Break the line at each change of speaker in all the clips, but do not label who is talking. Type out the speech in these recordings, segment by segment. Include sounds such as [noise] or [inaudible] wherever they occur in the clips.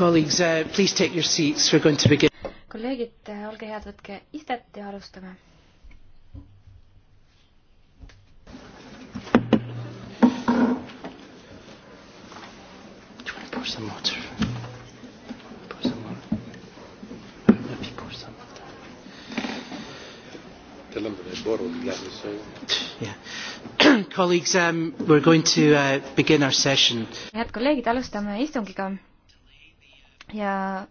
Colleagues, uh, please take your seats, we are going to begin. kolleegid, eh, olge head, võtke istet ja alustame. Pour some water. Pour some water.
Maybe pour some water. Tell them that I borrowed glasses.
Yeah [coughs] colleagues um, we're going to uh, begin our session. head kolleegid, alustame istungiga ja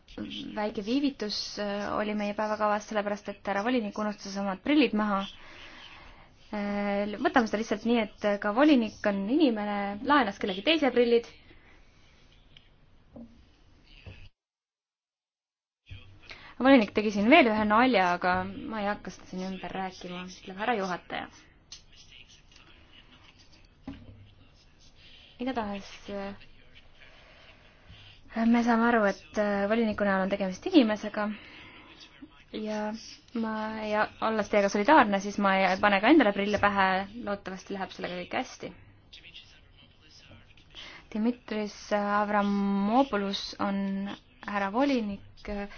väike viivitus äh, oli meie päevakavas, sellepärast et härra volinik unustas omad prillid maha. Äh, võtame seda lihtsalt nii, et ka volinik on inimene, laenas kellegi teise prillid. volinik tegi siin veel ühe nalja, aga ma ei hakka seda siin ümber rääkima, ütleb härra juhataja. igatahes äh, me saame aru, et äh, voliniku näol on tegemist inimesega ja ma ei, olles teiega solidaarne, siis ma ei pane ka endale prille pähe, loodetavasti läheb sellega kõik hästi. Dimitris Avramopoulos on härra volinik. Äh,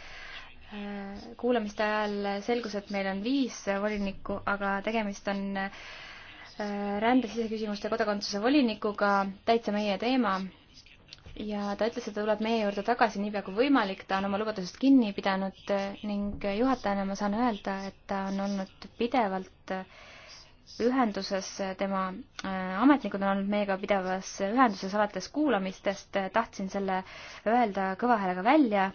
kuulamiste ajal selgus, et meil on viis volinikku, aga tegemist on äh, rände siseküsimuste kodakondsuse volinikuga, täitsa meie teema ja ta ütles, et ta tuleb meie juurde tagasi niipea kui võimalik, ta on oma lubadusest kinni pidanud ning juhatajana ma saan öelda, et ta on olnud pidevalt äh, ühenduses, tema äh, ametnikud on olnud meiega pidevas ühenduses alates kuulamistest, tahtsin selle öelda kõva häälega välja.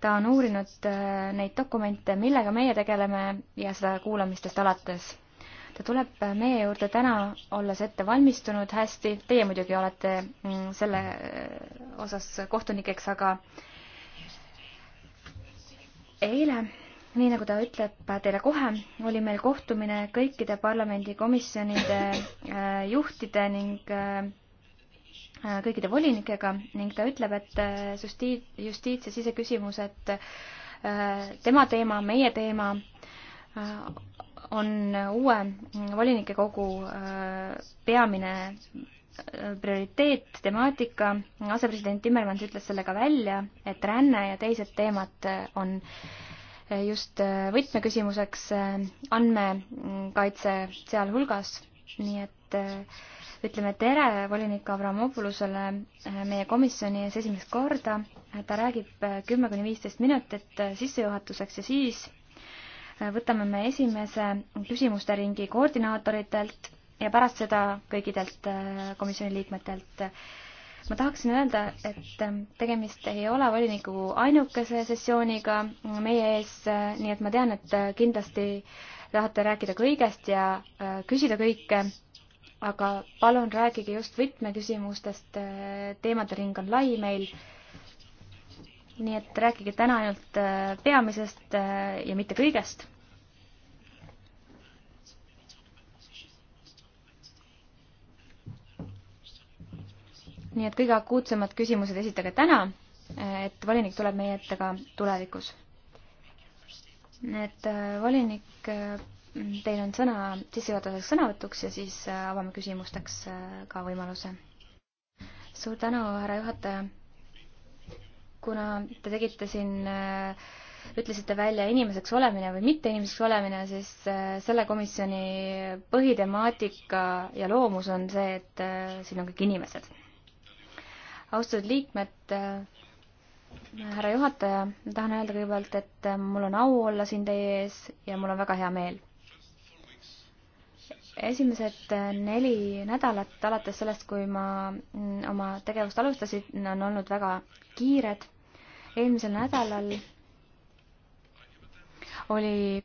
ta on uurinud äh, neid dokumente, millega meie tegeleme ja seda kuulamistest alates ta tuleb meie juurde täna, olles ette valmistunud hästi, teie muidugi olete mm, selle äh, osas kohtunikeks, aga eile, nii nagu ta ütleb teile kohe, oli meil kohtumine kõikide parlamendikomisjonide äh, juhtide ning äh, kõikide volinikega ning ta ütleb, et justiits, justiits ja siseküsimused, tema teema, meie teema on uue volinike kogu äh, peamine äh, prioriteet, temaatika, asepresident Timmermans ütles selle ka välja, et ränne ja teised teemad äh, on just võtmeküsimuseks andmekaitse sealhulgas, nii et ütleme tere volinik Avramopoulosele meie komisjoni ees esimest korda. ta räägib kümme kuni viisteist minutit sissejuhatuseks ja siis võtame me esimese küsimuste ringi koordinaatoritelt ja pärast seda kõikidelt äh, komisjoni liikmetelt. ma tahaksin öelda, et äh, tegemist ei ole voliniku ainukese sessiooniga meie ees, äh, nii et ma tean, et kindlasti tahate rääkida kõigest ja küsida kõike, aga palun rääkige just võtmeküsimustest, teemade ring on lai meil nii et rääkige täna ainult äh, peamisest äh, ja mitte kõigest. nii et kõige akuutsemad küsimused esitage täna, äh, et volinik tuleb meie ette ka tulevikus. et volinik, teil on sõna sissejuhatuseks sõnavõtuks ja siis avame küsimusteks ka võimaluse. suur tänu, härra juhataja kuna te tegite siin, äh, ütlesite välja inimeseks olemine või mitte inimeseks olemine, siis äh, selle komisjoni põhitemaatika ja loomus on see, et äh, siin on kõik inimesed. austatud liikmed, härra juhataja, ma tahan öelda kõigepealt, et mul on au olla siin teie ees ja mul on väga hea meel esimesed neli nädalat alates sellest, kui ma mm, oma tegevust alustasin, on olnud väga kiired eelmisel nädalal oli,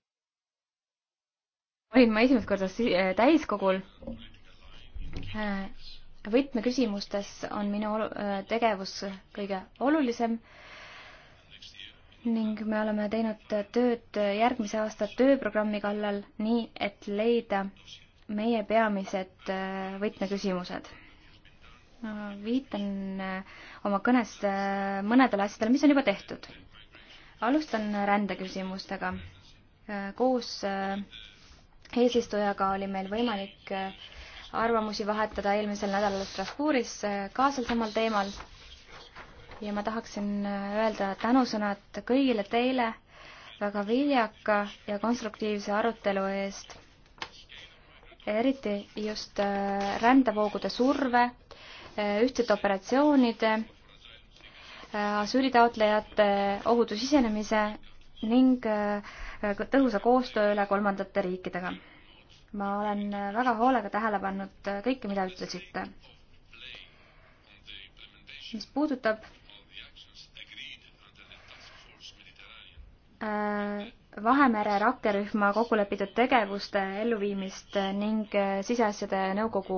olin ma esimest korda äh, täiskogul. Äh, võtmeküsimustes on minu äh, tegevus kõige olulisem ning me oleme teinud tööd järgmise aasta tööprogrammi kallal, nii et leida meie peamised võtmeküsimused ma viitan äh, oma kõnes äh, mõnedele asjadele, mis on juba tehtud. alustan rändeküsimustega. Äh, koos eesistujaga oli meil võimalik arvamusi vahetada eelmisel nädalal Strasbourgis ka sel samal teemal. ja ma tahaksin öelda tänusõnad kõigile teile väga viljaka ja konstruktiivse arutelu eest. eriti just rändevoogude surve Äh, ühtsete operatsioonide, äh, asüülitaotlejate ohutu sisenemise ning äh, tõhusa koostöö üle kolmandate riikidega. ma olen väga hoolega tähele pannud kõike, mida ütlesite. mis puudutab Vahemere rakkerühma kokkulepitud tegevuste elluviimist ning siseasjade nõukogu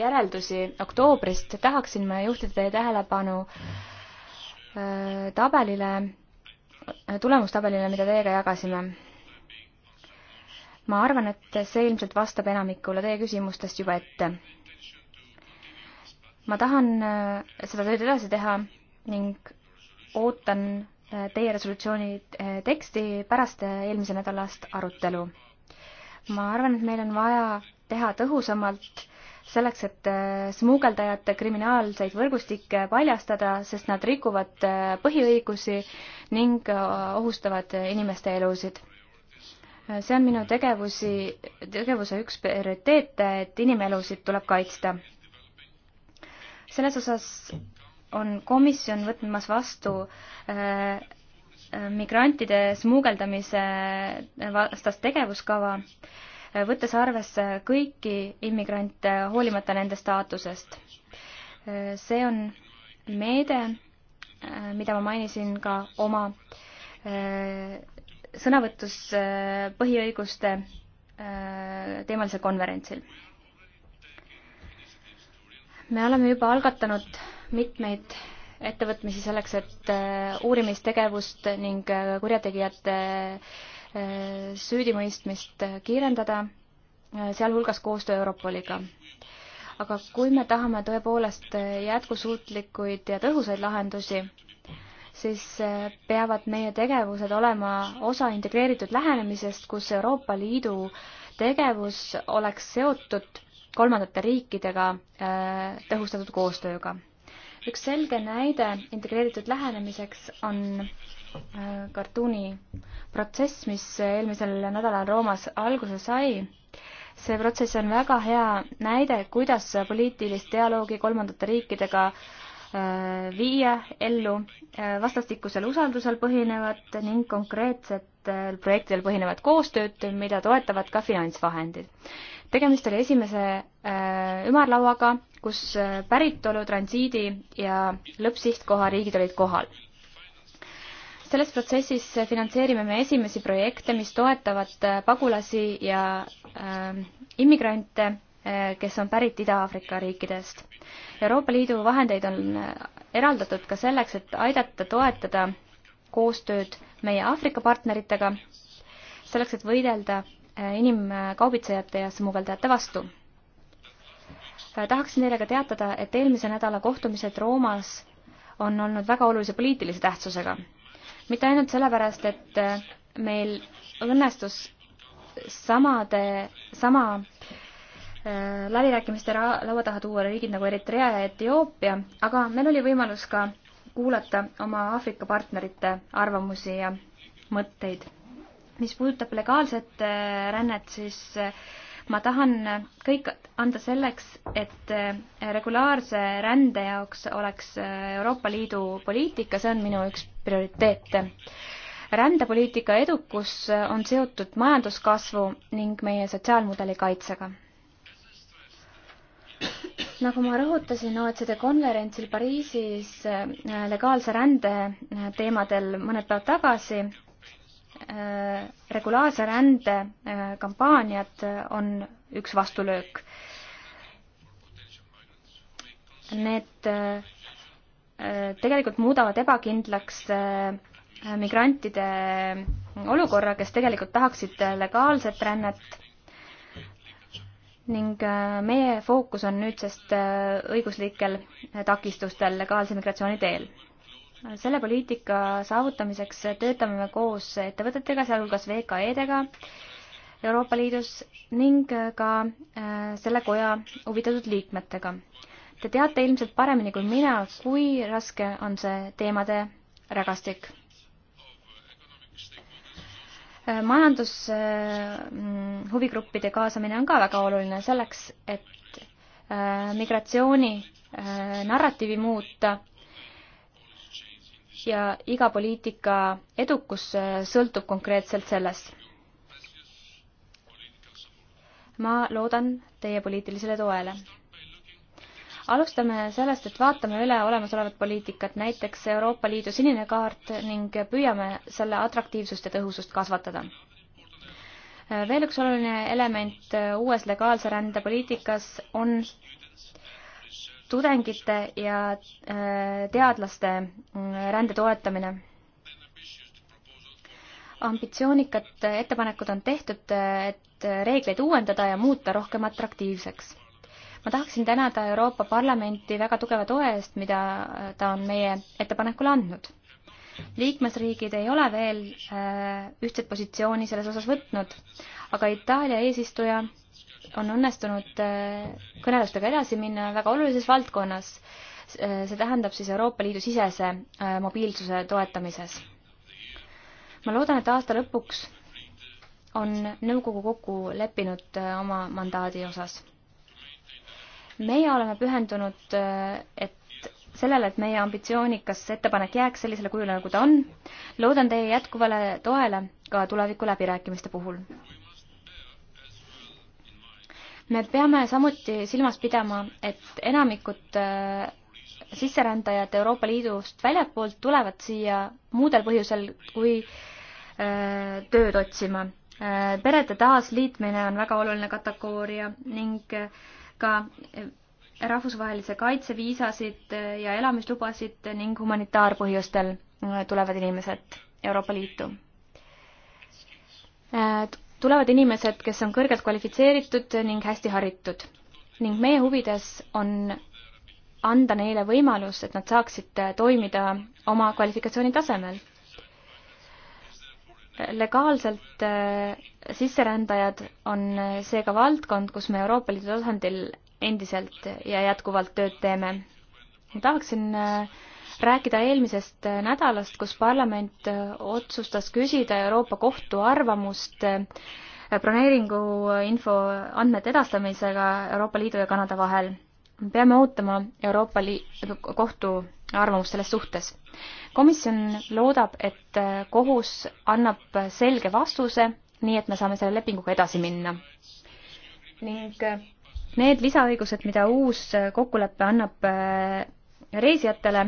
järeldusi oktoobrist tahaksin ma juhtida teie tähelepanu äh, tabelile, äh, tulemustabelile, mida teiega jagasime. ma arvan, et see ilmselt vastab enamikule teie küsimustest juba ette. ma tahan äh, seda tööd edasi teha ning ootan teie resolutsiooni eh, teksti pärast eh, eelmise nädalast arutelu. ma arvan, et meil on vaja teha tõhusamalt selleks, et eh, smuugeldajate kriminaalseid võrgustikke paljastada, sest nad rikuvad põhiõigusi ning ohustavad inimeste elusid. see on minu tegevusi, tegevuse üks prioriteete, et inimelusid tuleb kaitsta. selles osas on komisjon võtmas vastu äh, migrantide smuugeldamise äh, vastast tegevuskava, äh, võttes arvesse kõiki immigrante, hoolimata nende staatusest. see on meede, mida ma mainisin ka oma sõnavõtus põhiõiguste teemalisel konverentsil. me oleme juba algatanud mitmeid ettevõtmisi selleks, et äh, uurimistegevust ning äh, kurjategijate äh, süüdimõistmist kiirendada, sealhulgas koostöö Europoliga. aga kui me tahame tõepoolest jätkusuutlikuid ja tõhusaid lahendusi, siis peavad meie tegevused olema osa integreeritud lähenemisest, kus Euroopa Liidu tegevus oleks seotud kolmandate riikidega tõhustatud koostööga üks selge näide integreeritud lähenemiseks on äh, kartuuni protsess, mis eelmisel nädalal Roomas alguse sai. see protsess on väga hea näide, kuidas poliitilist dialoogi kolmandate riikidega äh, viia ellu äh, vastastikusel usaldusel põhinevat ning konkreetsetel projektidel põhinevat koostööd, mida toetavad ka finantsvahendid tegemist oli esimese äh, ümarlauaga, kus äh, päritolu, transiidi ja lõppsihtkoha riigid olid kohal selles protsessis finantseerime me esimesi projekte, mis toetavad äh, pagulasi ja äh, immigrante, kes on pärit Ida-Aafrika riikidest. Euroopa Liidu vahendeid on eraldatud ka selleks, et aidata toetada koostööd meie Aafrika partneritega, selleks, et võidelda Äh, inimkaubitsejate ja smugeldajate vastu. Äh, tahaksin teile ka teatada, et eelmise nädala kohtumised Roomas on olnud väga olulise poliitilise tähtsusega. mitte ainult sellepärast, et äh, meil õnnestus samade, sama äh, läbirääkimiste laua taha tuua riigid nagu Eritrea ja Etioopia, aga meil oli võimalus ka kuulata oma Aafrika partnerite arvamusi ja mõtteid mis puudutab legaalset äh, rännet, siis äh, ma tahan kõik anda selleks, et äh, regulaarse rände jaoks oleks Euroopa Liidu poliitika, see on minu üks prioriteete. rändepoliitika edukus on seotud majanduskasvu ning meie sotsiaalmudeli kaitsega nagu ma rõhutasin OECD konverentsil Pariisis legaalse rände teemadel mõned päevad tagasi, Äh, regulaarse rände äh, kampaaniad äh, on üks vastulöök. Need tegelikult muudavad ebakindlaks migrantide olukorra, kes tegelikult tahaksid legaalset rännet ning meie fookus on nüüdsest õiguslikel takistustel legaalse migratsiooni teel selle poliitika saavutamiseks töötame me koos ettevõtetega, sealhulgas VKE-dega Euroopa Liidus ning ka äh, selle koja huvitatud liikmetega. Te teate ilmselt paremini kui mina, kui raske on see teemade rägastik äh, majandushuvigruppide äh, kaasamine on ka väga oluline selleks, et migratsiooni narratiivi muuta ja iga poliitika edukus äh, sõltub konkreetselt sellest. ma loodan teie poliitilisele toele. alustame sellest, et vaatame üle olemasolevat poliitikat, näiteks Euroopa Liidu sinine kaart ning püüame selle atraktiivsust ja tõhusust kasvatada äh, veel üks oluline element äh, uues legaalse rände poliitikas on tudengite ja äh, teadlaste mm, rände toetamine. ambitsioonikad ettepanekud on tehtud, et reegleid uuendada ja muuta rohkem atraktiivseks. ma tahaksin tänada Euroopa Parlamenti väga tugeva toe eest, mida ta on meie ettepanekule andnud. liikmesriigid ei ole veel äh, ühtset positsiooni selles osas võtnud, aga Itaalia eesistuja on õnnestunud äh, kõnelustega edasi minna väga olulises valdkonnas. Äh, see tähendab siis Euroopa Liidu sisese äh, mobiilsuse toetamises. ma loodan, et aasta lõpuks on nõukogu kokku leppinud oma mandaadi osas. meie oleme pühendunud, et sellele, et meie ambitsioonikas ettepanek jääks sellisele kujule, nagu ta on. loodan teie jätkuvale toele ka tuleviku läbirääkimiste puhul me peame samuti silmas pidama, et enamikud äh, sisserändajad Euroopa Liidust väljapoolt tulevad siia muudel põhjusel kui äh, tööd otsima. Äh, perede taasliitmine on väga oluline kategooria ning ka rahvusvahelise kaitse viisasid ja elamislubasid ning humanitaarpõhjustel tulevad inimesed Euroopa Liitu tulevad inimesed, kes on kõrgelt kvalifitseeritud ning hästi haritud ning meie huvides on anda neile võimalus, et nad saaksid toimida oma kvalifikatsiooni tasemel. legaalselt äh, sisserändajad on seega valdkond, kus me Euroopa Liidu tasandil endiselt ja jätkuvalt tööd teeme. ma tahaksin äh, rääkida eelmisest nädalast, kus parlament otsustas küsida Euroopa Kohtu arvamust eh, broneeringu info andmete edastamisega Euroopa Liidu ja Kanada vahel. me peame ootama Euroopa Liidu Kohtu arvamust selles suhtes. komisjon loodab, et kohus annab selge vastuse, nii et me saame selle lepinguga edasi minna. ning need lisaõigused, mida uus kokkulepe annab eh, reisijatele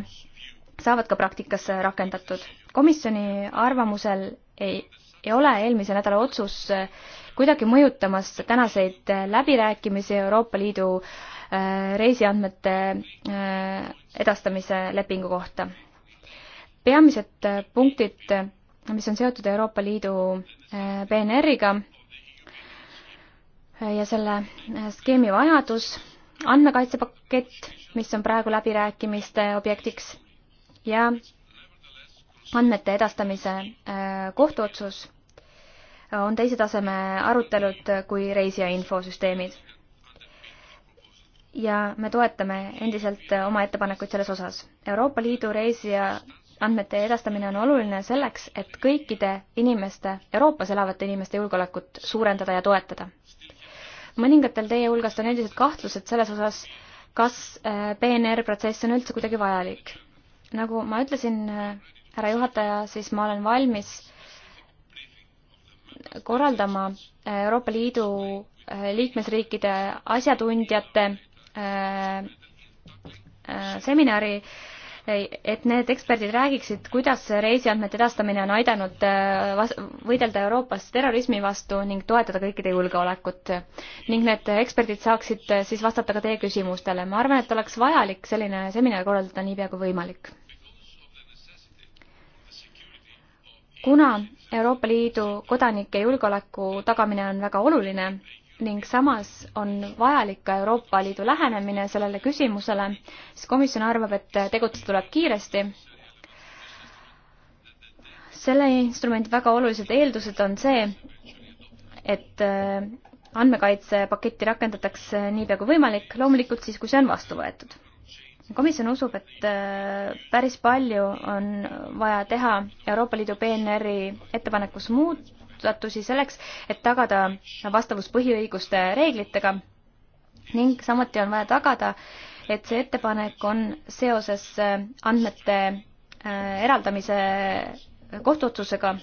saavad ka praktikas rakendatud. komisjoni arvamusel ei, ei ole eelmise nädala otsus kuidagi mõjutamas tänaseid läbirääkimisi Euroopa Liidu äh, reisiandmete äh, edastamise lepingu kohta. peamised punktid, mis on seotud Euroopa Liidu äh, PNR-iga ja selle skeemi vajadus andmekaitsepakett, mis on praegu läbirääkimiste objektiks ja andmete edastamise äh, kohtuotsus on teise taseme arutelud kui reisija infosüsteemid. ja me toetame endiselt oma ettepanekuid selles osas. Euroopa Liidu reisija andmete edastamine on oluline selleks, et kõikide inimeste, Euroopas elavate inimeste julgeolekut suurendada ja toetada mõningatel teie hulgast on endiselt kahtlused selles osas, kas äh, PNR-protsess on üldse kuidagi vajalik. nagu ma ütlesin, äh, härra juhataja, siis ma olen valmis korraldama äh, Euroopa Liidu liikmesriikide asjatundjate seminari et need eksperdid räägiksid, kuidas reisiandmete edastamine on aidanud äh, võidelda Euroopas terrorismi vastu ning toetada kõikide julgeolekut. ning need eksperdid saaksid äh, siis vastata ka teie küsimustele. ma arvan, et oleks vajalik selline seminar korraldada niipea kui võimalik. kuna Euroopa Liidu kodanike julgeoleku tagamine on väga oluline, ning samas on vajalik ka Euroopa Liidu lähenemine sellele küsimusele, siis komisjon arvab, et tegutseda tuleb kiiresti. selle instrumendi väga olulised eeldused on see, et äh, andmekaitsepaketti rakendatakse niipea kui võimalik, loomulikult siis, kui see on vastu võetud. komisjon usub, et äh, päris palju on vaja teha Euroopa Liidu PNR-i ettepanekus muud, muudatusi selleks, et tagada vastavus põhiõiguste reeglitega ning samuti on vaja tagada, et see ettepanek on seoses äh, andmete äh, eraldamise äh, kohtuotsusega,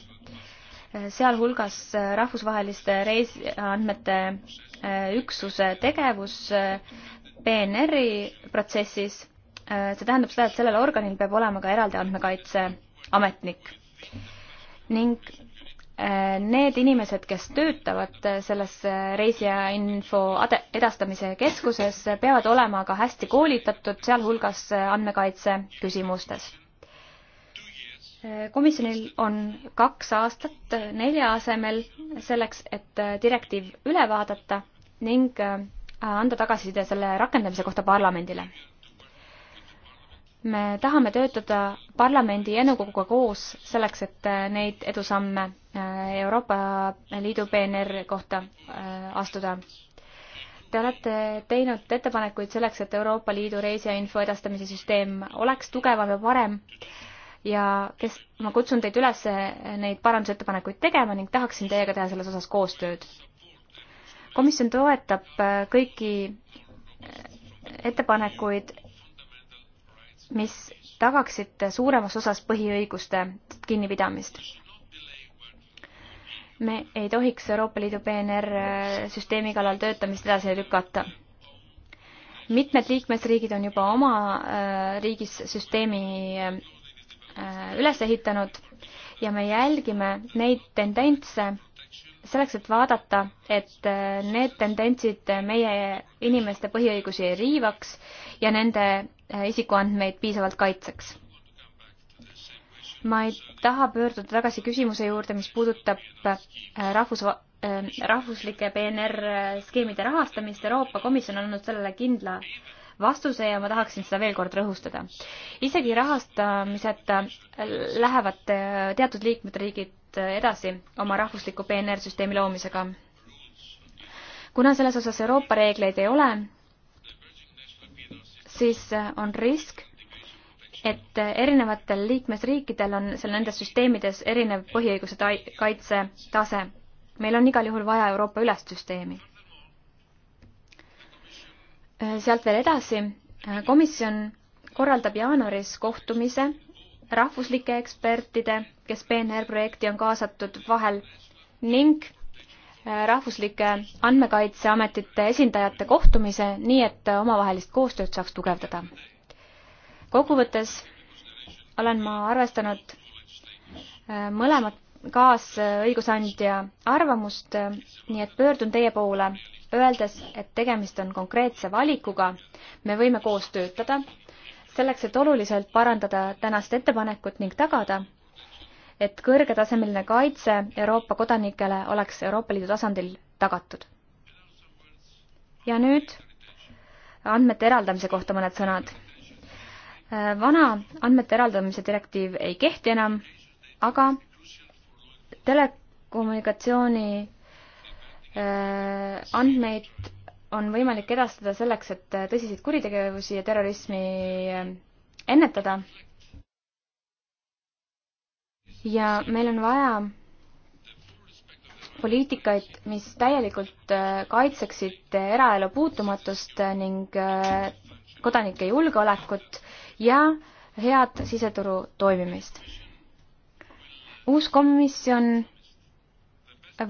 sealhulgas rahvusvaheliste reisiandmete üksuse tegevus PNR-i protsessis, see tähendab seda, et sellel organil peab olema ka eraldi andmekaitseametnik. ning need inimesed, kes töötavad selles reisijainfo edastamise keskuses, peavad olema ka hästi koolitatud, sealhulgas andmekaitse küsimustes. komisjonil on kaks aastat nelja asemel selleks, et direktiiv üle vaadata ning anda tagasiside selle rakendamise kohta parlamendile me tahame töötada parlamendi ja nõukoguga koos selleks, et äh, neid edusamme äh, Euroopa Liidu PNR kohta äh, astuda. Te olete teinud ettepanekuid selleks, et Euroopa Liidu reisijainfo edastamise süsteem oleks tugevam ja parem ja kes, ma kutsun teid üles neid parandusettepanekuid tegema ning tahaksin teiega teha selles osas koostööd. komisjon toetab kõiki ettepanekuid mis tagaksid suuremas osas põhiõiguste kinnipidamist. me ei tohiks Euroopa Liidu PNR-süsteemi äh, kallal töötamist edasi lükata. mitmed liikmesriigid on juba oma äh, riigis süsteemi äh, üles ehitanud ja me jälgime neid tendentse selleks, et vaadata, et need tendentsid meie inimeste põhiõigusi ei riivaks ja nende Äh, isikuandmeid piisavalt kaitseks. ma ei taha pöörduda tagasi küsimuse juurde, mis puudutab äh, rahvus, äh, rahvuslike PNR-skeemide rahastamist, Euroopa Komisjon on andnud sellele kindla vastuse ja ma tahaksin seda veel kord rõhustada. isegi rahastamiseta lähevad teatud liikmesriigid edasi oma rahvusliku PNR-süsteemi loomisega. kuna selles osas Euroopa reegleid ei ole, siis äh, on risk, et äh, erinevatel liikmesriikidel on seal nendes süsteemides erinev põhiõiguse kaitse tase. meil on igal juhul vaja Euroopa ülest süsteemi. Äh, sealt veel edasi, komisjon korraldab jaanuaris kohtumise rahvuslike ekspertide, kes PNR projekti on kaasatud, vahel ning Äh, rahvuslike andmekaitseametite esindajate kohtumise, nii et omavahelist koostööd saaks tugevdada. kokkuvõttes olen ma arvestanud äh, mõlemat kaasõigusandja arvamust, äh, nii et pöördun teie poole, öeldes, et tegemist on konkreetse valikuga, me võime koos töötada, selleks, et oluliselt parandada tänast ettepanekut ning tagada, et kõrgetasemeline kaitse Euroopa kodanikele oleks Euroopa Liidu tasandil tagatud. ja nüüd andmete eraldamise kohta mõned sõnad. vana andmete eraldamise direktiiv ei kehti enam, aga telekommunikatsiooni äh, andmeid on võimalik edastada selleks, et tõsiseid kuritegevusi ja terrorismi äh, ennetada ja meil on vaja poliitikaid, mis täielikult äh, kaitseksid eraelu puutumatust ning äh, kodanike julgeolekut ja head siseturu toimimist. uus komisjon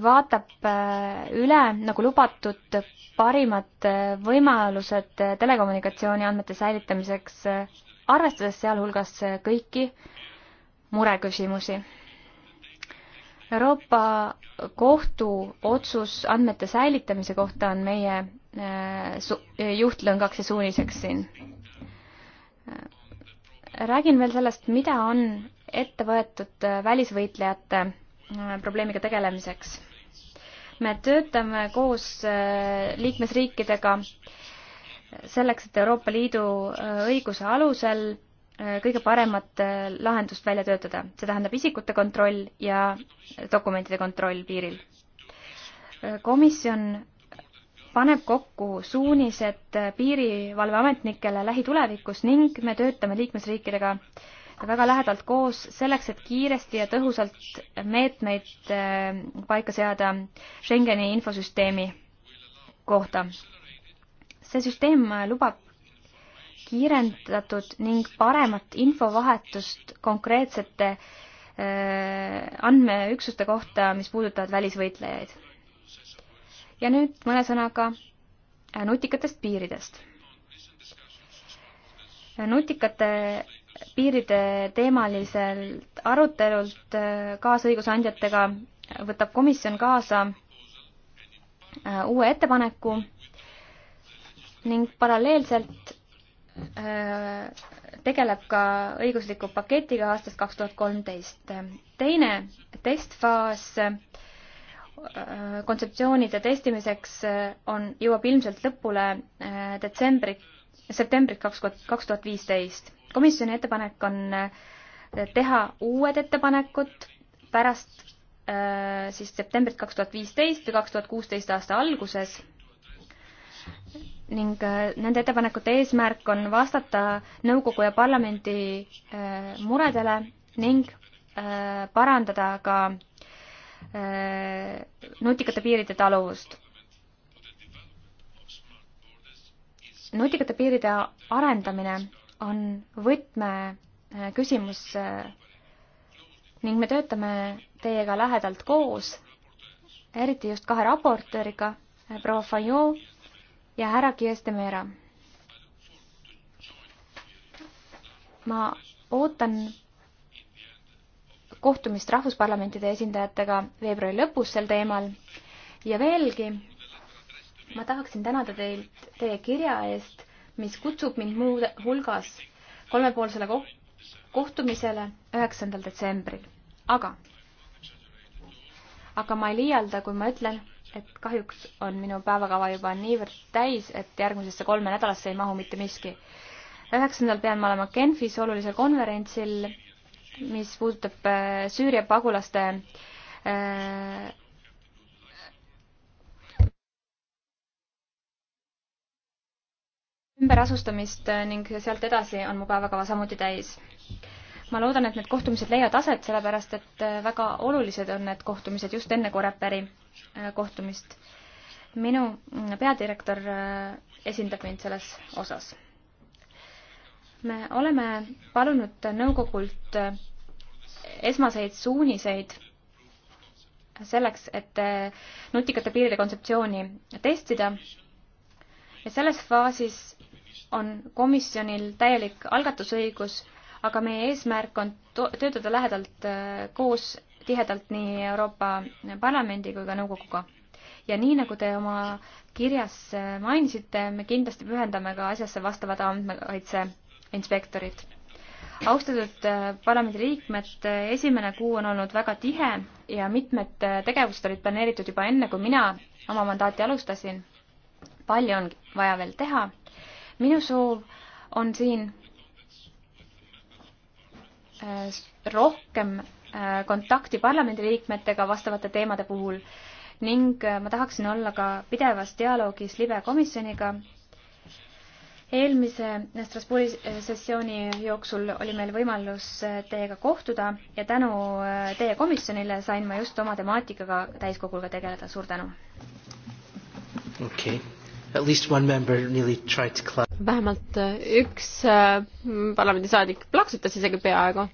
vaatab äh, üle, nagu lubatud, parimad võimalused telekommunikatsiooni andmete säilitamiseks, arvestades sealhulgas kõiki mureküsimusi. Euroopa Kohtu otsus andmete säilitamise kohta on meie äh, juhtlõngaks ja suuniseks siin. Äh, räägin veel sellest, mida on ette võetud äh, välisvõitlejate probleemiga tegelemiseks. me töötame koos liikmesriikidega selleks, et Euroopa Liidu õiguse alusel Äh, kõige paremat äh, lahendust välja töötada. see tähendab isikute kontroll ja dokumentide kontroll piiril. Äh, komisjon paneb kokku suunised piirivalveametnikele lähitulevikus ning me töötame liikmesriikidega väga lähedalt koos selleks, et kiiresti ja tõhusalt meetmeid paika seada Schengeni infosüsteemi kohta. see süsteem lubab kiirendatud ning paremat infovahetust konkreetsete äh, andmeüksuste kohta, mis puudutavad välisvõitlejaid. ja nüüd mõne sõnaga äh, nutikatest piiridest. Äh, nutikate piiride teemaliselt arutelult kaasõigusandjatega võtab komisjon kaasa uue ettepaneku ning paralleelselt Äh, tegeleb ka õigusliku paketiga aastast kaks tuhat kolmteist. teine testfaas äh, kontseptsioonide testimiseks äh, on, jõuab ilmselt lõpule detsembri, septembrit kaks tuhat, kaks tuhat viisteist. komisjoni ettepanek on teha uued ettepanekud pärast siis septembrit kaks tuhat viisteist või kaks tuhat kuusteist aasta alguses ning äh, nende ettepanekute eesmärk on vastata nõukogu ja parlamendi äh, muredele ning äh, parandada ka nutikate piiride taluvust. nutikate piiride arendamine on võtmeküsimus ning me töötame teiega lähedalt koos, eriti just kahe raportööriga, proua Fayot ja härra Kiestemera. ma ootan kohtumist rahvusparlamentide esindajatega veebruari lõpus sel teemal ja veelgi ma tahaksin tänada teilt teie kirja eest, mis kutsub mind muu hulgas kolmepoolsele ko kohtumisele üheksandal detsembril, aga, aga ma ei liialda, kui ma ütlen, et kahjuks on minu päevakava juba niivõrd täis, et järgmisesse kolme nädalasse ei mahu mitte miski. Üheksandal pean ma olema Genfis olulisel konverentsil, mis puudutab äh, Süüria pagulaste äh, ümberasustamist äh, ning sealt edasi on mu päevakava samuti täis. ma loodan, et need kohtumised leiavad aset, sellepärast et äh, väga olulised on need kohtumised just enne Korepäri Äh, kohtumist. minu mm, peadirektor äh, esindab mind selles osas. me oleme palunud nõukogult äh, esmaseid suuniseid selleks, et nutikate piiride kontseptsiooni testida. ja selles faasis on komisjonil täielik algatusõigus, aga meie eesmärk on töötada lähedalt koos tihedalt nii Euroopa Parlamendi kui ka nõukoguga. ja nii, nagu te oma kirjas mainisite, me kindlasti pühendame ka asjasse vastavad andmekaitse inspektorid austatud äh, parlamendiliikmed, äh, esimene kuu on olnud väga tihe ja mitmed äh, tegevused olid planeeritud juba enne, kui mina oma mandaati alustasin. palju on vaja veel teha. minu soov on siin rohkem Äh, kontakti parlamendiliikmetega vastavate teemade puhul ning äh, ma tahaksin olla ka pidevas dialoogis libe komisjoniga. eelmise Strasbourgi sessiooni jooksul oli meil võimalus äh, teiega kohtuda ja tänu teie komisjonile sain ma just oma temaatikaga täiskoguga tegeleda, suur tänu.
okei okay., at least one member nearly tried to clap. vähemalt üks parlamendisaadik plaksutas isegi peaaegu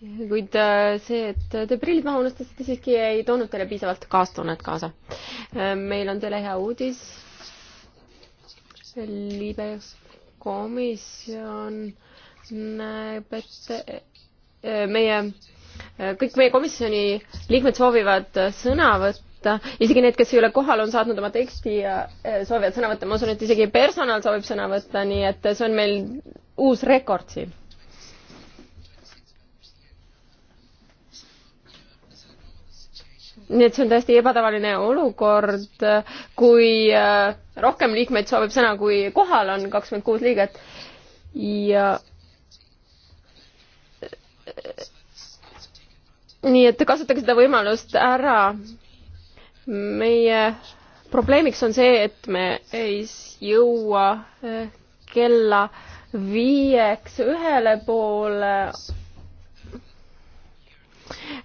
kuid äh, see, et te prillid maha unustasite, siiski ei toonud teile piisavalt kaastunnet kaasa. Äh, meil on teile hea uudis. liibe komisjon näeb, et äh, meie, kõik meie komisjoni liikmed soovivad sõna võtta, isegi need, kes ei ole kohal, on saatnud oma teksti ja soovivad sõna võtta. ma usun, et isegi personal soovib sõna võtta, nii et see on meil uus rekord siin nii et see on täiesti ebatavaline olukord, kui äh, rohkem liikmeid soovib sõna, kui kohal on kakskümmend kuus liiget ja äh, nii et kasutage seda võimalust ära. meie probleemiks on see, et me ei jõua äh, kella viieks ühele poole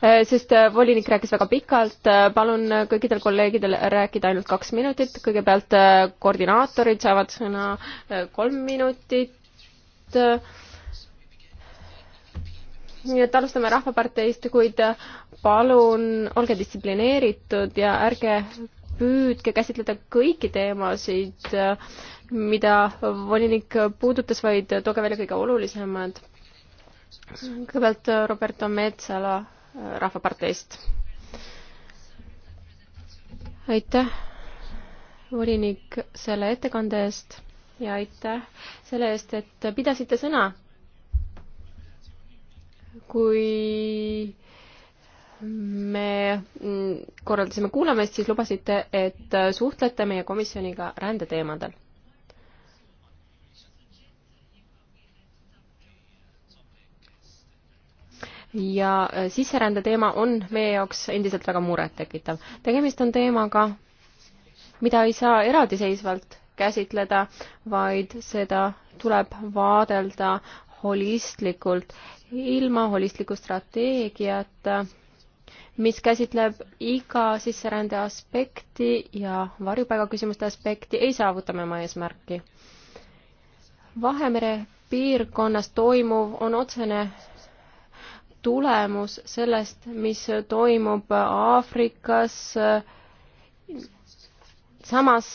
Äh, sest äh, volinik rääkis väga pikalt. Äh, palun kõikidel kolleegidel rääkida ainult kaks minutit, kõigepealt koordinaatorid saavad sõna kolm minutit. nii et alustame Rahvaparteist, kuid palun olge distsiplineeritud ja ärge püüdke käsitleda kõiki teemasid, mida volinik puudutas, vaid tooge välja kõige olulisemad kõigepealt äh, Roberto Metsala äh, Rahvaparteist. aitäh, volinik, selle ettekande eest ja aitäh selle eest, et pidasite sõna. kui me mm, korraldasime kuulamist, siis lubasite, et äh, suhtlete meie komisjoniga rändeteemadel. ja äh, sisserände teema on meie jaoks endiselt väga murettekitav. tegemist on teemaga, mida ei saa eraldiseisvalt käsitleda, vaid seda tuleb vaadelda holistlikult, ilma holistliku strateegiata, mis käsitleb iga sisserände aspekti ja varjupaigaküsimuste aspekti, ei saavuta me oma eesmärki. Vahemere piirkonnas toimuv on otsene tulemus sellest, mis toimub Aafrikas. samas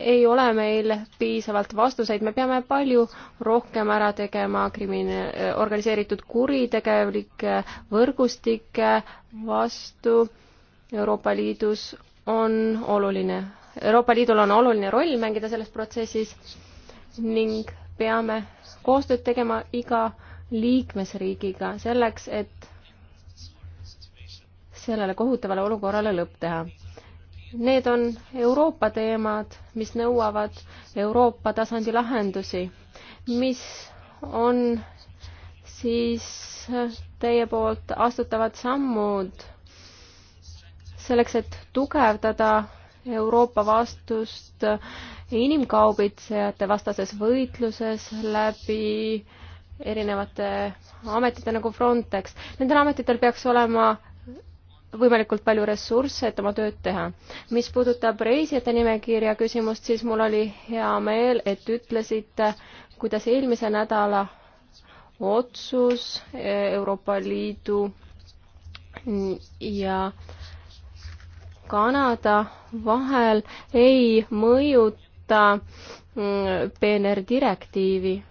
ei ole meil piisavalt vastuseid, me peame palju rohkem ära tegema krimine-, organiseeritud kuritegelike võrgustike vastu. Euroopa Liidus on oluline, Euroopa Liidul on oluline roll mängida selles protsessis ning peame koostööd tegema iga äh, liikmesriigiga selleks, et sellele kohutavale olukorrale lõpp teha. Need on Euroopa teemad, mis nõuavad Euroopa tasandi lahendusi, mis on siis teie poolt astutavad sammud selleks, et tugevdada Euroopa vastust inimkaubitsejate vastases võitluses läbi äh, erinevate ametite nagu Frontex, nendel ametitel peaks olema võimalikult palju ressursse, et oma tööd teha. mis puudutab reisijate nimekirja küsimust, siis mul oli hea meel, et ütlesite, kuidas eelmise nädala otsus e, Euroopa Liidu ja Kanada vahel ei mõjuta mm, PNR direktiivi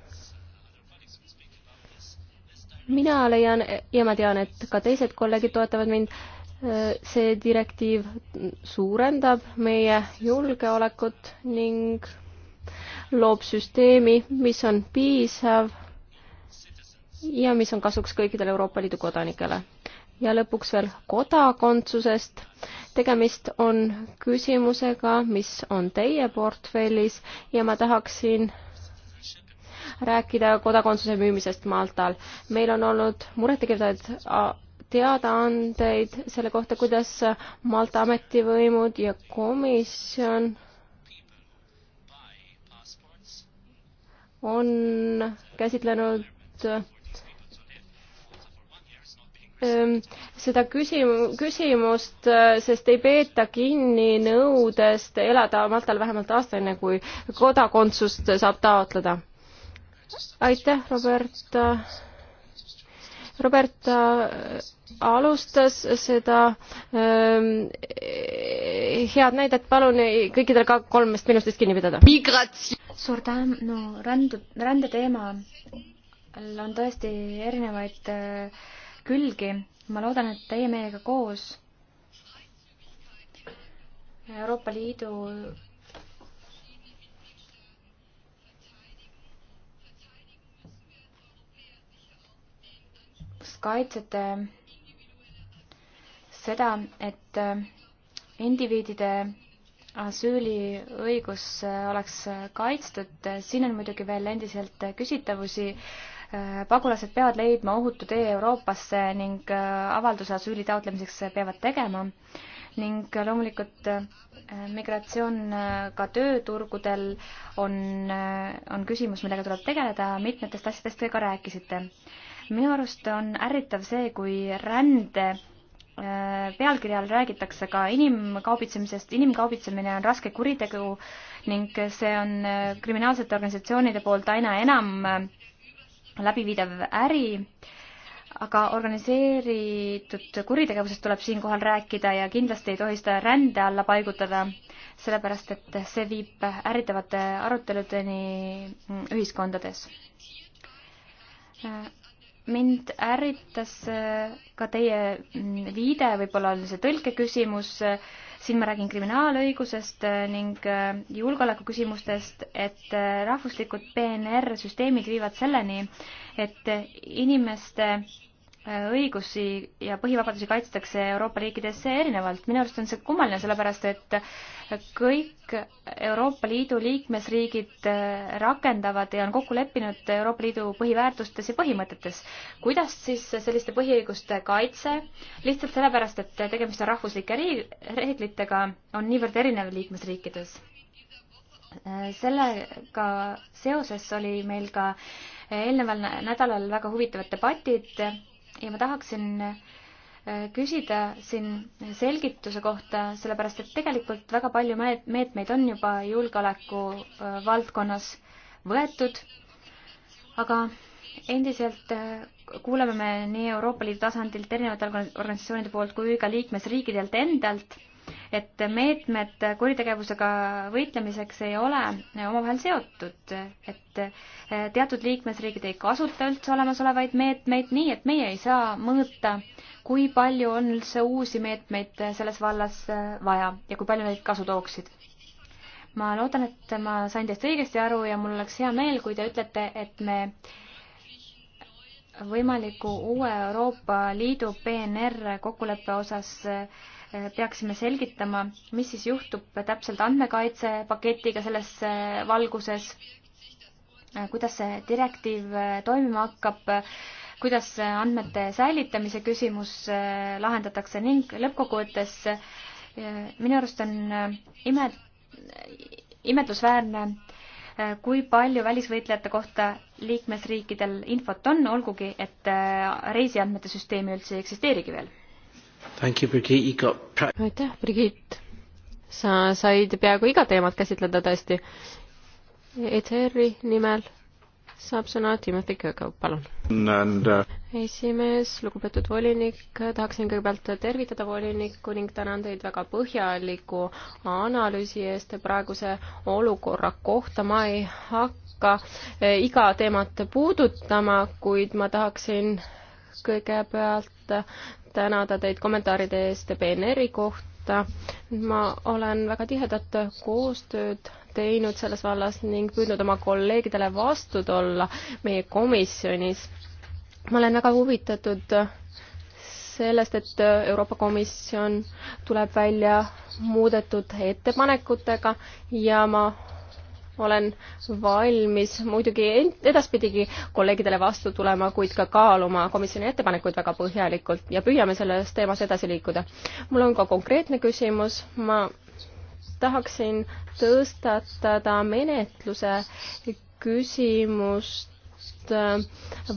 mina leian ja ma tean, et ka teised kolleegid toetavad mind, see direktiiv suurendab meie julgeolekut ning loob süsteemi, mis on piisav ja mis on kasuks kõikidele Euroopa Liidu kodanikele. ja lõpuks veel kodakondsusest. tegemist on küsimusega, mis on teie portfellis ja ma tahaksin rääkida kodakondsuse müümisest Maltal. meil on olnud murettekirjutajaid teadaandeid selle kohta, kuidas Malta ametivõimud ja komisjon on käsitlenud ähm, seda küsimu-, küsimust, äh, sest ei peeta kinni nõudest elada Maltal vähemalt aasta, enne kui kodakondsust saab taotleda aitäh, Robert. Robert äh, alustas seda ähm, äh, head näidet, palun äh, kõikidel ka kolmest minutist kinni pidada.
suur tänu no,, rände, rändeteemal on tõesti erinevaid äh, külgi. ma loodan, et teie meiega koos Euroopa Liidu kaitsete seda, et indiviidide asüüliõigus oleks kaitstud, siin on muidugi veel endiselt küsitavusi. pagulased peavad leidma ohutu tee Euroopasse ning avalduse asüüli taotlemiseks peavad tegema ning loomulikult äh, migratsioon äh, ka tööturgudel on, äh, on küsimus, millega tuleb tegeleda, mitmetest asjadest te ka rääkisite minu arust on ärritav see, kui rände äh, pealkirja all räägitakse ka inimkaubitsemisest, inimkaubitsemine on raske kuritegu ning see on äh, kriminaalsete organisatsioonide poolt aina enam äh, läbiviidav äri, aga organiseeritud kuritegevusest tuleb siinkohal rääkida ja kindlasti ei tohi seda rände alla paigutada, sellepärast et see viib ärritavate aruteludeni mm, ühiskondades mind ärritas äh, ka teie mm, viide, võib-olla on see tõlkeküsimus, siin ma räägin kriminaalõigusest äh, ning äh, julgeolekuküsimustest, et rahvuslikud PNR-süsteemid viivad selleni, et inimeste õigusi ja põhivabadusi kaitstakse Euroopa riikides erinevalt. minu arust on see kummaline, sellepärast et kõik Euroopa Liidu liikmesriigid rakendavad ja on kokku leppinud Euroopa Liidu põhiväärtustes ja põhimõtetes. kuidas siis selliste põhiõiguste kaitse, lihtsalt sellepärast, et tegemist on rahvuslike reeglitega, on niivõrd erinev liikmesriikides? sellega seoses oli meil ka eelneval nädalal väga huvitavad debatid ja ma tahaksin äh, küsida siin selgituse kohta, sellepärast et tegelikult väga palju meetmeid on juba julgeoleku äh, valdkonnas võetud, aga endiselt äh, kuuleme me nii Euroopa Liidu tasandilt, erinevate organisatsioonide poolt kui ka liikmesriikidelt endalt et meetmed kuritegevusega võitlemiseks ei ole omavahel seotud, et eh, teatud liikmesriigid ei kasuta üldse olemasolevaid meetmeid, nii et meie ei saa mõõta, kui palju on üldse uusi meetmeid selles vallas eh, vaja ja kui palju neid kasu tooksid. ma loodan, et ma sain teist õigesti aru ja mul oleks hea meel, kui te ütlete, et me võimaliku uue Euroopa Liidu PNR kokkuleppe osas äh, peaksime selgitama, mis siis juhtub täpselt andmekaitsepaketiga selles äh, valguses, äh, kuidas see direktiiv äh, toimima hakkab, kuidas andmete säilitamise küsimus lahendatakse ning lõppkokkuvõttes minu arust on ime, imetlusväärne, kui palju välisvõitlejate kohta liikmesriikidel infot on, olgugi et
reisiandmete süsteemi üldse ei eksisteerigi veel aitäh, Brigitte! sa said peaaegu iga teemat käsitleda tõesti. ETR-i nimel saab sõna Timothy Köökaup, palun.
Uh...
esimees, lugupeetud volinik, tahaksin kõigepealt tervitada volinikku ning tänan teid väga põhjaliku analüüsi eest praeguse olukorra kohta. ma ei hakka e, iga teemat puudutama, kuid ma tahaksin kõigepealt tänada teid kommentaaride eest PNR-i kohta. ma olen väga tihedat koostööd teinud selles vallas ning püüdnud oma kolleegidele vastu tulla meie komisjonis. ma olen väga huvitatud sellest, et Euroopa Komisjon tuleb välja muudetud ettepanekutega ja ma olen valmis muidugi edaspidigi kolleegidele vastu tulema, kuid ka kaaluma komisjoni ettepanekuid väga põhjalikult ja püüame selles teemas edasi liikuda. mul on ka konkreetne küsimus, ma tahaksin tõstatada menetluse küsimust Äh,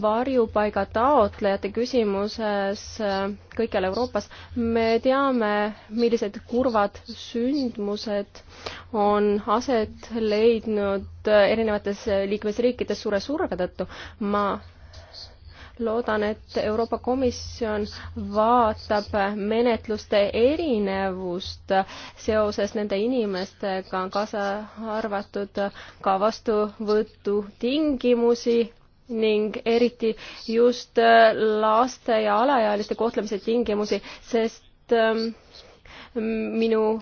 varjupaiga taotlejate küsimuses äh, kõikjal Euroopas. me teame, millised kurvad sündmused on aset leidnud äh, erinevates liikmesriikides suure surve tõttu. ma loodan, et Euroopa Komisjon vaatab menetluste erinevust seoses nende inimestega, kaasa arvatud ka vastuvõtutingimusi ning eriti just äh, laste ja alaealiste kohtlemise tingimusi, sest ähm, minu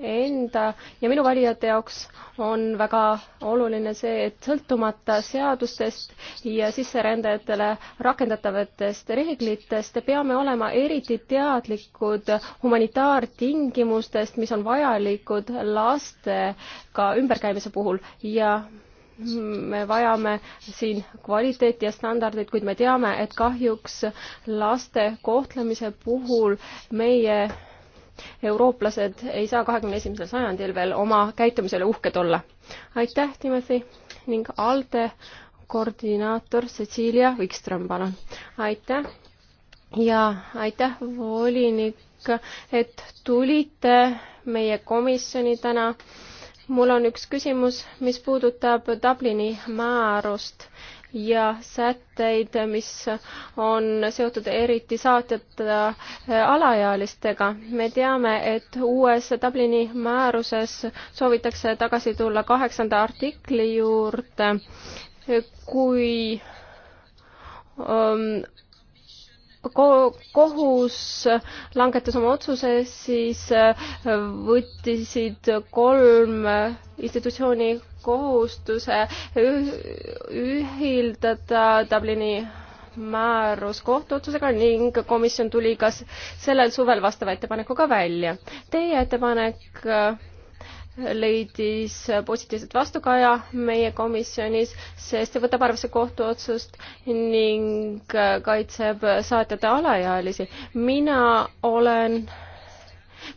enda ja minu valijate jaoks on väga oluline see, et sõltumata seadustest ja sisserändajatele rakendatavatest reeglitest peame olema eriti teadlikud humanitaartingimustest, mis on vajalikud lastega ümberkäimise puhul ja me vajame siin kvaliteeti ja standardeid, kuid me teame, et kahjuks laste kohtlemise puhul meie eurooplased ei saa kahekümne esimesel sajandil veel oma käitumisele uhked olla. aitäh, Timothy ning ALDE koordinaator Cecilia Wikström, palun. aitäh ja aitäh, volinik, et tulite meie komisjoni täna mul on üks küsimus, mis puudutab Dublini määrust ja sätteid, mis on seotud eriti saatjate äh, alaealistega. me teame, et uues Dublini määruses soovitakse tagasi tulla kaheksanda artikli juurde, kui um, kohus langetas oma otsuse, siis äh, võttisid kolm institutsiooni kohustuse ühildada Dublini määrus kohtuotsusega ning komisjon tuli ka sellel suvel vastava ettepanekuga välja. Teie ettepanek äh, leidis positiivset vastukaja meie komisjonis, sest see võtab arvesse kohtuotsust ning kaitseb saatjate alaealisi. mina olen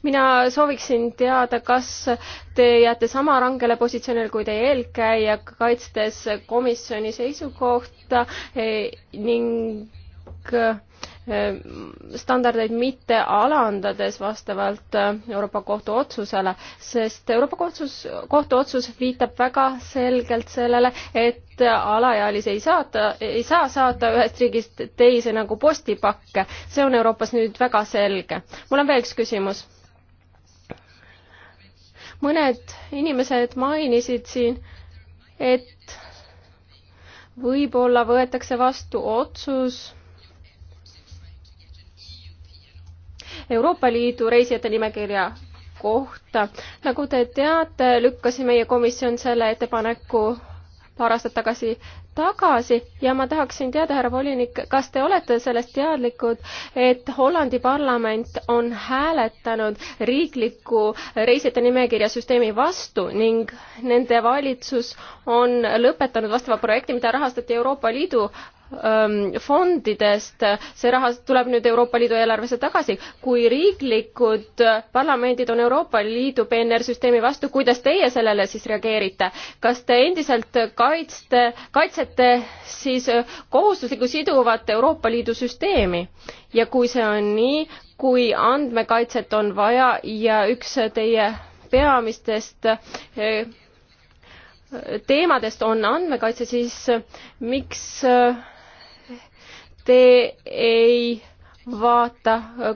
mina sooviksin teada, kas te jääte sama rangele positsioonile kui teie eelkäija, kaitstes komisjoni seisukohta eh, ning Eh, standardeid mitte alandades vastavalt eh, Euroopa Kohtu otsusele, sest Euroopa kohtus, kohtu otsus viitab väga selgelt sellele, et alaealisi ei saata, ei saa saata ühest riigist teise nagu postipakke. see on Euroopas nüüd väga selge. mul on veel üks küsimus. mõned inimesed mainisid siin, et võib-olla võetakse vastu otsus Euroopa Liidu reisijate nimekirja kohta. nagu te teate, lükkas meie komisjon selle ettepaneku paar aastat tagasi tagasi ja ma tahaksin teada, härra volinik, kas te olete sellest teadlikud, et Hollandi parlament on hääletanud riikliku reisijate nimekirja süsteemi vastu ning nende valitsus on lõpetanud vastava projekti, mida rahastati Euroopa Liidu Ähm, fondidest, see raha tuleb nüüd Euroopa Liidu eelarvesse tagasi. kui riiklikud parlamendid on Euroopa Liidu PNR-süsteemi vastu, kuidas teie sellele siis reageerite? kas te endiselt kaitste, kaitsete siis kohustuslikku siduvat Euroopa Liidu süsteemi? ja kui see on nii, kui andmekaitset on vaja ja üks teie peamistest eh, teemadest on andmekaitse, siis miks äh, te ei vaata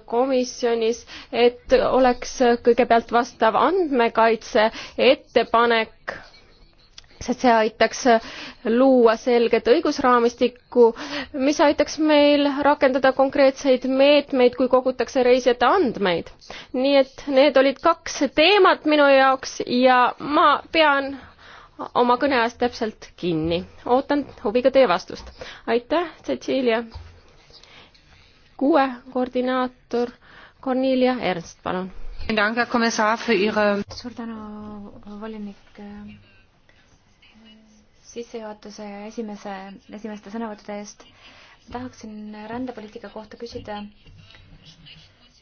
komisjonis, et oleks kõigepealt vastav andmekaitse ettepanek, sest see aitaks luua selget õigusraamistikku, mis aitaks meil rakendada konkreetseid meetmeid, kui kogutakse reisijate andmeid. nii et need olid kaks teemat minu jaoks ja ma pean oma kõne ajast täpselt kinni. ootan huviga teie vastust. aitäh, Cecilia. kuue koordinaator Cornelia Ernst, palun.
suur tänu, volinik äh, sissejuhatuse ja esimese, esimeste sõnavõttude eest. tahaksin rändepoliitika kohta küsida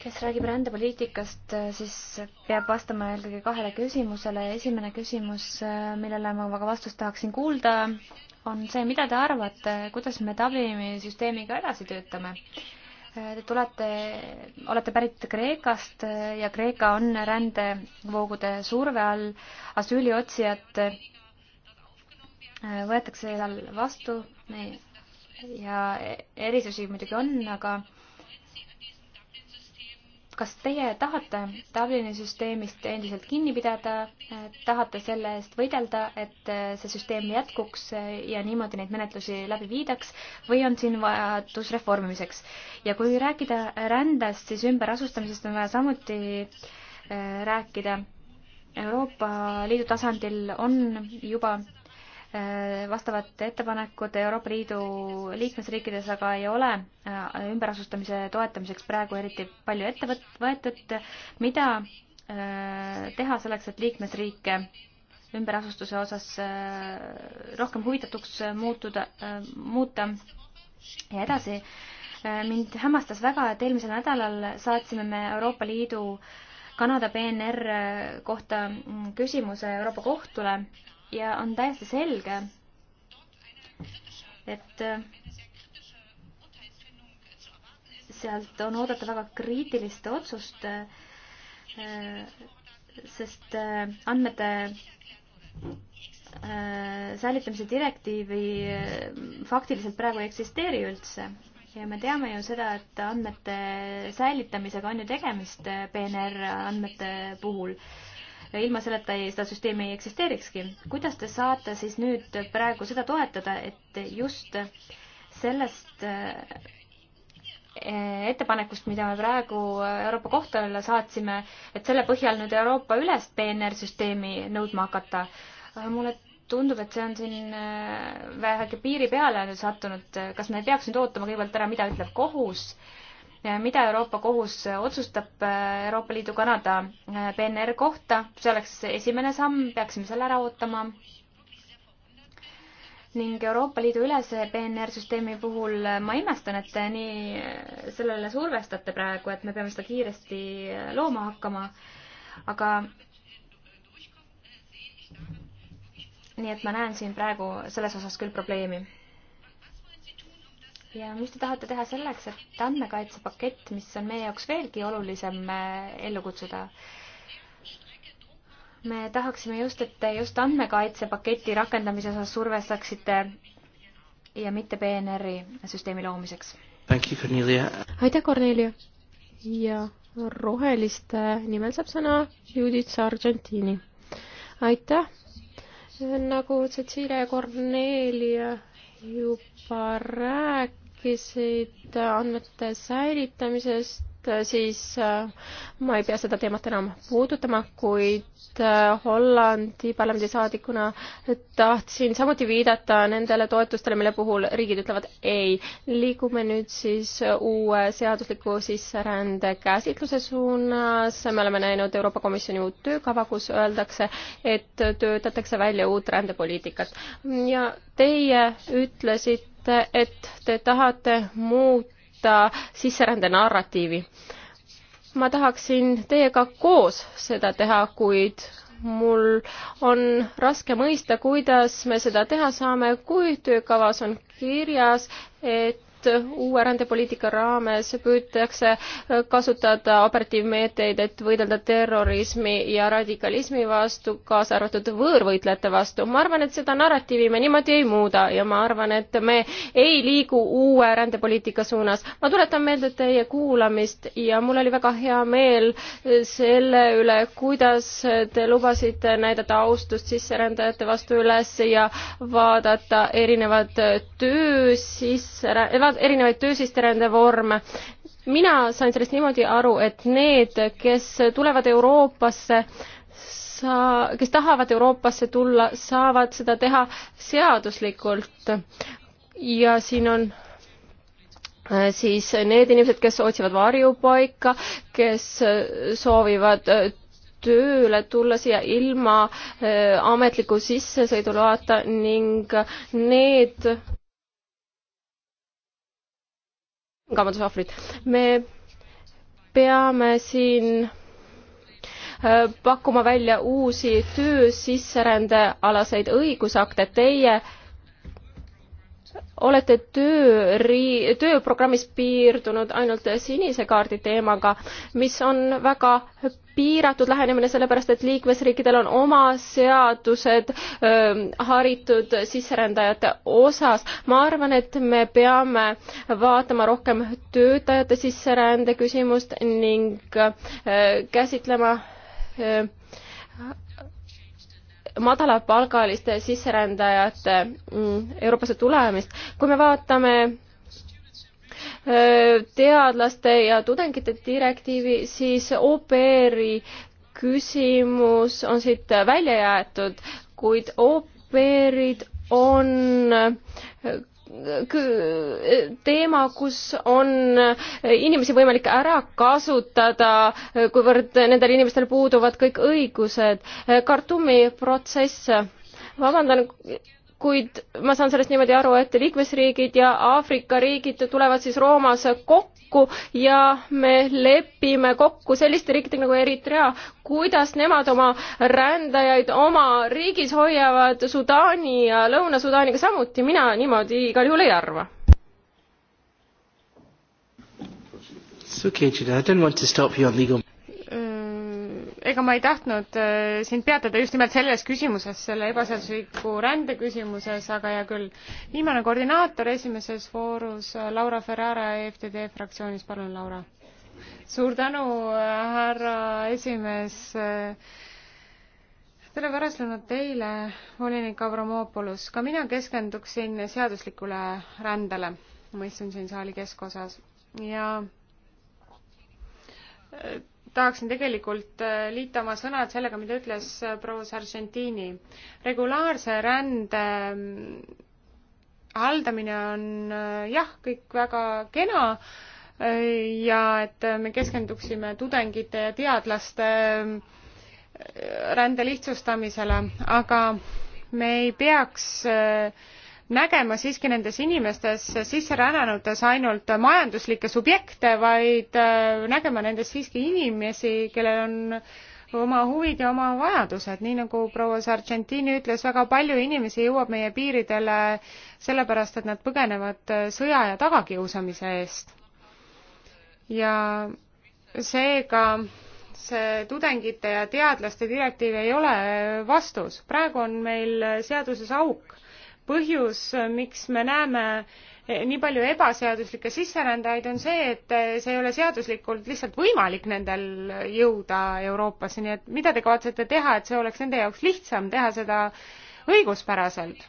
kes räägib rändepoliitikast, äh, siis peab vastama eelkõige kahele küsimusele. esimene küsimus, äh, millele ma väga vastust tahaksin kuulda, on see, mida te arvate, kuidas me tablimisüsteemiga edasi töötame? Äh, te tulete, olete pärit Kreekast ja Kreeka on rändevoogude surve all, asüüliotsijad võetakse seal vastu ja erisusi muidugi on, aga kas teie tahate Dublini süsteemist endiselt kinni pidada, tahate selle eest võidelda, et see süsteem jätkuks ja niimoodi neid menetlusi läbi viidaks või on siin vajadus reformimiseks? ja kui rääkida rändest, siis ümberasustamisest on vaja samuti äh, rääkida. Euroopa Liidu tasandil on juba Äh, vastavat ettepanekut Euroopa Liidu liikmesriikides aga ei ole äh, ümberasustamise toetamiseks praegu eriti palju ette võetud. mida äh, teha selleks, et liikmesriike ümberasustuse osas rohkem huvitatuks muutuda, muuta ja edasi. mind hämmastas väga, et eelmisel nädalal saatsime me Euroopa Liidu Kanada PNR kohta mm, küsimuse Euroopa Kohtule ja on täiesti selge, et äh, sealt on oodata väga kriitilist otsust, äh, sest äh, andmete säilitamise direktiivi faktiliselt praegu ei eksisteeri üldse ja me teame ju seda, et andmete säilitamisega on ju tegemist PNR andmete puhul ja ilma selleta ei, seda süsteemi ei eksisteerikski. kuidas te saate siis nüüd praegu seda toetada, et just sellest äh, ettepanekust, mida me praegu Euroopa Kohtule saatsime, et selle põhjal nüüd Euroopa ülest PNR-süsteemi nõudma hakata. Äh, mulle tundub, et see on siin äh, vähegi piiri peale nüüd sattunud. kas me ei peaks nüüd ootama kõigepealt ära, mida ütleb kohus äh, mida Euroopa Kohus otsustab äh, Euroopa Liidu Kanada äh, PNR kohta, see oleks esimene samm, peaksime selle ära ootama. ning Euroopa Liidu ülese PNR-süsteemi puhul äh, ma imestan, et te nii sellele survestate praegu, et me peame seda kiiresti looma hakkama, aga nii et ma näen siin praegu selles osas küll probleemi ja mis te tahate teha selleks, et andmekaitsepakett, mis on meie jaoks veelgi olulisem, eh, ellu kutsuda? me tahaksime just, et te just andmekaitsepaketi rakendamise osas survestaksite ja mitte PNR-i süsteemi loomiseks. aitäh,
Kornelia! ja roheliste nimel saab sõna Judith Sargentini. aitäh! nagu Cecilia ja Kornelia juba rääkisid, rääkisid andmete säilitamisest, siis äh, ma ei pea seda teemat enam puudutama, kuid äh, Hollandi parlamendisaadikuna tahtsin samuti viidata nendele toetustele, mille puhul riigid ütlevad ei. liigume nüüd siis uue seadusliku sisserände käsitluse suunas. me oleme näinud Euroopa Komisjoni uut töökava, kus öeldakse, et töötatakse välja uut rändepoliitikat ja teie ütlesite, ütlesite, et te tahate muuta sisserände narratiivi. ma tahaksin teiega koos seda teha, kuid mul on raske mõista, kuidas me seda teha saame, kui töökavas on kirjas, et et uue rändepoliitika raames püütakse kasutada operatiivmeeteid, et võidelda terrorismi ja radikalismi vastu, kaasa arvatud võõrvõitlejate vastu. ma arvan, et seda narratiivi me niimoodi ei muuda ja ma arvan, et me ei liigu uue rändepoliitika suunas. ma tuletan meelde teie kuulamist ja mul oli väga hea meel selle üle, kuidas te lubasite näidata austust sisserändajate vastu üles ja vaadata erinevad töö sisse, erinevaid töösisserände vorme. mina sain sellest niimoodi aru, et need, kes tulevad Euroopasse, sa-, kes tahavad Euroopasse tulla, saavad seda teha seaduslikult. ja siin on äh, siis need inimesed, kes otsivad varjupaika, kes äh, soovivad äh, tööle tulla siia ilma ametliku sissesõiduloata ning need kaubanduse ohvrid. me peame siin äh, pakkuma välja uusi töö sisserändealaseid õigusakte. Teie olete töö, tööprogrammis piirdunud ainult sinise kaardi teemaga, mis on väga piiratud lähenemine, sellepärast et liikmesriikidel on oma seadused öö, haritud sisserändajate osas. ma arvan, et me peame vaatama rohkem töötajate sisserände küsimust ning öö, käsitlema öö, madalapalgaliste sisserändajate mm, Euroopasse tulemist. kui me vaatame teadlaste ja tudengite direktiivi, siis au pair'i küsimus on siit välja jäetud, kuid au pair'id on teema, kus on inimesi võimalik ära kasutada, kuivõrd nendel inimestel puuduvad kõik õigused. Khartoumi protsess, vabandan, kuid ma saan sellest niimoodi aru, et liikmesriigid ja Aafrika riigid tulevad siis Roomas kokku ja me lepime kokku selliste riikidega nagu Eritrea, kuidas nemad oma rändajaid oma riigis hoiavad, Sudaani ja Lõuna-Sudaaniga samuti, mina niimoodi igal juhul ei arva.
It's okay, Gina. I don't want to stop you on legal
ega ma ei tahtnud äh, sind peatada just nimelt selles küsimuses, selle ebaseadusliku rände küsimuses, aga hea küll. viimane koordinaator esimeses voorus, äh, Laura Ferrara EFTD fraktsioonist, palun, Laura. suur tänu, äh, härra esimees. tere pärastlõunat teile, volinik Avramopoulos. ka mina keskenduksin seaduslikule rändele. ma istun siin saali keskosas ja tahaksin tegelikult äh, liita oma sõnad sellega, mida ütles äh, proua Sargentini. regulaarse rände mm, haldamine on äh, jah, kõik väga kena ja et me keskenduksime tudengite ja teadlaste mm, rände lihtsustamisele, aga me ei peaks äh, nägema siiski nendes inimestes sisserännanutes ainult majanduslikke subjekte vaid äh, nägema nendes siiski inimesi kellel on oma huvid ja oma vajadused nii nagu proua sargentini ütles väga palju inimesi jõuab meie piiridele sellepärast et nad põgenevad äh, sõja ja tagakiusamise eest ja seega see tudengite ja teadlaste direktiiv ei ole äh, vastus praegu on meil seaduses auk põhjus, miks me näeme eh, nii palju ebaseaduslikke sisserändajaid, on see, et eh, see ei ole seaduslikult lihtsalt võimalik nendel jõuda Euroopasse, nii et mida te kavatsete teha, et see oleks nende jaoks lihtsam teha seda õiguspäraselt?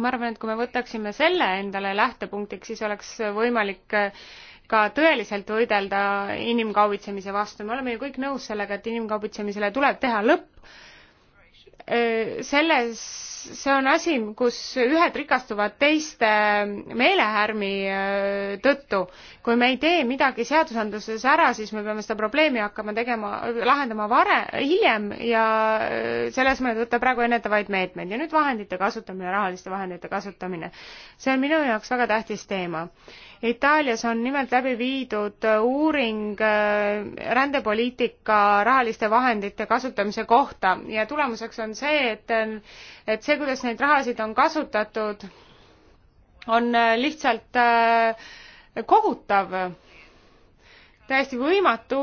ma arvan, et kui me võtaksime selle endale lähtepunktiks, siis oleks võimalik eh, ka tõeliselt võidelda inimkaubitsemise vastu. me oleme ju kõik nõus sellega, et inimkaubitsemisele tuleb teha lõpp Äh, selles, see on asi, kus ühed rikastuvad teiste meelehärmi äh, tõttu kui me ei tee midagi seadusandluses ära, siis me peame seda probleemi hakkama tegema, lahendama vare, hiljem ja äh, selles mõttes võtta praegu ennetavaid meetmeid ja nüüd vahendite kasutamine, rahaliste vahendite kasutamine. see on minu jaoks väga tähtis teema. Itaalias on nimelt läbi viidud äh, uuring äh, rändepoliitika rahaliste vahendite kasutamise kohta ja tulemuseks on see, et, et see, kuidas neid rahasid on kasutatud, on lihtsalt äh, kohutav, täiesti võimatu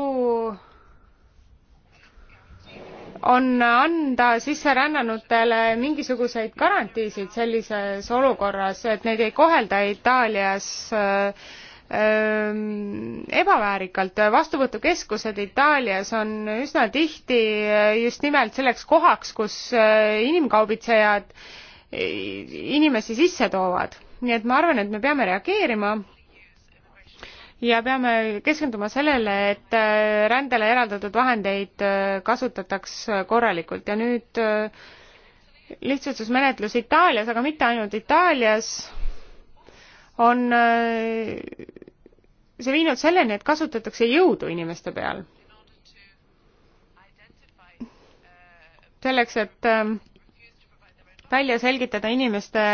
on anda sisserännanutele mingisuguseid garantiisid sellises olukorras, et neid ei kohelda Itaalias äh, ähm, ebaväärikalt. vastuvõtukeskused Itaalias on üsna tihti äh, just nimelt selleks kohaks, kus äh, inimkaubitsejad inimesi sisse toovad. nii et ma arvan, et me peame reageerima ja peame keskenduma sellele, et äh, rändele eraldatud vahendeid äh, kasutataks äh, korralikult ja nüüd lihtsustusmenetlus Itaalias, aga mitte ainult Itaalias, on see viinud selleni, et kasutatakse jõudu inimeste peal. selleks, et välja selgitada inimeste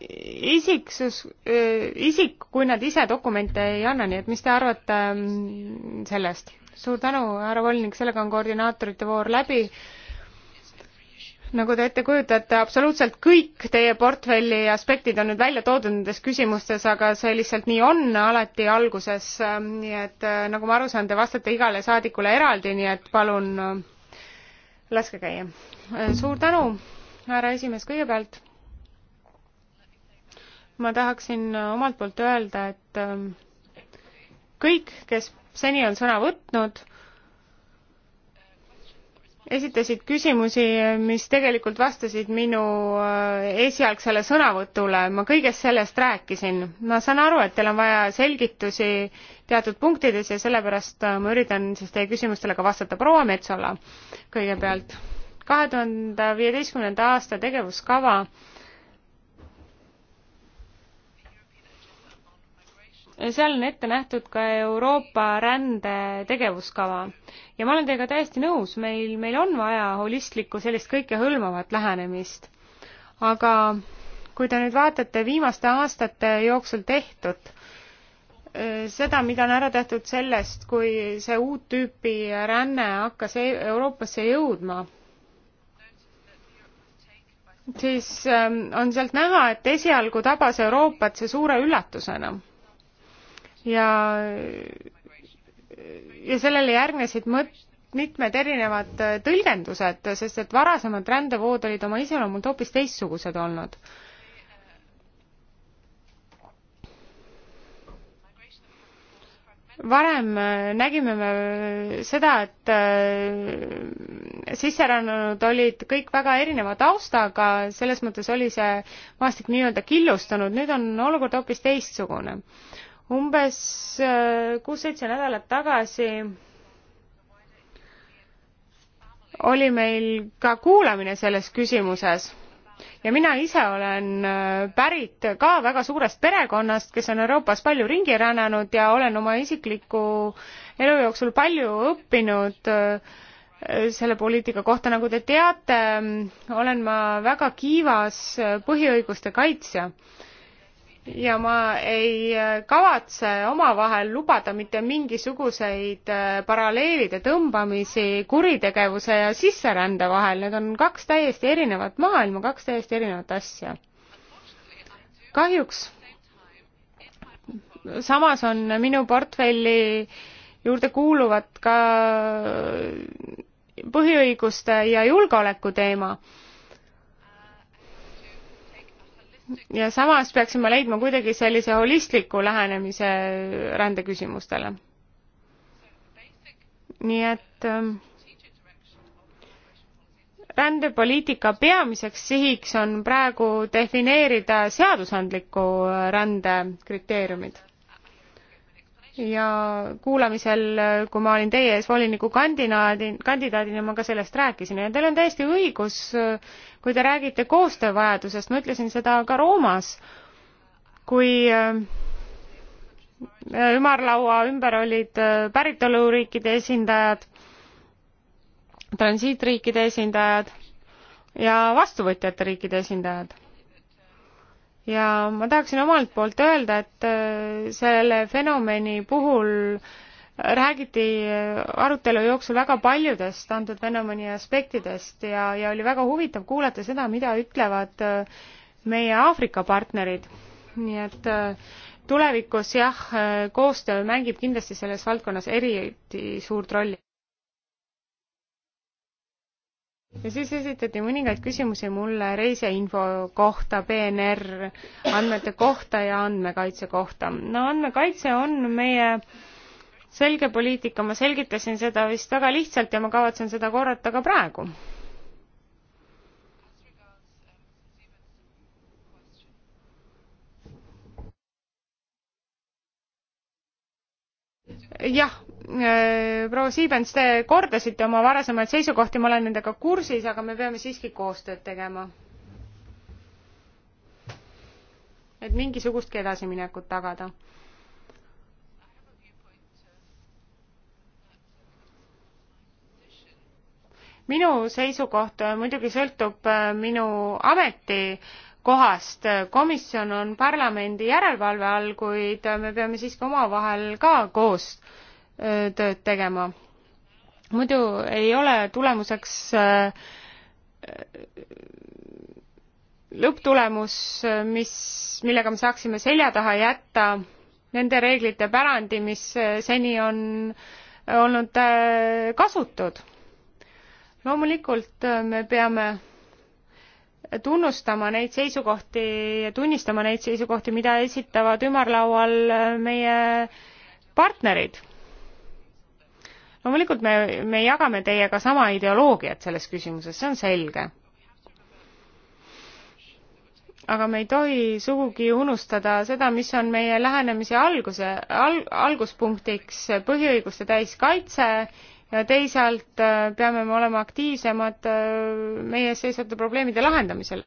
isiksus, isik, kui nad ise dokumente ei anna, nii et mis te arvate ähm, sellest? suur tänu, härra volinik, sellega on koordinaatorite voor läbi. nagu te ette kujutate, absoluutselt kõik teie portfelli aspektid on nüüd välja toodud nendes küsimustes, aga see lihtsalt nii on alati alguses, ähm, nii et äh, nagu ma aru saan, te vastate igale saadikule eraldi, nii et palun äh, laske käia. Äh, suur tänu, härra esimees, kõigepealt ma tahaksin omalt poolt öelda, et ähm, kõik, kes seni on sõna võtnud, esitasid küsimusi, mis tegelikult vastasid minu äh, esialgsele sõnavõtule, ma kõigest sellest rääkisin. ma saan aru, et teil on vaja selgitusi teatud punktides ja sellepärast äh, ma üritan siis teie küsimustele ka vastata. proua Metsola kõigepealt, kahe tuhande viieteistkümnenda aasta tegevuskava seal on ette nähtud ka Euroopa rände tegevuskava ja ma olen teiega täiesti nõus, meil, meil on vaja holistlikku sellist kõikehõlmavat lähenemist. aga kui te nüüd vaatate viimaste aastate jooksul tehtud, seda, mida on ära tehtud sellest, kui see uut tüüpi ränne hakkas e-, Euroopasse jõudma, siis ähm, on sealt näha, et esialgu tabas Euroopat see suure üllatusena ja, ja sellele järgnesid mõt-, mitmed erinevad äh, tõlgendused, sest et varasemad rändevood olid oma iseloomult hoopis teistsugused olnud. varem äh, nägime me äh, seda, et sisserännanud olid kõik väga erineva taustaga, selles mõttes oli see maastik nii-öelda killustunud, nüüd on olukord hoopis teistsugune umbes äh, kuus-seitse nädalat tagasi oli meil ka kuulamine selles küsimuses ja mina ise olen äh, pärit ka väga suurest perekonnast, kes on Euroopas palju ringi rännanud ja olen oma isikliku elu jooksul palju õppinud äh, selle poliitika kohta, nagu te teate, olen ma väga kiivas põhiõiguste kaitsja ja ma ei äh, kavatse omavahel lubada mitte mingisuguseid äh, paralleelide tõmbamisi kuritegevuse ja sisserände vahel, need on kaks täiesti erinevat maailma, kaks täiesti erinevat asja. kahjuks samas on minu portfelli juurde kuuluvad ka põhiõiguste ja julgeoleku teema ja samas peaksime leidma kuidagi sellise holistliku lähenemise rändeküsimustele. nii et ähm, rändepoliitika peamiseks sihiks on praegu defineerida seadusandliku rände kriteeriumid ja kuulamisel, kui ma olin teie ees voliniku kandidaadi, kandidaadina, ma ka sellest rääkisin ja teil on täiesti õigus, kui te räägite koostöövajadusest, ma ütlesin seda ka Roomas, kui äh, ümarlaua ümber olid äh, päritoluriikide esindajad, transiitriikide esindajad ja vastuvõtjate riikide esindajad ja ma tahaksin omalt poolt öelda, et äh, selle fenomeni puhul räägiti äh, arutelu jooksul väga paljudest antud fenomeni aspektidest ja, ja oli väga huvitav kuulata seda, mida ütlevad äh, meie Aafrika partnerid. nii et tulevikus jah, koostöö mängib kindlasti selles valdkonnas eriti suurt rolli. ja siis esitati mõningaid küsimusi mulle reisiinfo kohta, PNR andmete kohta ja andmekaitse kohta. no andmekaitse on meie selge poliitika, ma selgitasin seda vist väga lihtsalt ja ma kavatsen seda korrata ka praegu. jah, Äh, proua Siibens, te kordasite oma varasemaid seisukohti, ma olen nendega kursis, aga me peame siiski koostööd tegema. et mingisugustki edasiminekut tagada. minu seisukoht äh, muidugi sõltub äh, minu ameti kohast. komisjon on parlamendi järelevalve all, kuid me peame siiski omavahel ka koos tööd tegema. muidu ei ole tulemuseks lõpptulemus, mis, millega me saaksime selja taha jätta nende reeglite pärandi, mis seni on olnud kasutud. loomulikult me peame tunnustama neid seisukohti ja tunnistama neid seisukohti, mida esitavad ümarlaual meie partnerid loomulikult me, me jagame teiega sama ideoloogiat selles küsimuses, see on selge. aga me ei tohi sugugi unustada seda, mis on meie lähenemise alguse al,, alguspunktiks põhiõiguste täiskaitse ja teisalt äh, peame me olema aktiivsemad äh, meie ees seisvate probleemide lahendamisel.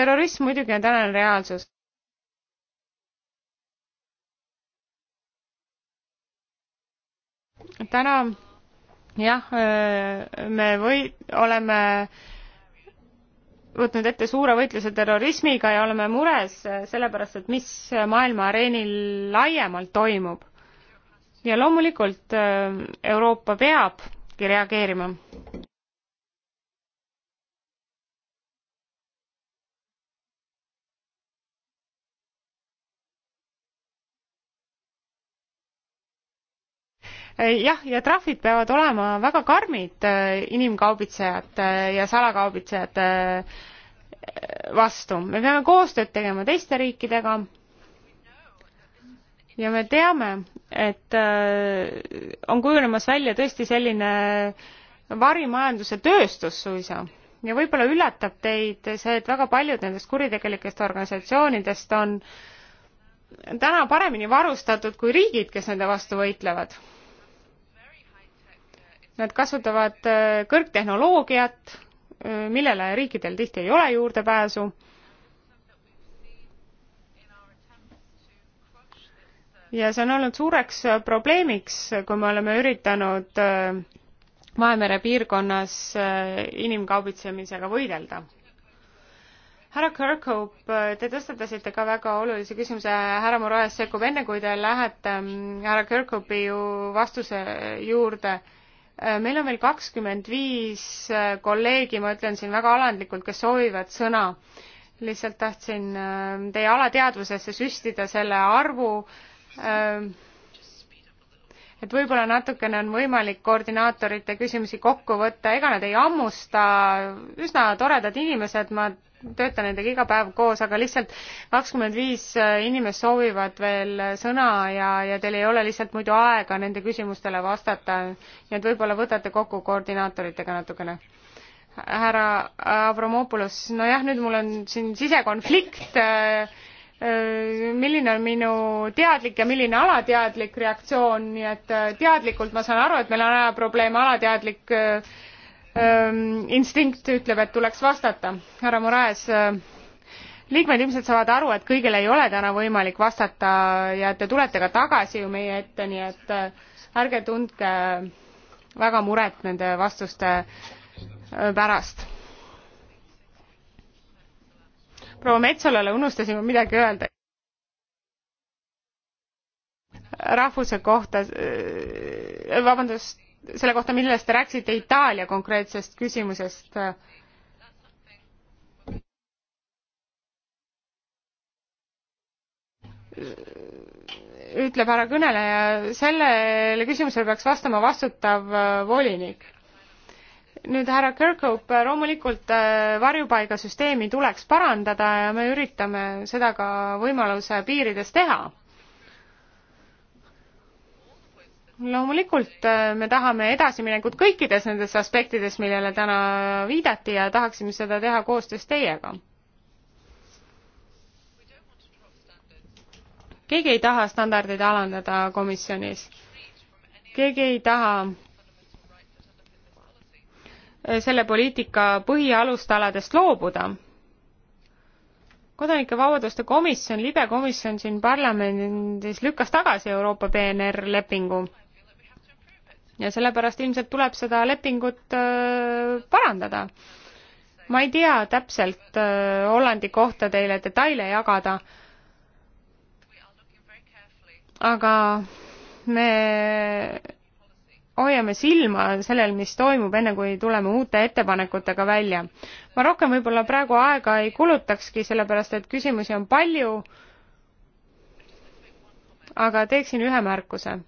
terrorism muidugi on tänane reaalsus. täna jah, äh, me või-, oleme võtnud ette suure võitluse terrorismiga ja oleme mures äh, sellepärast, et mis maailma areenil laiemalt toimub. ja loomulikult äh, Euroopa peabki reageerima. Eh, jah, ja trahvid peavad olema väga karmid eh, inimkaubitsejate eh, ja salakaubitsejate vastu. me peame koostööd tegema teiste riikidega. ja me teame, et on kujunemas välja tõesti selline varimajanduse tööstus suisa ja võib-olla üllatab teid see, et väga paljud nendest kuritegelikest organisatsioonidest on täna paremini varustatud kui riigid, kes nende vastu võitlevad Nad kasutavad äh, kõrgtehnoloogiat, äh, millele riikidel tihti ei ole juurdepääsu. ja see on olnud suureks äh, probleemiks, kui me oleme üritanud Vahemere piirkonnas inimkaubitsemisega võidelda härra Kirkhope, te tõstatasite ka väga olulise küsimuse, härra Moraes sekkub, enne kui te lähete mm, härra Kirkhope'i ju vastuse juurde Äh, meil on veel kakskümmend viis äh, kolleegi, ma ütlen siin väga alandlikult, kes soovivad sõna. lihtsalt tahtsin ähm, teie alateadvusesse süstida selle arvu. Ähm, et võib-olla natukene on võimalik koordinaatorite küsimusi kokku võtta, ega nad ei hammusta, üsna toredad inimesed, ma töötan nendega iga päev koos, aga lihtsalt kakskümmend viis äh, inimest soovivad veel äh, sõna ja, ja teil ei ole lihtsalt muidu aega nende küsimustele vastata. nii et võib-olla võtate kokku koordinaatoritega natukene. härra Avramopoulos, nojah, nüüd mul on siin sisekonflikt. Äh, milline on minu teadlik ja milline alateadlik reaktsioon, nii et teadlikult ma saan aru, et meil on ajaprobleem, alateadlik äh, Ehm, instinkt ütleb, et tuleks vastata. härra Moraes, ehm, liikmed ilmselt saavad aru, et kõigil ei ole täna võimalik vastata ja te tulete ka tagasi ju meie ette, nii et ehm, ärge tundke väga muret nende vastuste pärast. proua Metsolale unustasime midagi öelda. rahvuse kohta, vabandust selle kohta, millest te rääkisite Itaalia konkreetsest küsimusest. ütleb härra kõneleja, sellele küsimusele peaks vastama vastutav äh, volinik. nüüd härra Kirkhope, loomulikult äh, varjupaigasüsteemi tuleks parandada ja me üritame seda ka võimaluse piirides teha loomulikult äh, me tahame edasiminekut kõikides nendes aspektides, millele täna viidati ja tahaksime seda teha koostöös teiega. keegi ei taha standardeid alandada komisjonis. keegi ei taha äh, selle poliitika põhialustaladest loobuda. kodanike vabaduste komisjon, libe komisjon siin parlamendis lükkas tagasi Euroopa PNR lepingu ja sellepärast ilmselt tuleb seda lepingut äh, parandada. ma ei tea täpselt äh, Hollandi kohta teile detaile jagada, aga me hoiame silma sellel, mis toimub, enne kui tuleme uute ettepanekutega välja. ma rohkem võib-olla praegu aega ei kulutakski, sellepärast et küsimusi on palju, aga teeksin ühe märkuse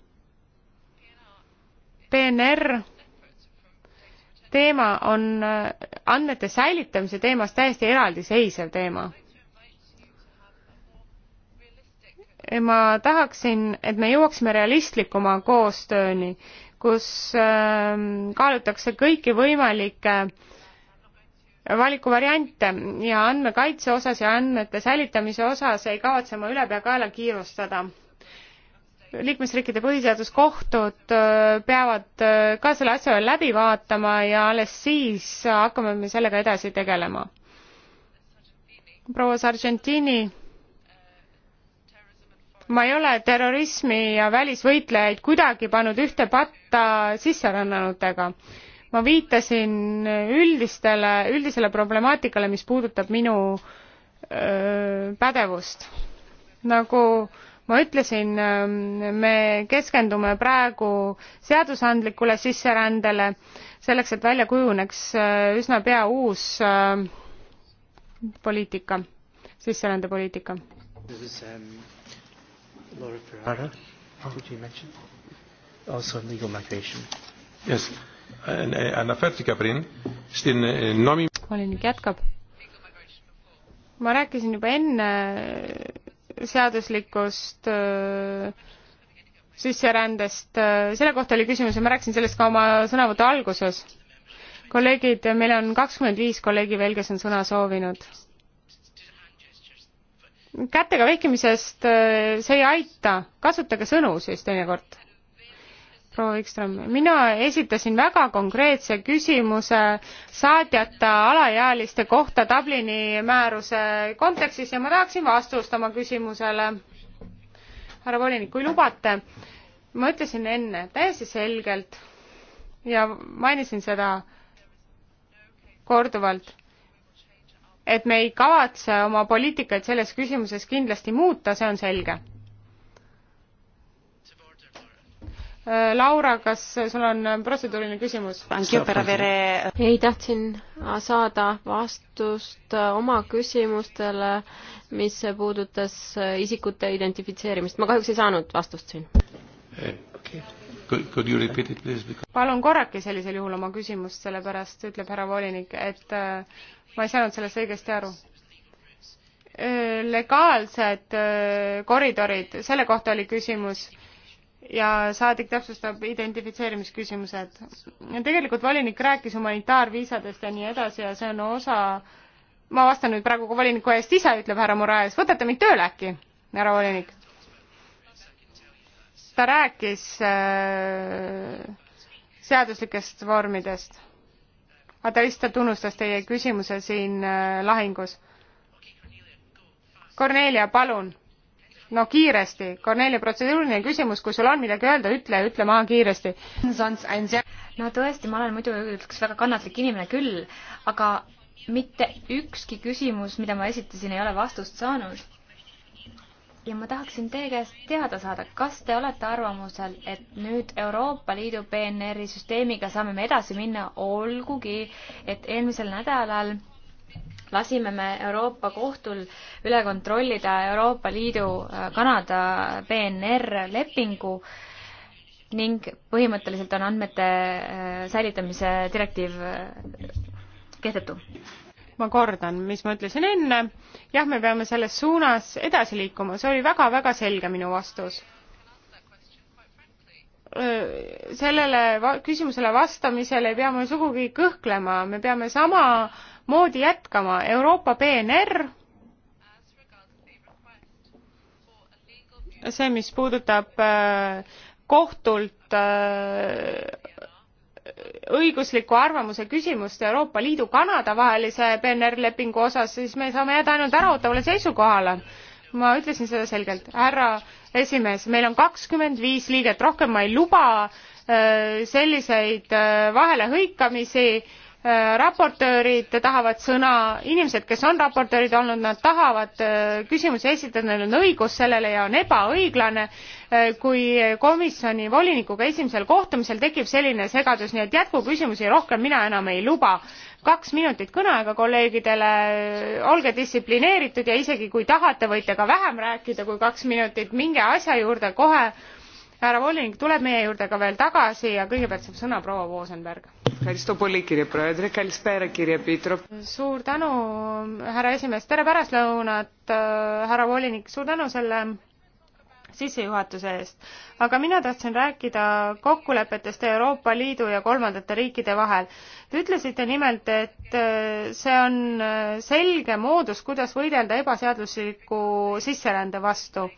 PNR teema on andmete säilitamise teemast täiesti eraldiseisev teema. ma tahaksin, et me jõuaksime realistlikuma koostööni, kus ähm, kaalutakse kõiki võimalikke valikuvariante ja andmekaitse osas ja andmete säilitamise osas ei kavatse ma ülepeakaela kiirustada liikmesriikide põhiseaduskohtud äh, peavad äh, ka selle asja veel läbi vaatama ja alles siis hakkame me sellega edasi tegelema. proua Sargentini, ma ei ole terrorismi ja välisvõitlejaid kuidagi pannud ühte patta sisserännanutega. ma viitasin üldistele, üldisele problemaatikale, mis puudutab minu öö, äh, pädevust. nagu äh, ma ütlesin, ähm, me keskendume praegu seadusandlikule sisserändele, selleks et välja kujuneks äh, üsna pea uus äh, poliitika, sisserändepoliitika.
Um, Laura Ferrara,
oh, did you mention? Also on legal migration.
Yes. Αναφέρθηκα πριν στην νόμιμη...
Volinik jätkab. Ma rääkisin juba enne seaduslikust äh, sisserändest, äh, selle kohta oli küsimus ja ma rääkisin sellest ka oma sõnavõtu alguses. kolleegid, meil on kakskümmend viis kolleegi veel, kes on sõna soovinud. kätega vehkimisest äh, see ei aita, kasutage sõnu siis teinekord proua Vikström, mina esitasin väga konkreetse küsimuse saatjata alaealiste kohta Dublini määruse kontekstis ja ma tahaksin vastust oma küsimusele. härra volinik, kui lubate, ma ütlesin enne täiesti selgelt ja mainisin seda korduvalt, et me ei kavatse oma poliitikaid selles küsimuses kindlasti muuta, see on selge Äh, Laura, kas sul on äh, protseduuriline küsimus?
ei, tahtsin äh, saada vastust oma küsimustele, mis puudutas isikute identifitseerimist. ma kahjuks ei saanud vastust siin okay.. Because...
palun korrake sellisel juhul oma küsimust, sellepärast ütleb härra volinik, et ma ei saanud sellest õigesti aru legaalsed koridorid, selle kohta oli küsimus ja saadik täpsustab identifitseerimisküsimused. tegelikult volinik rääkis humanitaarviisadest ja nii edasi ja see on osa, ma vastan nüüd praegu ka voliniku eest ise, ütleb härra Moraes, võtate mind tööle äkki, härra volinik? ta rääkis äh, seaduslikest vormidest. aga ta lihtsalt unustas teie küsimuse siin äh, lahingus. Kornelia, palun no kiiresti, Korneli protseduuriline küsimus, kui sul on midagi öelda, ütle, ütle maha kiiresti. no tõesti, ma olen muidu
üks väga kannatlik inimene küll, aga mitte ükski küsimus, mida ma esitasin, ei ole vastust saanud. ja ma tahaksin teie käest teada saada, kas te olete arvamusel, et nüüd Euroopa Liidu PNR-i süsteemiga saame me edasi minna, olgugi et eelmisel nädalal lasime me Euroopa Kohtul üle kontrollida Euroopa Liidu äh, Kanada PNR lepingu ning põhimõtteliselt on andmete äh, säilitamise
direktiiv äh, kehtetu. ma kordan, mis ma ütlesin enne, jah, me peame selles suunas edasi liikuma, see oli väga-väga selge minu vastus sellele küsimusele vastamisel ei pea me sugugi kõhklema, me peame sama äh, moodi jätkama. Euroopa PNR, see, mis puudutab äh, kohtult äh, õigusliku arvamuse küsimust Euroopa Liidu Kanada vahelise PNR lepingu osas, siis me saame jääda ainult äraootavale seisukohale. ma ütlesin seda selgelt, härra esimees, meil on kakskümmend viis liiget, rohkem ma ei luba äh, selliseid vahelehõikamisi Äh, raportöörid tahavad sõna, inimesed, kes on raportöörid olnud, nad tahavad äh, küsimusi esitada, neil on õigus sellele ja on ebaõiglane, äh, kui komisjoni volinikuga esimesel kohtumisel tekib selline segadus, nii et jätkuküsimusi rohkem mina enam ei luba. kaks minutit kõneaega kolleegidele, olge distsiplineeritud ja isegi kui tahate, võite ka vähem rääkida kui kaks minutit, minge asja juurde kohe härra Volling tuleb meie juurde ka veel tagasi ja kõigepealt saab sõna proua Voosenberg. suur tänu, härra esimees, tere pärastlõunat, äh, härra volinik, suur tänu selle sissejuhatuse eest. aga mina tahtsin rääkida kokkulepetest Euroopa Liidu ja kolmandate riikide vahel. Te ütlesite nimelt, et äh, see on äh, selge moodus, kuidas võidelda ebaseadusliku sisserände vastu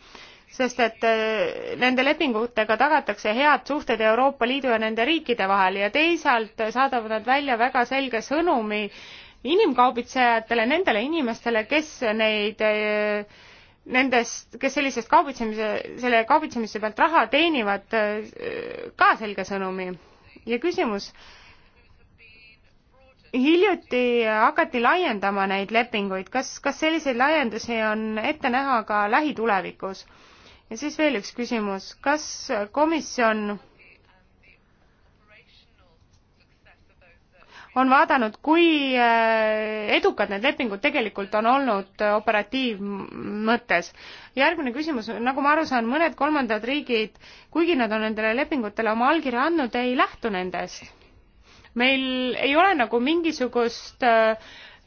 sest et äh, nende lepingutega tagatakse head suhted Euroopa Liidu ja nende riikide vahel ja teisalt saadavad nad välja väga selge sõnumi inimkaubitsejatele, nendele inimestele, kes neid äh, nendest, kes sellisest kaubitsemise, selle kaubitsemise pealt raha teenivad, äh, ka selge sõnumi. ja küsimus, hiljuti hakati laiendama neid lepinguid, kas, kas selliseid laiendusi on ette näha ka lähitulevikus? ja siis veel üks küsimus, kas komisjon on vaadanud, kui äh, edukad need lepingud tegelikult on olnud operatiivmõttes. järgmine küsimus, nagu ma aru saan, mõned kolmandad riigid, kuigi nad on nendele lepingutele oma allkirja andnud, ei lähtu nendest. meil ei ole nagu mingisugust äh,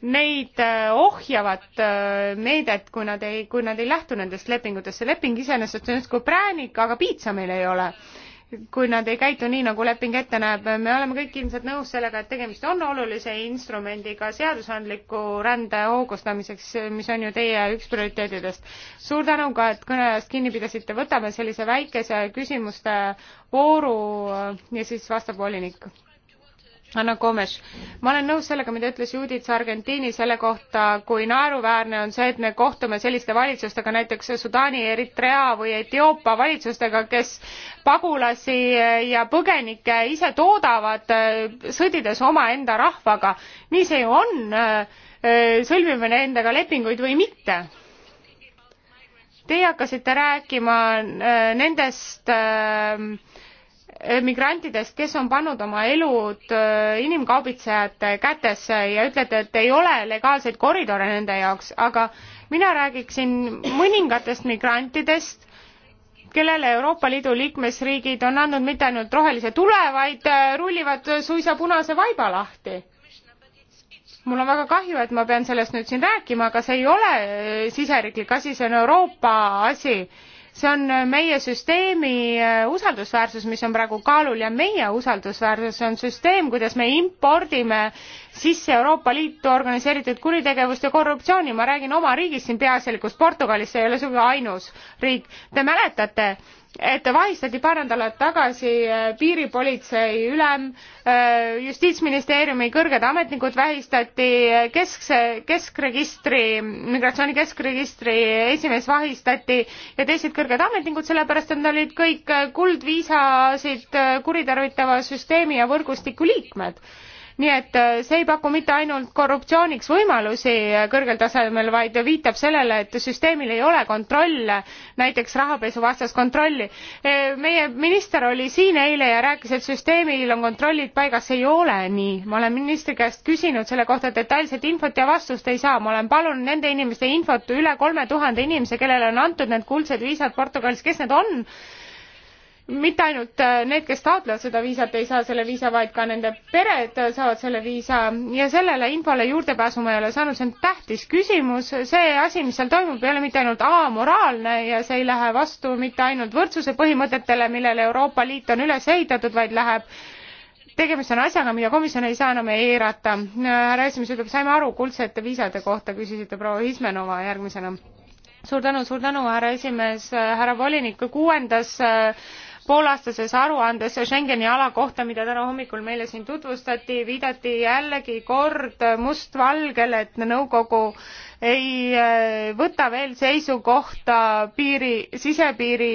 neid äh, ohjavat äh, meedet, kui nad ei, kui nad ei lähtu nendest lepingutest. see leping iseenesest on justkui präänik, aga piitsa meil ei ole. kui nad ei käitu nii, nagu leping ette näeb, me oleme kõik ilmselt nõus sellega, et tegemist on olulise instrumendiga seadusandliku rände hoogustamiseks, mis on ju teie üks prioriteetidest. suur tänu ka, et kõneajast kinni pidasite, võtame sellise väikese küsimuste vooru ja siis vastab volinik Anna Gomes, ma olen nõus sellega, mida ütles Judith Argentiini selle kohta, kui naeruväärne on see, et me kohtume selliste valitsustega, näiteks Sudaani, Eritrea või Etioopia valitsustega, kes pagulasi ja põgenikke ise toodavad, eh, sõdides omaenda rahvaga. nii see ju on, eh, sõlmime nendega lepinguid või mitte teie hakkasite rääkima eh, nendest migrantidest, kes on pannud oma elud äh, inimkaubitsejate kätesse ja ütlete, et ei ole legaalseid koridore nende jaoks, aga mina räägiksin mõningatest migrantidest, kellele Euroopa Liidu liikmesriigid on andnud mitte ainult rohelise tule, vaid äh, rullivad suisa punase vaiba lahti. mul on väga kahju, et ma pean sellest nüüd siin rääkima, aga see ei ole äh, siseriiklik asi, see on Euroopa asi see on äh, meie süsteemi äh, usaldusväärsus, mis on praegu kaalul ja meie usaldusväärsus on süsteem, kuidas me impordime sisse Euroopa Liitu organiseeritud kuritegevust ja korruptsiooni. ma räägin oma riigist siin peaasjalikust Portugalist, see ei ole sugugi ainus riik. Te mäletate, et vahistati paar nädalat tagasi äh, piiripolitsei ülem, äh, justiitsministeeriumi kõrged ametnikud vahistati, äh, keskse, keskregistri, migratsiooni keskregistri esimees vahistati ja teised kõrged ametnikud, sellepärast et nad olid kõik kuldviisasid kuritarvitava süsteemi ja võrgustiku liikmed nii et äh, see ei paku mitte ainult korruptsiooniks võimalusi äh, kõrgel tasemel, vaid viitab sellele, et süsteemil ei ole kontrolle, näiteks rahapesuvastast kontrolli. Äh, meie minister oli siin eile ja rääkis, et süsteemil on kontrollid paigas, see ei ole nii. ma olen ministri käest küsinud selle kohta detailset infot ja vastust ei saa. ma olen palunud nende inimeste infot, üle kolme tuhande inimese, kellele on antud need kuldsed viisad Portugalis, kes need on? mitte ainult äh, need, kes taotlevad seda viisat, ei saa selle viisa, vaid ka nende pered saavad selle viisa ja sellele infole juurdepääsu ma ei ole saanud, see on tähtis küsimus, see asi, mis seal toimub, ei ole mitte ainult amoraalne ja see ei lähe vastu mitte ainult võrdsuse põhimõtetele, millele Euroopa Liit on üles ehitatud, vaid läheb tegemist on asjaga, mida komisjon ei saa enam eirata. härra esimees ütleb, saime aru kuldsete viisade kohta, küsisite proua Hismenova järgmisena. suur tänu, suur tänu, härra esimees, härra volinik, kuuendas äh, poolaastases aruandes Schengeni ala kohta, mida täna hommikul meile siin tutvustati, viidati jällegi kord mustvalgel, et nõukogu ei eh, võta veel seisukohta piiri, sisepiiri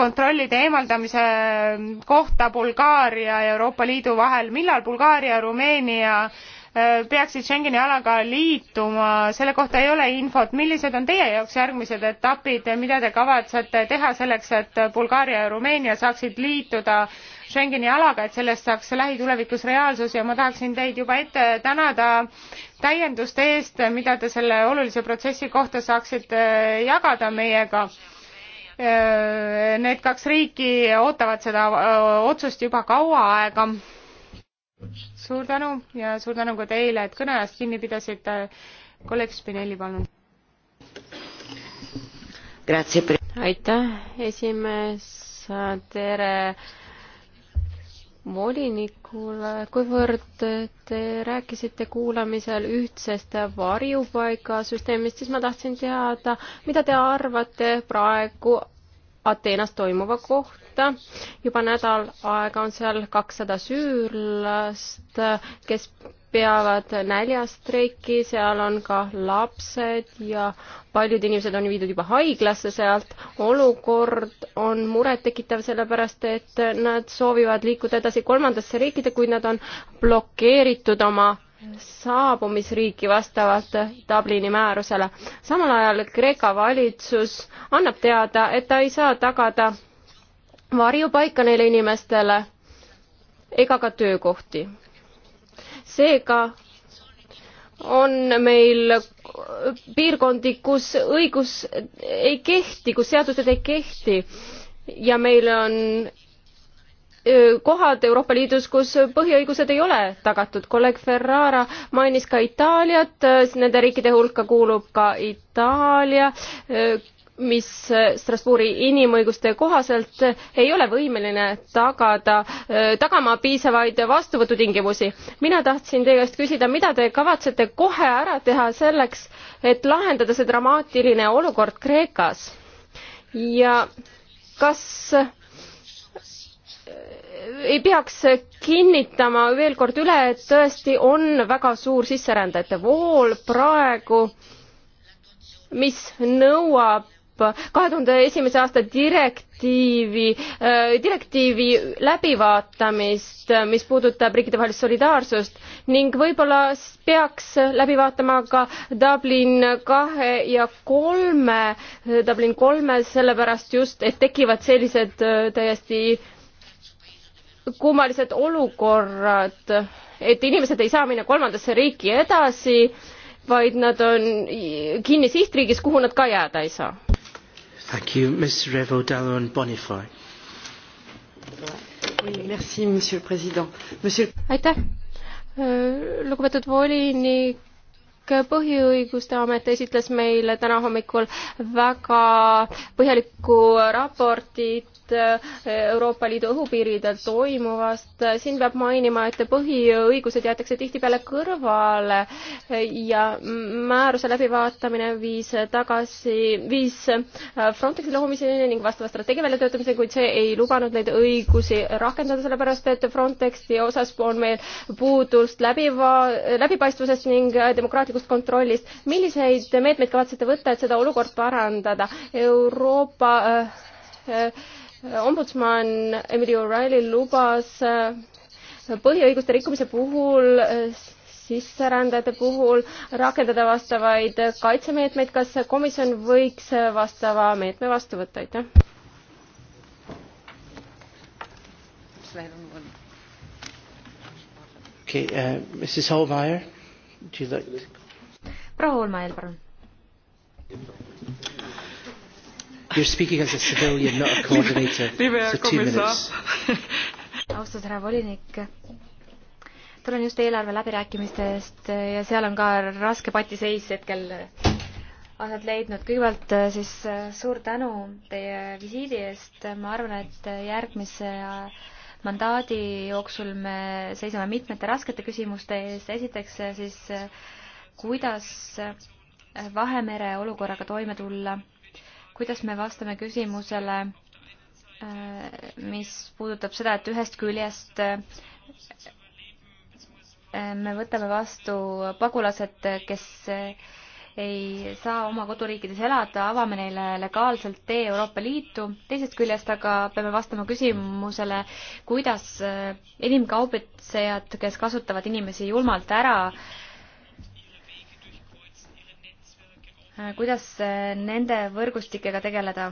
kontrollide eemaldamise kohta Bulgaaria ja Euroopa Liidu vahel. millal Bulgaaria, Rumeenia Äh, peaksid Schengeni alaga liituma, selle kohta ei ole infot. millised on teie jaoks järgmised etapid, mida te kavatsete teha selleks, et Bulgaaria ja Rumeenia saaksid liituda Schengeni alaga, et sellest saaks lähitulevikus reaalsus ja ma tahaksin teid juba ette tänada täienduste eest, mida te selle olulise protsessi kohta saaksite jagada meiega. Äh, need kaks riiki ootavad seda otsust juba kaua aega suur tänu ja suur tänu ka teile, et kõneajast kinni pidasite. kolleeg Spinelli, palun. aitäh, esimees,
tere volinikule, kuivõrd te rääkisite kuulamisel ühtsest varjupaigasüsteemist, siis ma tahtsin teada, mida te arvate praegu Ateenas toimuva kohta. juba nädal aega on seal kakssada süürlast, kes peavad näljastreiki, seal on ka lapsed ja paljud inimesed on viidud juba haiglasse sealt. olukord on murettekitav, sellepärast et nad soovivad liikuda edasi kolmandasse riikide, kuid nad on blokeeritud oma saabumisriiki vastavalt Dublini määrusele. samal ajal Kreeka valitsus annab teada, et ta ei saa tagada varjupaika neile inimestele ega ka töökohti. seega on meil piirkondi, kus õigus ei kehti, kus seadused ei kehti ja meil on kohad Euroopa Liidus, kus põhiõigused ei ole tagatud. kolleeg Ferrara mainis ka Itaaliat, nende riikide hulka kuulub ka Itaalia, mis Strasbourgi inimõiguste kohaselt ei ole võimeline tagada, tagama piisavaid vastuvõtutingimusi. mina tahtsin teie käest küsida, mida te kavatsete kohe ära teha selleks, et lahendada see dramaatiline olukord Kreekas ja kas ei peaks kinnitama veel kord üle, et tõesti on väga suur sisserändajate vool praegu, mis nõuab kahe tuhande esimese aasta direktiivi, äh, direktiivi läbivaatamist, mis puudutab riikidevahelist solidaarsust ning võib-olla peaks läbi vaatama ka Dublin kahe ja kolme, Dublin kolme, sellepärast just, et tekivad sellised äh, täiesti kummalised olukorrad, et inimesed ei saa minna kolmandasse riiki edasi, vaid nad on kinni sihtriigis, kuhu nad ka jääda ei saa. Thank you, Ms Revo Dallon Bonifay.
Merci, monsieur president. Monsieur...
aitäh, äh, lugupeetud volinik põhiõiguste amet esitles meile täna hommikul väga põhjalikku raportit Eh, Euroopa Liidu õhupiiridel toimuvast. siin peab mainima, et põhiõigused jäetakse tihtipeale kõrvale ja määruse läbivaatamine viis tagasi, viis eh, Frontexi loomiseni ning vastava strateegia väljatöötamiseni, kuid see ei lubanud neid õigusi rakendada, sellepärast et Frontexi osas on meil puudust läbiva-, läbipaistvusest ning demokraatlikust kontrollist. milliseid meetmeid kavatsete võtta, et seda olukorda parandada? Euroopa äh, äh, ombudsman Emily O'Reilly lubas äh, põhiõiguste rikkumise puhul äh, sisserändajate puhul rakendada vastavaid kaitsemeetmeid, kas komisjon võiks vastava meetme vastu võtta, aitäh?
Okay, uh, Mrs. Holmeyer, do you like?
proua Holmeyer, palun. You're speaking as a civilian, not a [laughs] coordinator. libe so komisar. [laughs] austatud härra volinik, tulen just eelarve läbirääkimistest ja seal on ka raske patiseis hetkel aset leidnud. kõigepealt äh, siis äh, suur tänu teie visiidi eest, ma arvan, et järgmise mandaadi jooksul me seisame mitmete raskete küsimuste ees, esiteks äh, siis kuidas Vahemere olukorraga toime tulla kuidas me vastame küsimusele, äh, mis puudutab seda, et ühest küljest äh, me võtame vastu pagulased, kes äh, ei saa oma koduriikides elada, avame neile legaalselt tee Euroopa Liitu, teisest küljest aga peame vastama küsimusele, kuidas inimkaubitsejad, kes kasutavad inimesi julmalt ära, Äh, kuidas äh, nende võrgustikega tegeleda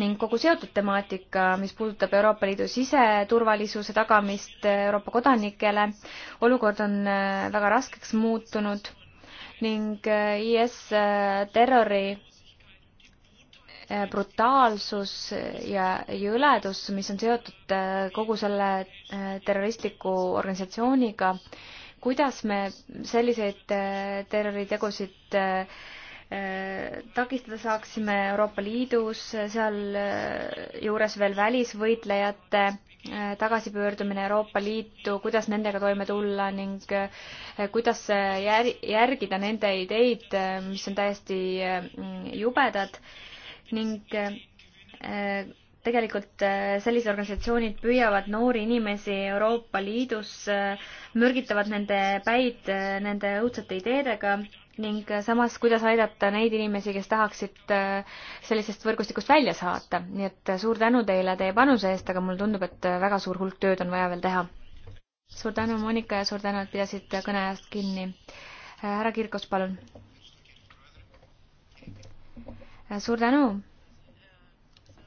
ning kogu seotud temaatika, mis puudutab Euroopa Liidu siseturvalisuse tagamist Euroopa kodanikele. olukord on äh, väga raskeks muutunud ning IS terrori brutaalsus ja jõledus, mis on seotud kogu selle terroristliku organisatsiooniga, kuidas me selliseid äh, terroritegusid äh, äh, takistada saaksime Euroopa Liidus, sealjuures veel välisvõitlejate tagasipöördumine Euroopa Liitu, kuidas nendega toime tulla ning kuidas jär, järgida nende ideid, mis on täiesti jubedad ning tegelikult äh, sellised organisatsioonid püüavad noori inimesi Euroopa Liidus, äh, mürgitavad nende päid äh, nende õudsate ideedega ning samas, kuidas aidata neid inimesi, kes tahaksid sellisest võrgustikust välja saata. nii et suur tänu teile teie panuse eest, aga mulle tundub, et väga suur hulk tööd on vaja veel teha. suur tänu, Monika, ja suur tänu, et pidasid kõneajast kinni. härra Kirkus, palun. suur tänu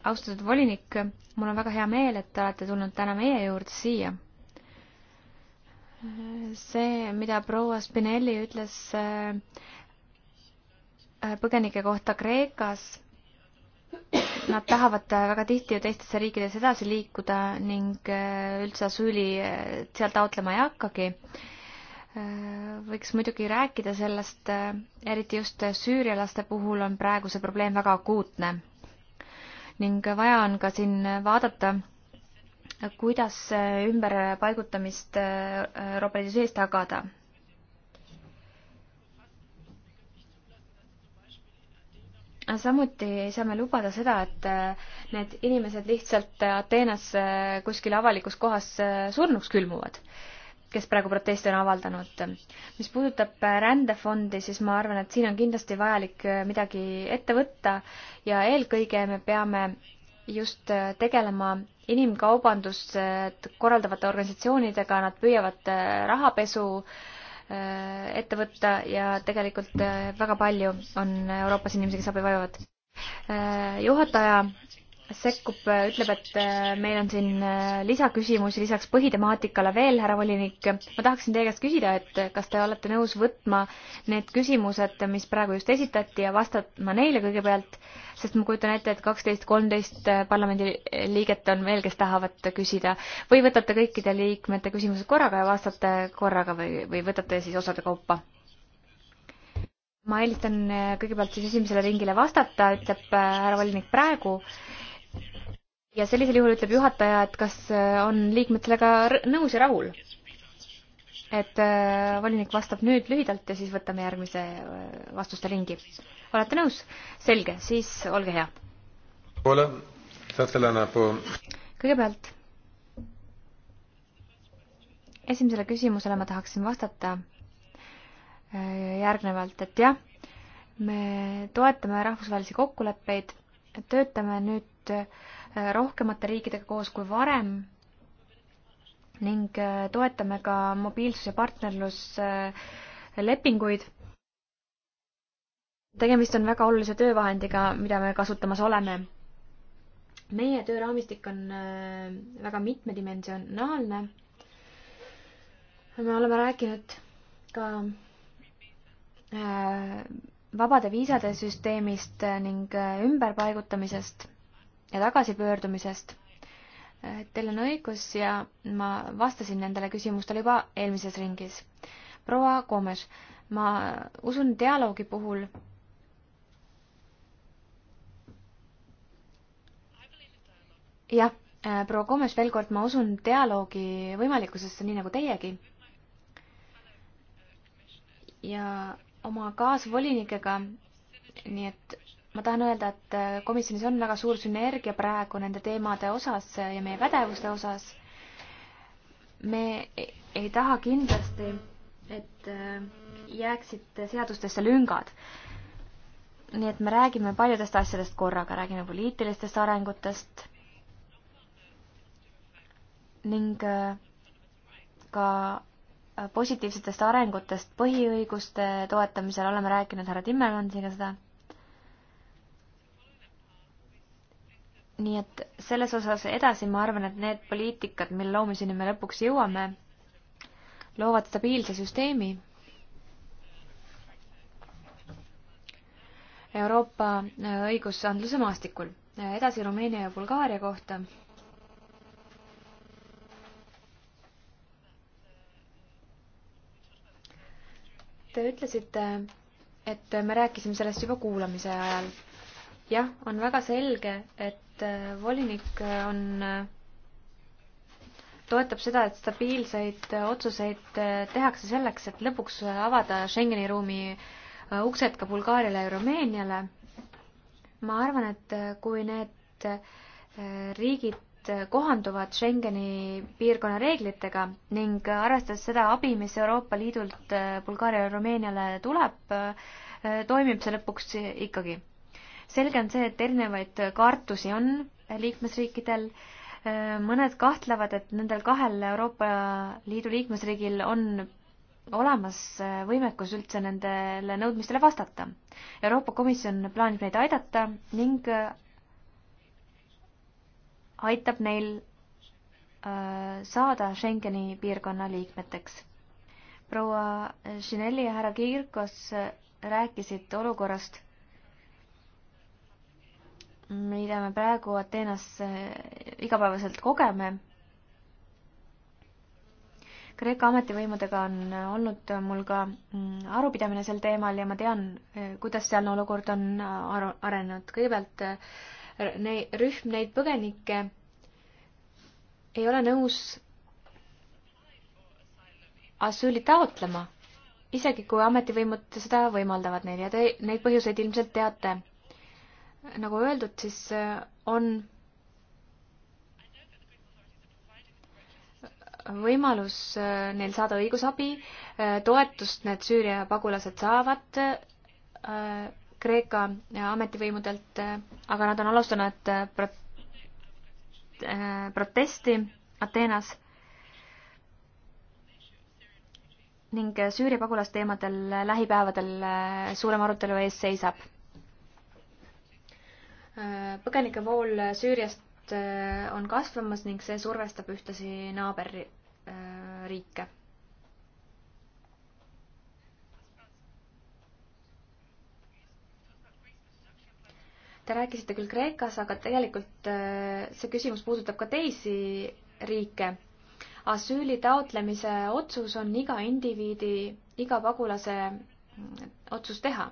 austatud volinik, mul on väga hea meel, et te olete tulnud täna meie juurde siia. see, mida proua Spinelli ütles äh, äh, põgenike kohta Kreekas, nad tahavad väga tihti ju teistesse riikides edasi liikuda ning äh, üldse asüüli seal taotlema ei hakkagi võiks muidugi rääkida sellest, eriti just süürialaste puhul on praegu see probleem väga akuutne ning vaja on ka siin vaadata, kuidas ümberpaigutamist Euroopa Liidu sees tagada. samuti ei saa me lubada seda, et need inimesed lihtsalt Ateenas kuskil avalikus kohas surnuks külmuvad kes praegu proteste on avaldanud. mis puudutab äh, rändefondi, siis ma arvan, et siin on kindlasti vajalik äh, midagi ette võtta ja eelkõige me peame just äh, tegelema inimkaubandust korraldavate organisatsioonidega, nad püüavad rahapesu ette võtta ja tegelikult väga palju on Euroopas inimesi, kes abi vajavad. juhataja sekkub, ütleb, et äh, meil on siin äh, lisaküsimusi lisaks põhitemaatikale veel, härra volinik. ma tahaksin teie käest küsida, et kas te olete nõus võtma need küsimused, mis praegu just esitati ja vastama neile kõigepealt, sest ma kujutan ette, et kaksteist, kolmteist äh, parlamendiliiget on veel, kes tahavad küsida või võtate kõikide liikmete küsimused korraga ja vastate korraga või, või võtate siis osade kaupa? ma eelistan kõigepealt siis esimesele ringile vastata, ütleb härra volinik praegu ja sellisel juhul ütleb juhataja, et kas äh, on liikmed sellega nõus ja rahul. et äh, volinik vastab nüüd lühidalt ja siis võtame järgmise äh, vastuste ringi. olete nõus? selge, siis olge hea. kõigepealt esimesele küsimusele ma tahaksin vastata järgnevalt, et jah, me toetame rahvusvahelisi kokkuleppeid, töötame nüüd äh, Äh, rohkemate riikidega koos kui varem ning äh, toetame ka mobiilsus- ja partnerluslepinguid. tegemist on väga olulise töövahendiga, mida me kasutamas oleme. meie tööraamistik on äh, väga mitmedimensionaalne. me oleme rääkinud ka vabade viisade süsteemist ning ümberpaigutamisest ja tagasipöördumisest. Teil on õigus ja ma vastasin nendele küsimustele juba eelmises ringis. proua Komes, ma usun dialoogi puhul jah, proua Komes, veel kord, ma usun dialoogi võimalikkusesse, nii nagu teiegi. ja oma kaasvolinikega, nii et ma tahan öelda, et äh, komisjonis on väga suur sünergia praegu nende teemade osas ja meie pädevuste osas. me e-, ei taha kindlasti, et äh, jääksid seadustesse lüngad. nii et me räägime paljudest asjadest korraga, räägime poliitilistest arengutest ning äh, ka positiivsetest arengutest põhiõiguste toetamisel, oleme rääkinud härra Timmermansiga seda nii et selles osas edasi ma arvan, et need poliitikad, mille loomiseni me lõpuks jõuame, loovad stabiilse süsteemi. Euroopa äh, õigusandluse maastikul. Äh, edasi Rumeenia ja Bulgaaria kohta. Te ütlesite, et me rääkisime sellest juba kuulamise ajal jah, on väga selge, et et äh, volinik äh, on, äh, toetab seda, et stabiilseid otsuseid tehakse selleks, et lõpuks avada Schengeni ruumi uksed ka Bulgaariale ja Rumeeniale. ma arvan, et kui need riigid kohanduvad Schengeni piirkonna reeglitega ning arvestades seda abi, mis Euroopa Liidult Bulgaariale ja Rumeeniale tuleb, toimib see lõpuks ikkagi selge on see, et erinevaid kartusi on liikmesriikidel, äh, mõned kahtlevad, et nendel kahel Euroopa Liidu liikmesriigil on olemas äh, võimekus üldse nendele nõudmistele vastata. Euroopa Komisjon plaanib neid aidata ning äh, aitab neil saada Schengeni piirkonna liikmeteks. proua Schinelli ja härra Kirkos rääkisid olukorrast mida me praegu Ateenas äh, igapäevaselt kogeme. Kreeka ametivõimudega on olnud mul ka mm, arupidamine sel teemal ja ma tean, äh, kuidas sealne olukord on äh, arenenud. kõigepealt nei-, rühm neid põgenikke ei ole nõus asüüli taotlema, isegi kui ametivõimud seda võimaldavad neile ja te neid põhjuseid ilmselt teate nagu öeldud, siis äh, on võimalus äh, neil saada õigusabi, äh, toetust need Süüria pagulased saavad Kreeka ametivõimudelt, aga nad on alustanud prot-, protesti Ateenas ning Süüria pagulasteemadel lähipäevadel suurem arutelu ees seisab põgenike vool Süüriast äh, on kasvamas ning see survestab ühtlasi naaberriike. Te rääkisite küll Kreekas, aga tegelikult äh, see küsimus puudutab ka teisi riike. asüüli taotlemise otsus on iga indiviidi, iga pagulase mm, otsus teha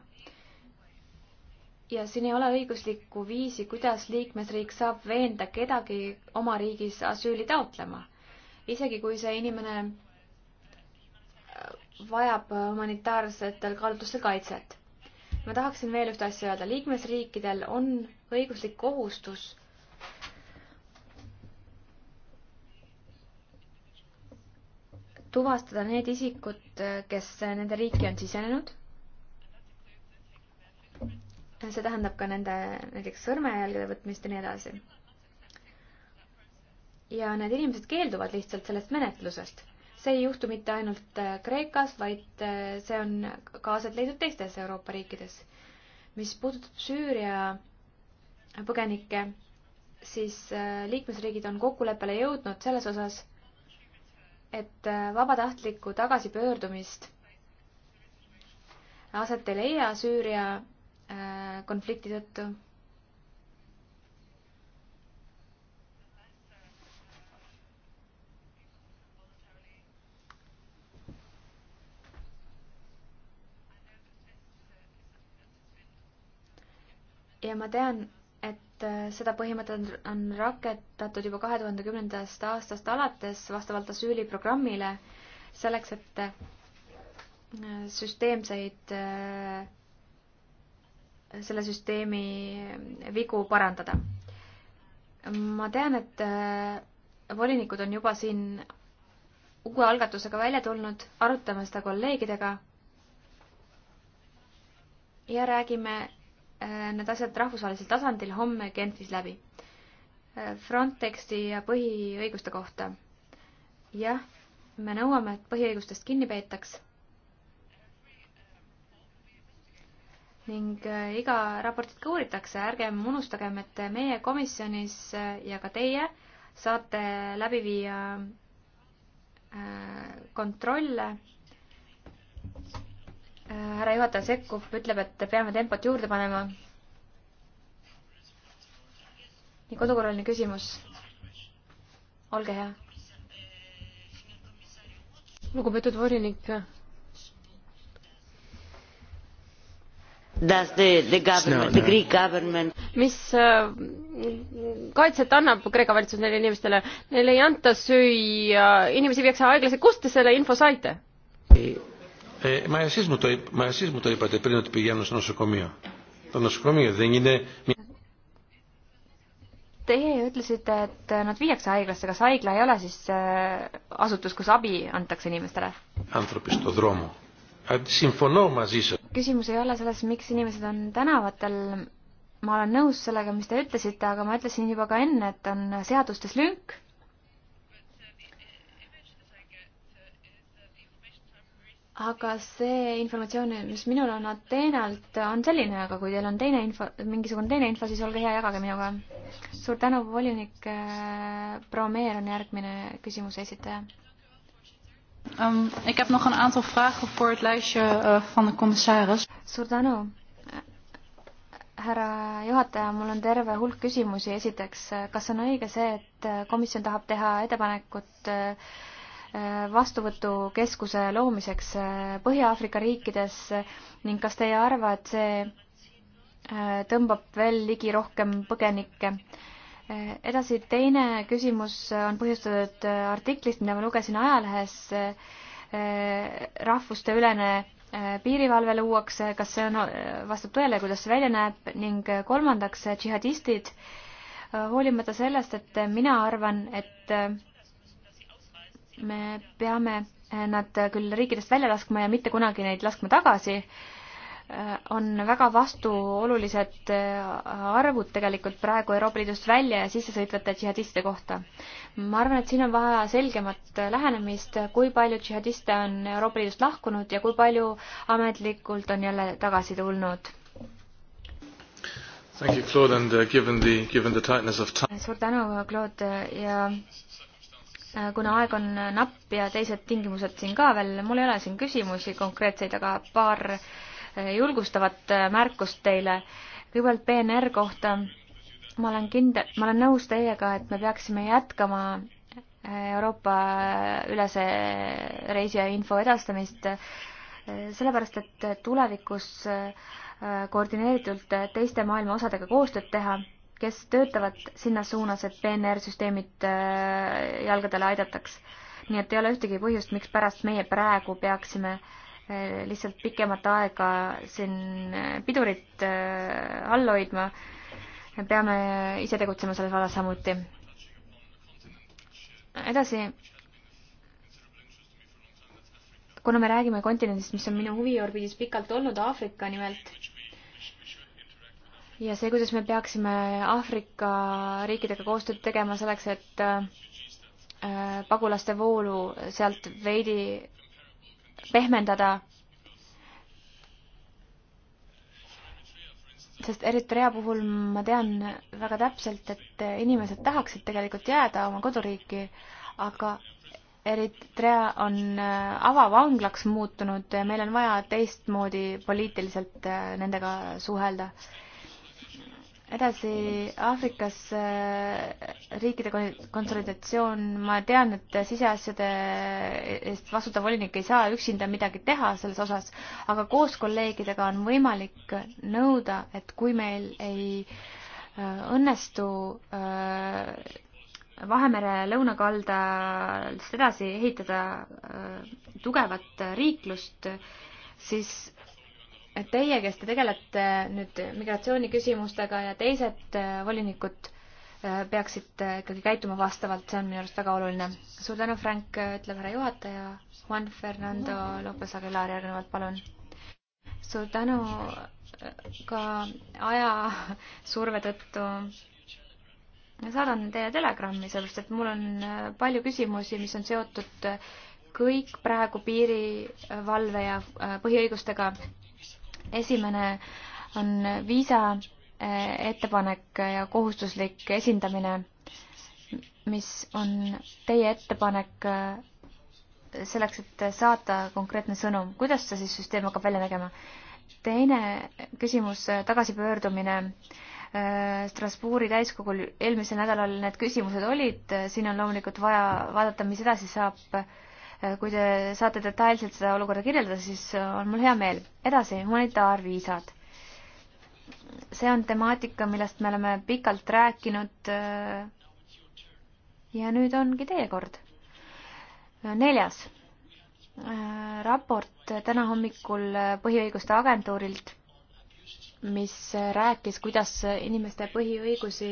ja siin ei ole õiguslikku viisi, kuidas liikmesriik saab veenda kedagi oma riigis asüüli taotlema. isegi kui see inimene äh, vajab humanitaarsetel kaalutlustel kaitset. ma tahaksin veel ühte asja öelda, liikmesriikidel on õiguslik kohustus tuvastada need isikud, kes nende riiki on sisenenud see tähendab ka nende näiteks sõrmejälgede võtmist ja nii edasi. ja need inimesed keelduvad lihtsalt sellest menetlusest. see ei juhtu mitte ainult äh, Kreekas, vaid äh, see on ka aset leidnud teistes Euroopa riikides. mis puudutab Süüria põgenikke, siis äh, liikmesriigid on kokkuleppele jõudnud selles osas, et vabatahtlikku tagasipöördumist aset ei leia Süüria Äh, konflikti tõttu. ja ma tean, et äh, seda põhimõtet on rakendatud juba kahe tuhande kümnendast aastast alates vastavalt asüüliprogrammile selleks, et äh, süsteemseid selle süsteemi vigu parandada. ma tean, et äh, volinikud on juba siin uue algatusega välja tulnud, arutame seda kolleegidega ja räägime äh, need asjad rahvusvahelisel tasandil homme Genfis läbi. Äh, Frontexi ja põhiõiguste kohta. jah, me nõuame, et põhiõigustest kinni peetaks ning äh, iga raportit ka uuritakse, ärgem unustagem, et meie komisjonis äh, ja ka teie saate läbi viia äh, kontrolle. härra juhataja sekkub, ütleb, et peame tempot juurde panema. nii, kodukorraline küsimus.
olge hea. lugupeetud volinik
does the, the government, the Greek government
mis äh, kaitset annab Kreeka valitsus neile inimestele, neile ei anta süüa, inimesi viiakse haiglasse, kust te selle info saite? Μα εσείς μου, το, μα εσείς μου το είπατε πριν ότι πηγαίνουν στο νοσοκομείο. Το νοσοκομείο δεν είναι... Teie ütlesite,
et nad viiakse haiglasse, kas haigla ei ole siis äh, asutus, kus abi antakse inimestele?
Anthropistodromo. Συμφωνώ μαζί σας
küsimus ei ole selles, miks inimesed on tänavatel. ma olen nõus sellega, mis te ütlesite, aga ma ütlesin juba ka enne, et on seadustes lünk. aga see informatsioon, mis minul on Ateenalt, on selline, aga kui teil on teine info, mingisugune teine info, siis olge hea, jagage minuga. suur tänu, volinik. proua Meer on järgmine küsimuse esitaja um,.
Ik heb nog een aantal vragen voor het lijstje uh, van de commissaris. suur tänu,
härra juhataja, mul on terve hulk küsimusi. esiteks, eh, kas on õige see, et eh, komisjon tahab teha ettepanekut vastuvõtukeskuse loomiseks Põhja-Aafrika riikides ning kas te ei arva, et see tõmbab veel ligi rohkem põgenikke? edasi, teine küsimus on põhjustatud artiklist, mida ma lugesin ajalehes. rahvusteülene äh, piirivalve luuakse, kas see on, äh, vastab tõele, kuidas see välja näeb ning kolmandaks äh, džihadistid, hoolimata sellest, et mina arvan, et me peame nad küll riikidest välja laskma ja mitte kunagi neid laskma tagasi Äh, on väga vastuolulised äh, arvud tegelikult praegu Euroopa Liidust välja ja sissesõitvate džihadistide kohta. ma arvan, et siin on vaja selgemat äh, lähenemist, kui palju džihadiste on Euroopa Liidust lahkunud ja kui palju ametlikult on jälle tagasi tulnud.
Thank you, Claude, and uh, given the given the tightness of time.
suur tänu, Claude ja kuna aeg on napp ja teised tingimused siin ka veel, mul ei ole siin küsimusi konkreetseid, aga paar äh, julgustavat äh, märkust teile. kõigepealt PNR kohta. ma olen kindel, ma olen nõus teiega, et me peaksime jätkama äh, Euroopa äh, ülese reisija info edastamist, sellepärast et tulevikus koordineeritult teiste maailma osadega koostööd teha, kes töötavad sinna suunas, et PNR-süsteemid jalgadele aidataks. nii et ei ole ühtegi põhjust, mikspärast meie praegu peaksime äh, Eh, lihtsalt pikemat aega siin eh, pidurit eh, all hoidma. peame ise tegutsema selles vallas samuti. edasi. kuna me räägime kontinendist, mis on minu huviorbiidis pikalt olnud, Aafrika nimelt, ja see, kuidas me peaksime Aafrika riikidega koostööd tegema selleks, et pagulaste voolu sealt veidi pehmendada. sest Eritrea puhul ma tean väga täpselt, et inimesed tahaksid tegelikult jääda oma koduriiki, aga Eritrea on äh, avavanglaks muutunud ja meil on vaja teistmoodi poliitiliselt äh, nendega suhelda edasi Aafrikas äh, riikide konsolidatsioon, ma tean, et siseasjade eest vastutav volinik ei saa üksinda midagi teha selles osas, aga koos kolleegidega on võimalik nõuda, et kui meil ei äh, õnnestu äh, Vahemere lõunakaldast edasi ehitada tugevat riiklust, siis teie, kes te tegelete nüüd migratsiooniküsimustega ja teised äh, volinikud äh, peaksid ikkagi käituma vastavalt, see on minu arust väga oluline. suur tänu, Frank, äh, ütleb härra juhataja. Juan Fernando Lopez Aguilar järgnevalt, palun. suur tänu ka ajasurve tõttu saadan teile telegrammi, sellepärast et mul on palju küsimusi, mis on seotud kõik praegu piirivalve ja põhiõigustega esimene on viisa äh, ettepanek ja kohustuslik esindamine, mis on teie ettepanek äh, selleks, et saata konkreetne sõnum, kuidas see siis süsteem hakkab välja nägema? teine küsimus, äh, tagasipöördumine. Strasbourgi täiskogul eelmisel nädalal need küsimused olid, siin on loomulikult vaja vaadata, mis edasi saab Äh, kui te saate detailselt seda olukorda kirjeldada, siis äh, on mul hea meel. edasi, humanitaarviisad. see on temaatika, millest me oleme pikalt rääkinud. Äh, ja nüüd ongi teie kord. neljas raport täna hommikul Põhiõiguste Agentuurilt, mis rääkis, kuidas inimeste põhiõigusi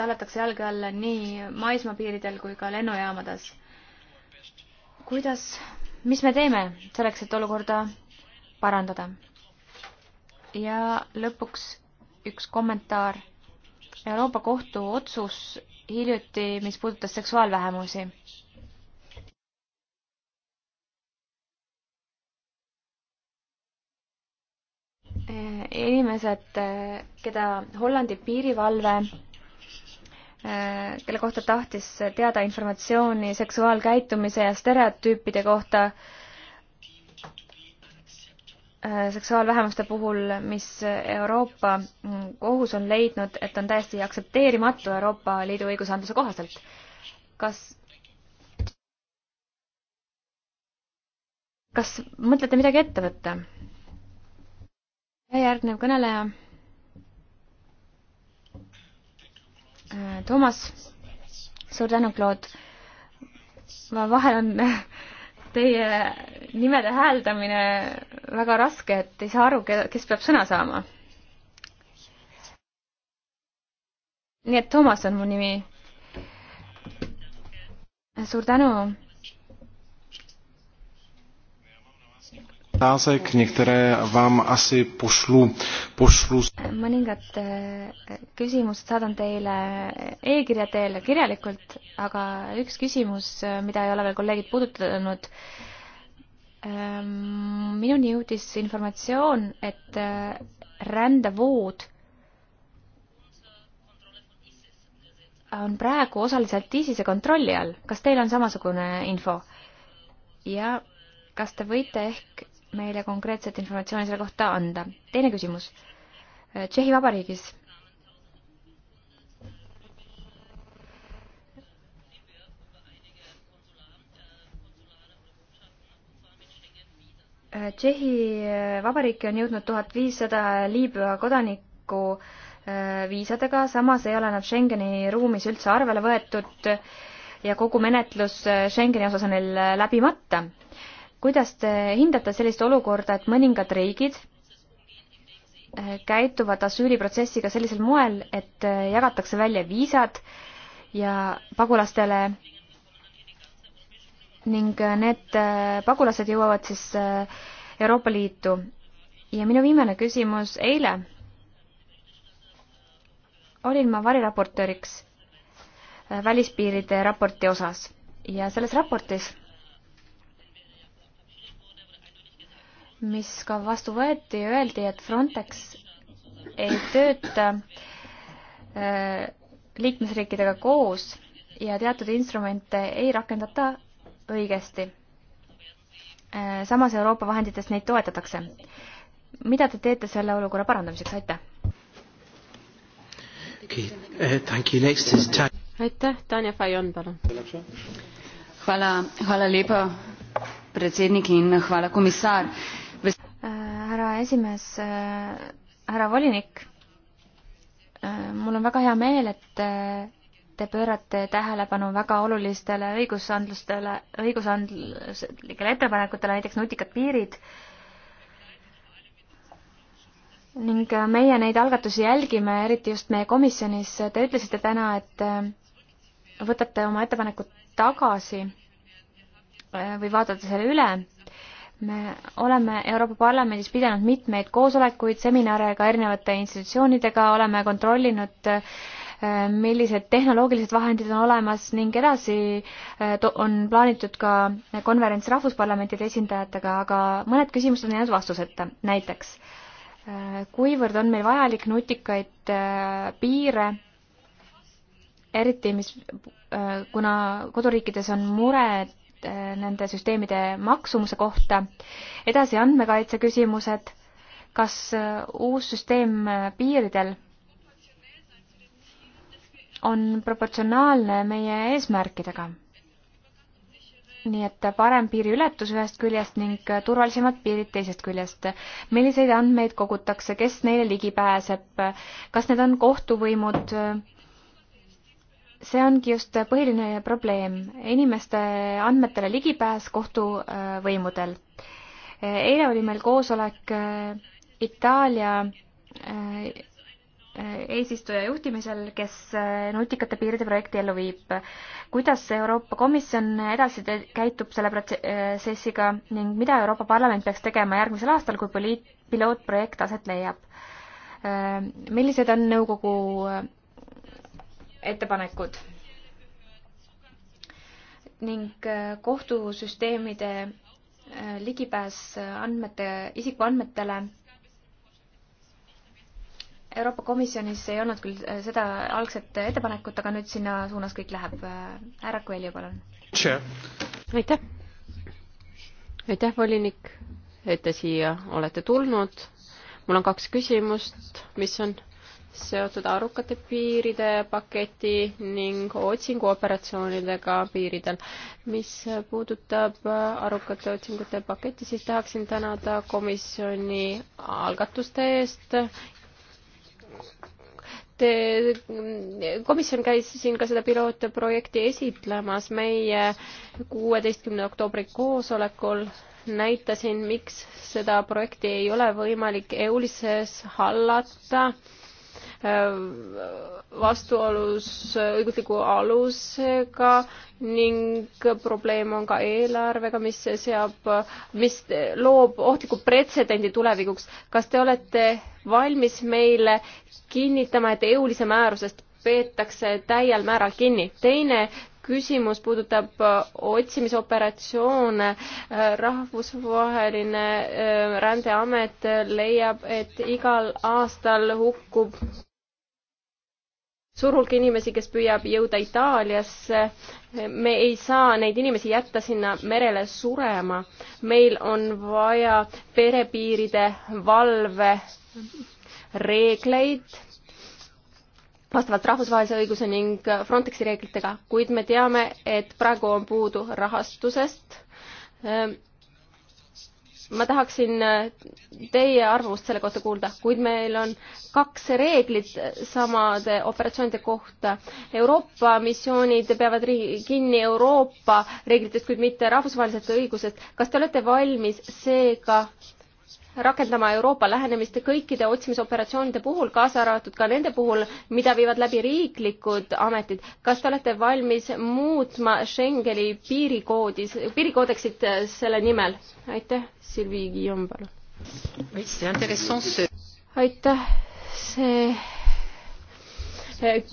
tallatakse jalge alla nii maismaapiiridel kui ka lennujaamades kuidas, mis me teeme selleks, et olukorda parandada? ja lõpuks üks kommentaar. Euroopa Kohtu otsus hiljuti, mis puudutas seksuaalvähemusi. inimesed, keda Hollandi piirivalve Äh, kelle kohta tahtis teada informatsiooni seksuaalkäitumise ja stereotüüpide kohta äh, seksuaalvähemuste puhul, mis Euroopa mm, kohus on leidnud, et on täiesti aktsepteerimatu Euroopa Liidu õigusandluse kohaselt. kas, kas mõtlete midagi ette võtta? ja järgnev kõneleja Äh, Toomas, suur tänu, Claude. ma vahel on [laughs] teie nimede hääldamine väga raske, et ei saa aru, kes peab sõna saama. nii et Toomas on mu nimi. suur tänu
otázek, některé vám asi pošlu, pošlu.
mõningad e, küsimused saadan teile e-kirja teel kirjalikult, aga üks küsimus, e, mida ei ole veel kolleegid puudutanud. E, minuni jõudis informatsioon, et rändevood on praegu osaliselt ISISe kontrolli all. kas teil on samasugune info? ja kas te võite ehk meile konkreetset informatsiooni selle kohta anda. teine küsimus. Tšehhi Vabariigis Tšehhi Vabariiki on jõudnud tuhat viissada Liibüa kodanikku äh, viisadega, samas ei ole nad Schengeni ruumis üldse arvele võetud ja kogu menetlus äh, Schengeni osas on neil äh, läbimata kuidas te hindate sellist olukorda, et mõningad riigid äh, käituvad asüüliprotsessiga sellisel moel, et äh, jagatakse välja viisad ja pagulastele ning äh, need pagulased jõuavad siis Euroopa Liitu. ja minu viimane küsimus, eile olin ma variraportööriks välispiiride raporti osas ja selles raportis mis ka vastu võeti ja öeldi, et Frontex ei tööta äh, liikmesriikidega koos ja teatud instrumente ei rakendata õigesti. Äh, samas Euroopa vahenditest neid toetatakse. mida te teete selle olukorra parandamiseks, aitäh! Uh,
aitäh, Tanja Fajon, palun! hvala, hvala lepa, predsednik in hvala, komissar esimees, äh, härra
volinik, äh, mul on väga hea meel, et äh, te pöörate tähelepanu väga olulistele õigusandlustele, õigusandluslikele ettepanekutele, näiteks nutikad piirid. ning meie neid algatusi jälgime, eriti just meie komisjonis. Te ütlesite täna, et võtate oma ettepanekud tagasi või vaatate selle üle me oleme Euroopa Parlamendis pidanud mitmeid koosolekuid, seminare ka erinevate institutsioonidega, oleme kontrollinud äh, millised tehnoloogilised vahendid on olemas ning edasi äh, on plaanitud ka konverents rahvusparlamentide esindajatega, aga mõned küsimused on jäänud vastuseta. näiteks, äh, kuivõrd on meil vajalik nutikaid piire, eriti mis, kuna koduriikides on mured Äh, nende süsteemide maksumuse kohta. edasi andmekaitse küsimused. kas äh, uus süsteem äh, piiridel on proportsionaalne meie eesmärkidega? nii et parem piiriületus ühest küljest ning turvalisemad piirid teisest küljest. milliseid andmeid kogutakse, kes neile ligi pääseb, kas need on kohtuvõimud äh, see ongi just põhiline probleem, inimeste andmetele ligipääs kohtuvõimudel. eile oli meil koosolek eh, Itaalia eh, eh, eesistuja juhtimisel, kes nutikate piiride projekti ellu viib. kuidas Euroopa Komisjon edasi käitub selle protsessiga ning mida Euroopa Parlament peaks tegema järgmisel aastal, kui poliit-, pilootprojekt aset leiab? millised on nõukogu ettepanekud ning äh, kohtusüsteemide äh, ligipääs andmete, isikuandmetele. Euroopa Komisjonis ei olnud küll äh, seda algset ettepanekut, aga nüüd sinna suunas kõik läheb. härra Coelho, palun.
aitäh. aitäh, volinik, et te siia olete tulnud. mul on kaks küsimust, mis on seotud arukate piiride paketi ning otsinguoperatsioonidega piiridel. mis puudutab arukate otsingute paketti, siis tahaksin tänada komisjoni algatuste eest. Te, komisjon käis siin ka seda pilootprojekti esitlemas meie kuueteistkümne oktoobri koosolekul näitasin, miks seda projekti ei ole võimalik EULISes e hallata äh, Äh, vastuolus äh, õigusliku alusega ning probleem on ka eelarvega, mis seab, mis loob ohtliku pretsedendi tulevikuks. kas te olete valmis meile kinnitama, et EULISE määrusest peetakse täiel määral kinni? teine küsimus puudutab äh, otsimisoperatsioone. rahvusvaheline rändeamet leiab, et igal aastal hukkub suur hulk inimesi, kes püüab jõuda Itaaliasse. me ei saa neid inimesi jätta sinna merele surema. meil on vaja perepiiride valve reegleid vastavalt rahvusvahelise õiguse ning Frontexi reeglitega, kuid me teame, et praegu on puudu rahastusest ma tahaksin äh, teie arvamust selle kohta kuulda, kuid meil on kaks reeglit samade operatsioonide kohta. Euroopa missioonid peavad riigi, kinni Euroopa reeglitest, kuid mitte rahvusvahelisest õigusest. kas te olete valmis seega ka rakendama Euroopa lähenemist kõikide otsimisoperatsioonide puhul, kaasa arvatud ka nende puhul, mida viivad läbi riiklikud ametid. kas te olete valmis muutma Schengeni piirikoodis, piirikoodeksit selle nimel? aitäh, Silvi Guillaume, palun. aitäh, see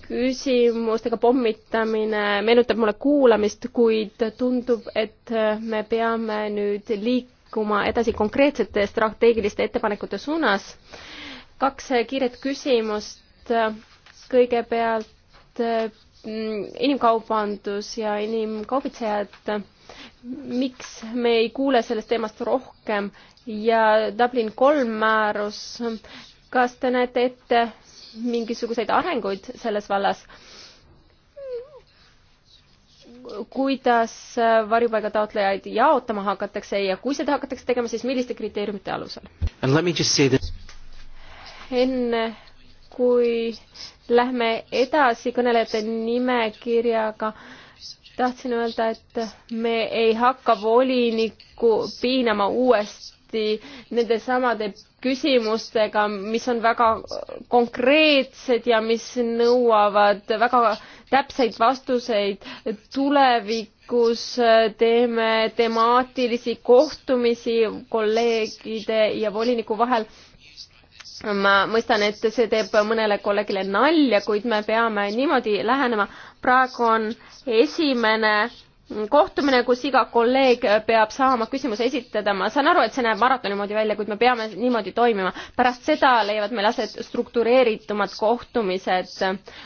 küsimustega pommitamine meenutab mulle kuulamist, kuid tundub, et me peame nüüd liik-, liikuma edasi konkreetsete strateegiliste ettepanekute suunas. kaks kiiret küsimust. kõigepealt mm, inimkaubandus ja inimkaubitsejad. miks me ei kuule sellest teemast rohkem ja Dublin kolm määrus, kas te näete ette mingisuguseid arenguid selles vallas? kuidas varjupaiga taotlejaid jaotama hakatakse ja kui seda hakatakse tegema, siis milliste kriteeriumite alusel? enne kui lähme edasi kõnelejate nimekirjaga, tahtsin öelda, et me ei hakka volinikku piinama uuesti nende samade küsimustega, mis on väga konkreetsed ja mis nõuavad väga täpseid vastuseid. tulevikus teeme temaatilisi kohtumisi kolleegide ja voliniku vahel ma mõistan, et see teeb mõnele kolleegile nalja, kuid me peame niimoodi lähenema. praegu on esimene äh, kohtumine, kus iga kolleeg peab saama küsimuse esitada, ma saan aru, et see näeb maratoni moodi välja, kuid me peame niimoodi toimima. pärast seda leiavad meil aset struktureeritumad kohtumised,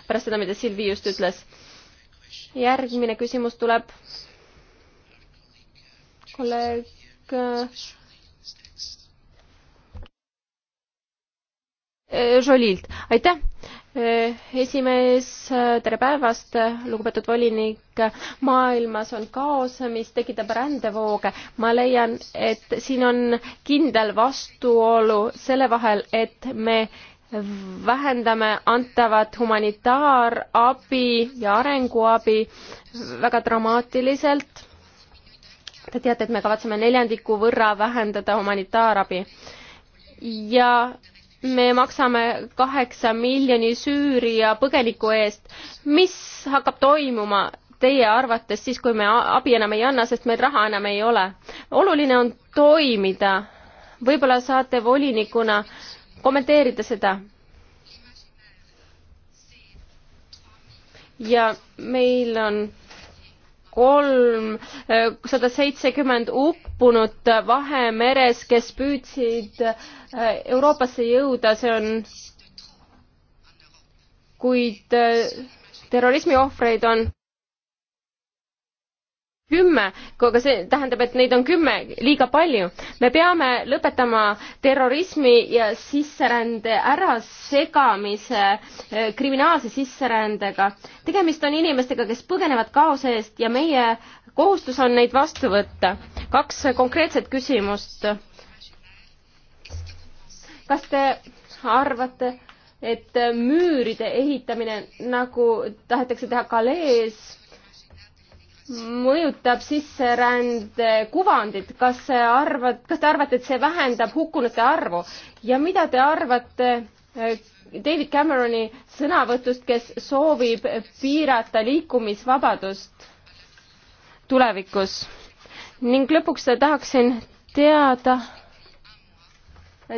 pärast seda, mida Silvi just ütles. järgmine küsimus tuleb kolleeg äh, Jolilt, aitäh Eh, esimees, eh, tere päevast, lugupeetud volinik. maailmas on kaos, mis tekitab rändevooge. ma leian, et siin on kindel vastuolu selle vahel, et me vähendame antavat humanitaarabi ja arenguabi väga dramaatiliselt. Te teate, et me kavatseme neljandiku võrra vähendada humanitaarabi ja me maksame kaheksa miljoni Süüria põgeniku eest. mis hakkab toimuma teie arvates siis, kui me abi enam ei anna, sest meil raha enam ei ole? oluline on toimida. võib-olla saate volinikuna kommenteerida seda? ja meil on kolm, sada seitsekümmend uppunut Vahemeres, kes püüdsid eh, Euroopasse jõuda, see on, kuid eh, terrorismi ohvreid on kümme, aga see tähendab, et neid on kümme, liiga palju. me peame lõpetama terrorismi ja sisserände ärasegamise eh, kriminaalse sisserändega. tegemist on inimestega, kes põgenevad kaose eest ja meie kohustus on neid vastu võtta. kaks konkreetset küsimust. kas te arvate, et müüride ehitamine, nagu tahetakse teha Galees, mõjutab sisserände kuvandit, kas see arvad, kas te arvate, et see vähendab hukkunute arvu ja mida te arvate äh, David Cameroni sõnavõtust, kes soovib piirata liikumisvabadust tulevikus? ning lõpuks tahaksin teada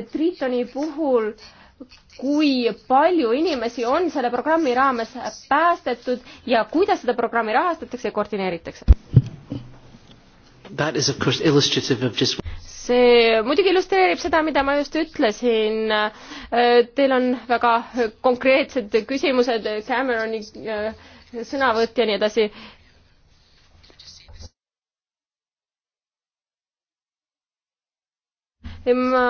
Tritoni puhul äh, kui palju inimesi on selle programmi raames päästetud ja kuidas seda programmi rahastatakse ja koordineeritakse?
Just...
see muidugi illustreerib seda, mida ma just ütlesin. Äh, teil on väga konkreetsed küsimused Cameroni äh, sõnavõtt ja nii edasi. ma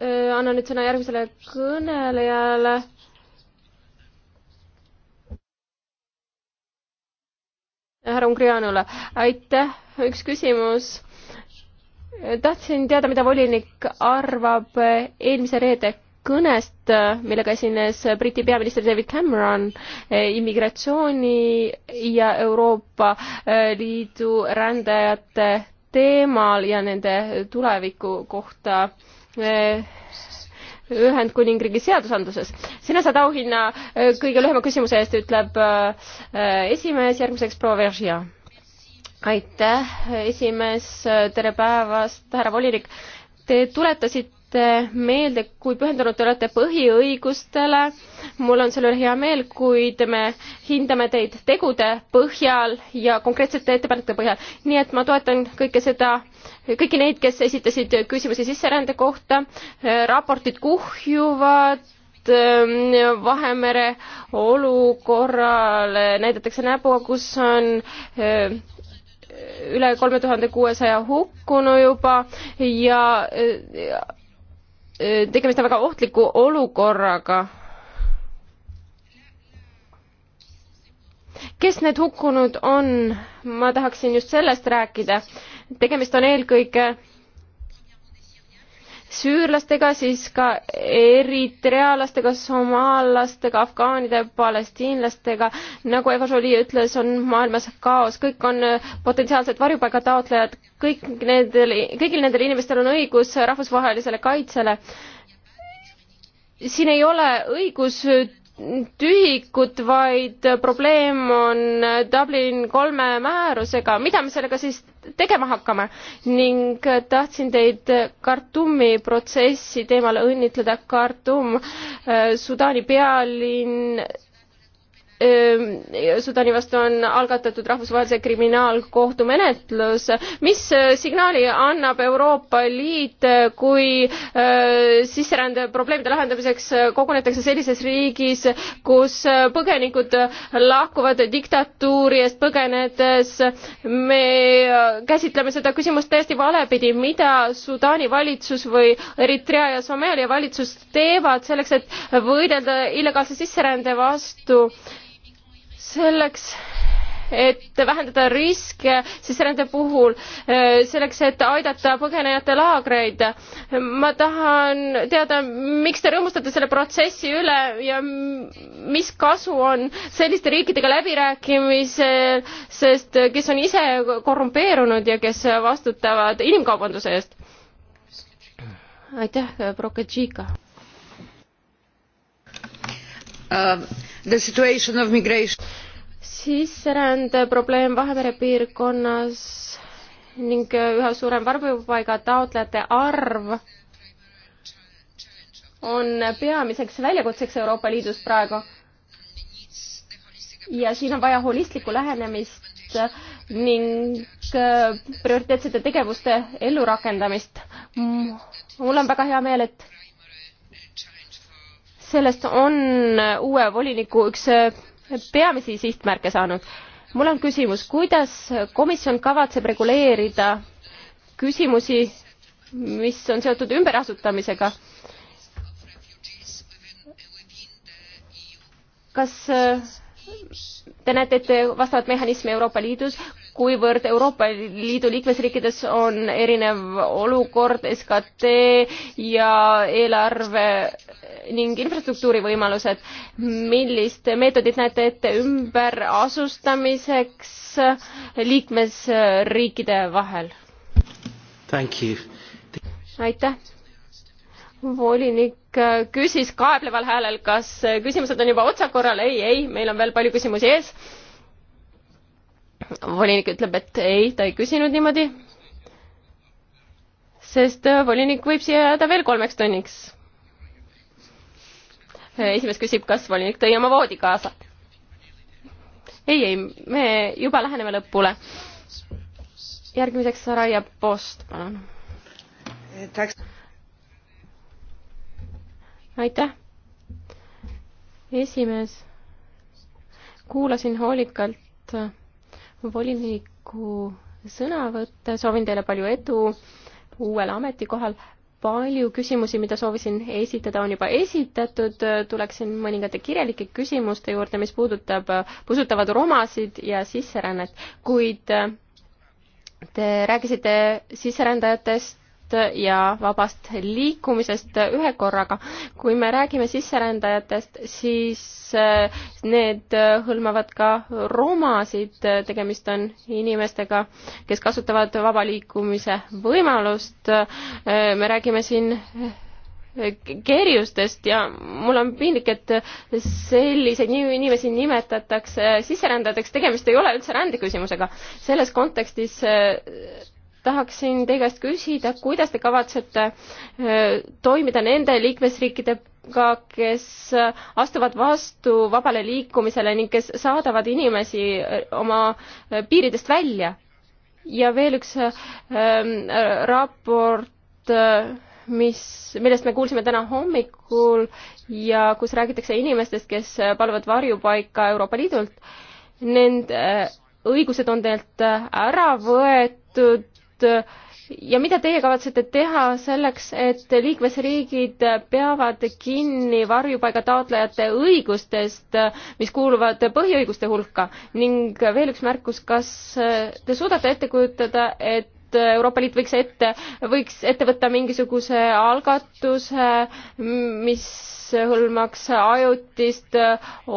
annan nüüd sõna järgmisele kõnelejale. härra Ungrianule, aitäh, üks küsimus. tahtsin teada, mida volinik arvab eelmise reede kõnest, millega esines Briti peaminister David Cameron eh, immigratsiooni ja Euroopa eh, Liidu rändajate teemal ja nende tuleviku kohta äh, Äh, Ühendkuningriigi seadusandluses. sina saad auhinna äh, kõige lühema küsimuse eest, ütleb äh, esimees, järgmiseks proua Veržia. aitäh, esimees, tere päevast, härra volinik. Te tuletasite jätate meelde, kui pühendunud te olete põhiõigustele. mul on selle üle hea meel, kuid me hindame teid tegude põhjal ja konkreetsete ettepanekute põhjal. nii et ma toetan kõike seda, kõiki neid, kes esitasid küsimusi sisserände kohta. raportid kuhjuvad, ehm, Vahemere olukorrale näidatakse näpuga, kus on ehm, üle kolme tuhande kuuesaja hukkunu juba ja, ja tegemist on väga ohtliku olukorraga. kes need hukkunud on, ma tahaksin just sellest rääkida. tegemist on eelkõige süürlastega, siis ka eritrealastega, somaallastega, afgaanide, palestiinlastega. nagu Eva Jolie ütles, on maailmas kaos, kõik on äh, potentsiaalsed varjupaiga taotlejad, kõik nendel, kõigil nendel inimestel on õigus rahvusvahelisele kaitsele siin ei ole õigus tühikut, vaid probleem on Dublin kolme määrusega, mida me sellega siis tegema hakkame ning tahtsin teid Khartoumi protsessi teemal õnnitleda. Khartoum, Sudaani pealinn Ehm, Sudaani vastu on algatatud rahvusvahelise kriminaalkohtu menetlus. mis äh, signaali annab Euroopa Liit, äh, kui äh, sisserände probleemide lahendamiseks kogunetakse sellises riigis, kus põgenikud lahkuvad diktatuuri eest põgenedes? me käsitleme seda küsimust täiesti valepidi, mida Sudaani valitsus või Eritrea ja Somaalia valitsus teevad selleks, et võidelda illegaalse sisserände vastu? selleks, et vähendada riske sisserände puhul, selleks, et aidata põgenejate laagreid. ma tahan teada, miks te rõõmustate selle protsessi üle ja mis kasu on selliste riikidega läbirääkimisel, sest kes on ise korrumpeerunud ja kes vastutavad inimkaubanduse eest? aitäh, Prokatšiika uh,. Ähm, the situation of migration. sisserände probleem Vahemere piirkonnas ning äh, üha suurem varbupaiga taotlejate arv on peamiseks väljakutseks Euroopa Liidus praegu. ja siin on vaja holistlikku lähenemist ning äh, prioriteetsete tegevuste ellurakendamist. mul on väga hea meel, et sellest on äh, uue voliniku üks äh, peamisi sihtmärke saanud. mul on küsimus, kuidas komisjon kavatseb reguleerida küsimusi, mis on seotud ümberasutamisega? kas äh, Te näete ette vastavat mehhanismi Euroopa Liidus, kuivõrd Euroopa Liidu liikmesriikides on erinev olukord, SKT ja eelarve ning infrastruktuuri võimalused. millist meetodit näete ette ümberasustamiseks liikmesriikide vahel? aitäh volinik küsis kaebleval häälel, kas küsimused on juba otsakorral, ei, ei, meil on veel palju küsimusi ees. volinik ütleb, et ei, ta ei küsinud niimoodi. sest volinik võib siia jääda veel kolmeks tunniks. esimees küsib, kas volinik tõi oma voodi kaasa. ei, ei, me juba läheneme lõpule. järgmiseks Raia Post, palun aitäh, esimees. kuulasin hoolikalt voliniku sõnavõtte, soovin teile palju edu uuel ametikohal. palju küsimusi, mida soovisin esitada, on juba esitatud, tuleksin mõningate kirjalike küsimuste juurde, mis puudutab, puudutavad romasid ja sisserännet, kuid Te rääkisite sisserändajatest vabadusest ja vabast liikumisest ühekorraga. kui me räägime sisserändajatest, siis eh, need eh, hõlmavad ka romasid, tegemist on inimestega, kes kasutavad vaba liikumise võimalust. Eh, me räägime siin kerjustest ja mul on piinlik, et selliseid inimesi nimetatakse sisserändajateks, tegemist ei ole üldse rändeküsimusega. selles kontekstis tahaksin teie käest küsida, kuidas te kavatsete äh, toimida nende liikmesriikidega, kes astuvad vastu vabale liikumisele ning kes saadavad inimesi äh, oma äh, piiridest välja? ja veel üks ähm, raport, mis, millest me kuulsime täna hommikul ja kus räägitakse inimestest, kes paluvad varjupaika Euroopa Liidult. Nende õigused on teilt ära võetud poolt ja mida teie kavatsete teha selleks, et liikmesriigid peavad kinni varjupaiga taotlejate õigustest, mis kuuluvad põhiõiguste hulka ning veel üks märkus, kas te suudate ette kujutada, et Euroopa Liit võiks ette, võiks ette võtta mingisuguse algatuse, mis hõlmaks ajutist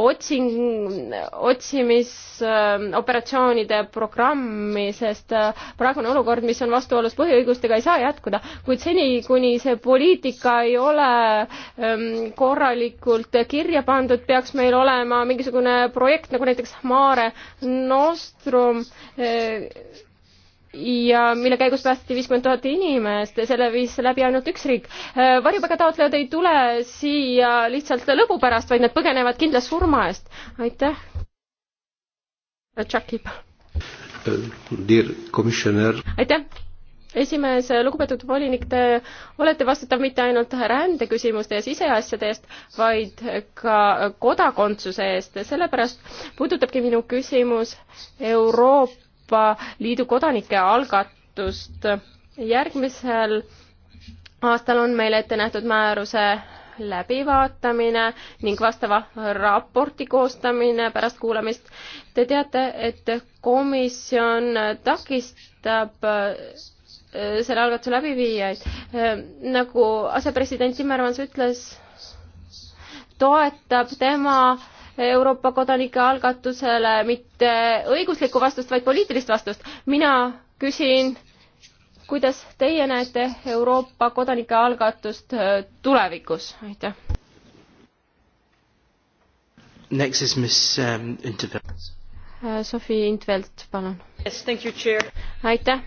otsing, otsimisoperatsioonide programmi, sest praegune olukord, mis on vastuolus põhiõigustega, ei saa jätkuda. kuid seni, kuni see poliitika ei ole ähm, korralikult kirja pandud, peaks meil olema mingisugune projekt nagu näiteks Mare Nostrum äh, ja mille käigus päästeti viiskümmend tuhat inimest ja selle viis läbi ainult üks riik. Äh, varjupaigataotlejad ei tule siia lihtsalt lõbu pärast, vaid nad põgenevad kindla surma eest. aitäh. Tšakib. Äh, aitäh esimees, lugupeetud volinik, te olete vastutav mitte ainult rändeküsimuste ja siseasjade eest, vaid ka kodakondsuse eest, sellepärast puudutabki minu küsimus Euroopa Euroopa Liidu kodanike algatust. järgmisel aastal on meil ette nähtud määruse läbivaatamine ning vastava raporti koostamine pärast kuulamist. Te teate, et komisjon takistab äh, selle algatuse läbiviijaid. Äh, nagu asepresident Timmermans ütles, toetab tema äh, Euroopa kodanike algatusele mitte õiguslikku vastust, vaid poliitilist vastust. mina küsin, kuidas teie näete Euroopa kodanike algatust äh, tulevikus, aitäh?
Next is Miss um, Intervelt.
Äh, Sofi Intvelt, palun yes,. aitäh.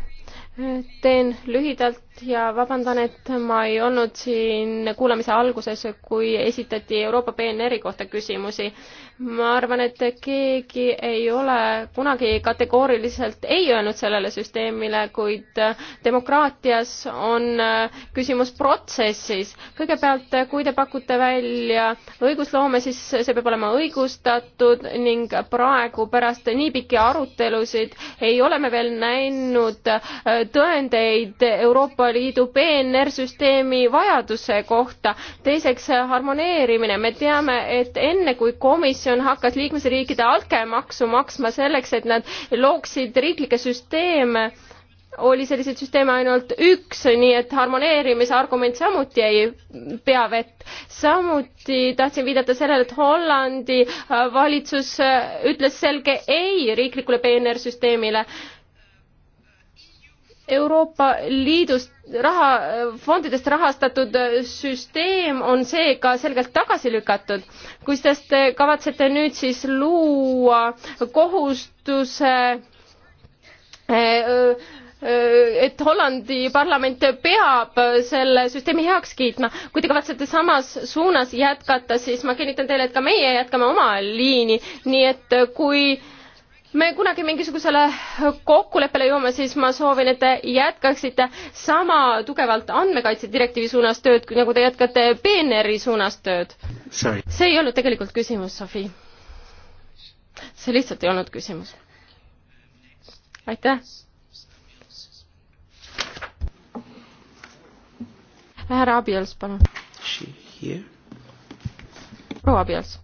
Äh, teen lühidalt ja vabandan, et ma ei olnud siin kuulamise alguses, kui esitati Euroopa PNR-i kohta küsimusi. ma arvan, et keegi ei ole kunagi kategooriliselt ei öelnud sellele süsteemile, kuid demokraatias on küsimus protsessis. kõigepealt, kui te pakute välja õigusloome, siis see peab olema õigustatud ning praegu pärast nii pikki arutelusid ei ole me veel näinud tõendeid Euroopa Euroopa Liidu PNR-süsteemi vajaduse kohta. teiseks, äh, harmoneerimine. me teame, et enne kui komisjon hakkas liikmesriikide altkäemaksu maksma selleks, et nad looksid riiklikke süsteeme, oli selliseid süsteeme ainult üks, nii et harmoneerimise argument samuti ei pea vett. samuti tahtsin viidata sellele, et Hollandi äh, valitsus äh, ütles selge ei riiklikule PNR-süsteemile. Euroopa Liidus raha, fondidest rahastatud süsteem on seega selgelt tagasi lükatud. kuidas te kavatsete nüüd siis luua kohustuse eh, eh, et Hollandi parlament peab selle süsteemi heaks kiitma. kui te kavatsete samas suunas jätkata, siis ma kinnitan teile, et ka meie jätkame oma liini, nii et kui äh, me kunagi mingisugusele kokkuleppele jõuame, siis ma soovin, et te jätkaksite sama tugevalt andmekaitse direktiivi suunas tööd, nagu te jätkate PNR-i suunas tööd. see ei olnud tegelikult küsimus, Sofi. see lihtsalt ei olnud küsimus. aitäh. härra Abiels, palun. proua Abiels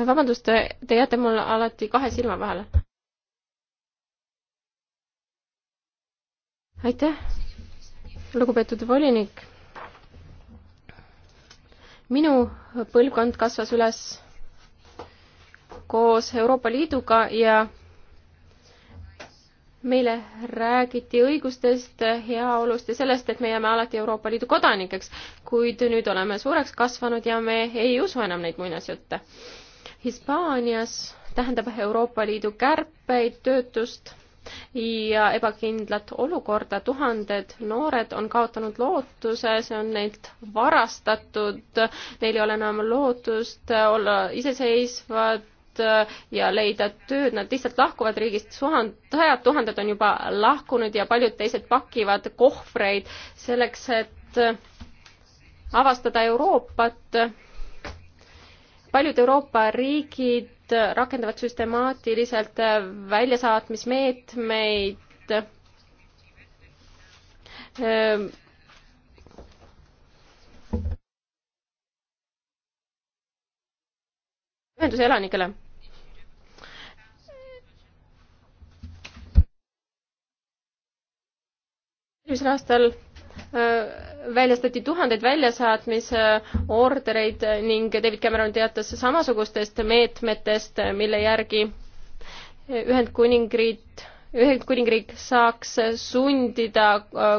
Äh, vabandust, te jääte mul alati kahe silma vahele. aitäh, lugupeetud volinik. minu põlvkond kasvas üles koos Euroopa Liiduga ja meile räägiti õigustest, heaolust ja sellest, et me jääme alati Euroopa Liidu kodanikeks, kuid nüüd oleme suureks kasvanud ja me ei usu enam neid muinasjutte. Hispaanias tähendab Euroopa Liidu kärpeid, töötust ja ebakindlat olukorda. tuhanded noored on kaotanud lootuse, see on neilt varastatud, neil ei ole enam lootust olla iseseisvad ja leida tööd, nad lihtsalt lahkuvad riigist, sajad tuhanded on juba lahkunud ja paljud teised pakivad kohvreid selleks, et avastada Euroopat paljud Euroopa riigid rakendavad süstemaatiliselt väljasaatmismeetmeid ähm, ühenduse elanikele. eelmisel aastal Äh, väljastati tuhandeid väljasaatmise ordereid ning David Cameron teatas samasugustest meetmetest, mille järgi Ühendkuningriik, Ühendkuningriik saaks sundida äh,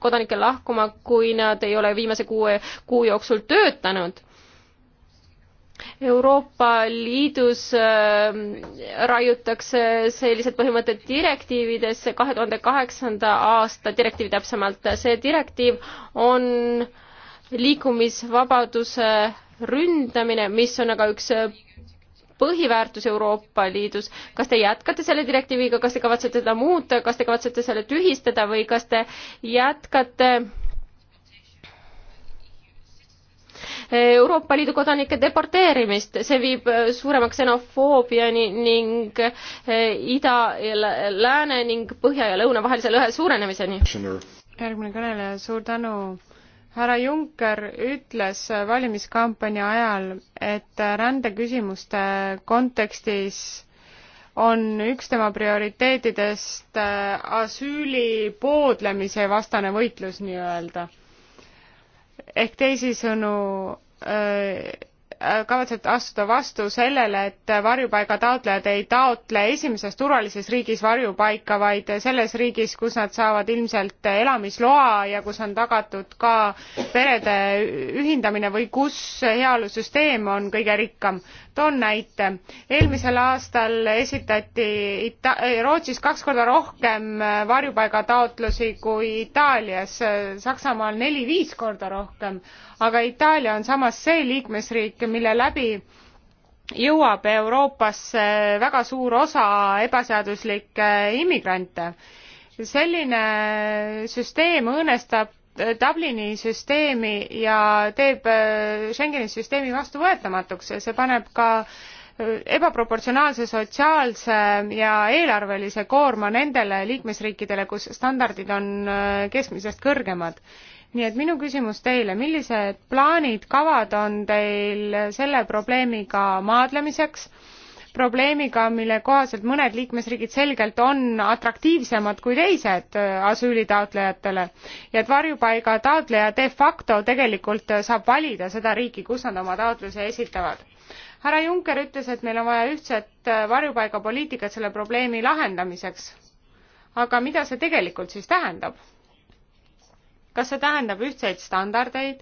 kodanikke lahkuma, kui nad ei ole viimase kuue kuu jooksul töötanud Euroopa Liidus ähm, raiutakse sellised põhimõtted direktiividesse, kahe tuhande kaheksanda aasta direktiiv täpsemalt. see direktiiv on liikumisvabaduse ründamine, mis on aga üks põhiväärtus Euroopa Liidus. kas te jätkate selle direktiiviga, kas te kavatsete seda muuta, kas te kavatsete selle tühistada või kas te jätkate Euroopa Liidu kodanike deporteerimist, see viib äh, suurema ksenofoobiani ning äh, ida ja lääne ning põhja ja lõuna vahelise lõhe suurenemiseni.
järgmine kõneleja, suur tänu härra Juncker ütles valimiskampaania ajal, et rändeküsimuste kontekstis on üks tema prioriteetidest äh, asüüli poodlemise vastane võitlus nii-öelda ehk teisisõnu äh, kavatsete astuda vastu sellele, et varjupaiga taotlejad ei taotle esimeses turvalises riigis varjupaika, vaid selles riigis, kus nad saavad ilmselt elamisloa ja kus on tagatud ka perede ühindamine või kus heaolusüsteem on kõige rikkam. toon näite. eelmisel aastal esitati Ita-, Rootsis kaks korda rohkem varjupaigataotlusi kui Itaalias, Saksamaal neli-viis korda rohkem aga Itaalia on samas see liikmesriik, mille läbi jõuab Euroopasse väga suur osa ebaseaduslikke immigrante. selline süsteem õõnestab Dublini süsteemi ja teeb äh, Schengeni süsteemi vastuvõetamatuks ja see paneb ka äh, ebaproportsionaalse sotsiaalse ja eelarvelise koorma nendele liikmesriikidele, kus standardid on äh, keskmisest kõrgemad nii et minu küsimus teile, millised plaanid, kavad on teil selle probleemiga maadlemiseks? probleemiga, mille kohaselt mõned liikmesriigid selgelt on atraktiivsemad kui teised äh, asüülitaotlejatele ja et varjupaiga taotleja de facto tegelikult saab valida seda riiki, kus nad oma taotluse esitavad härra Juncker ütles, et meil on vaja ühtset äh, varjupaigapoliitikat selle probleemi lahendamiseks. aga mida see tegelikult siis tähendab? kas see tähendab ühtseid standardeid,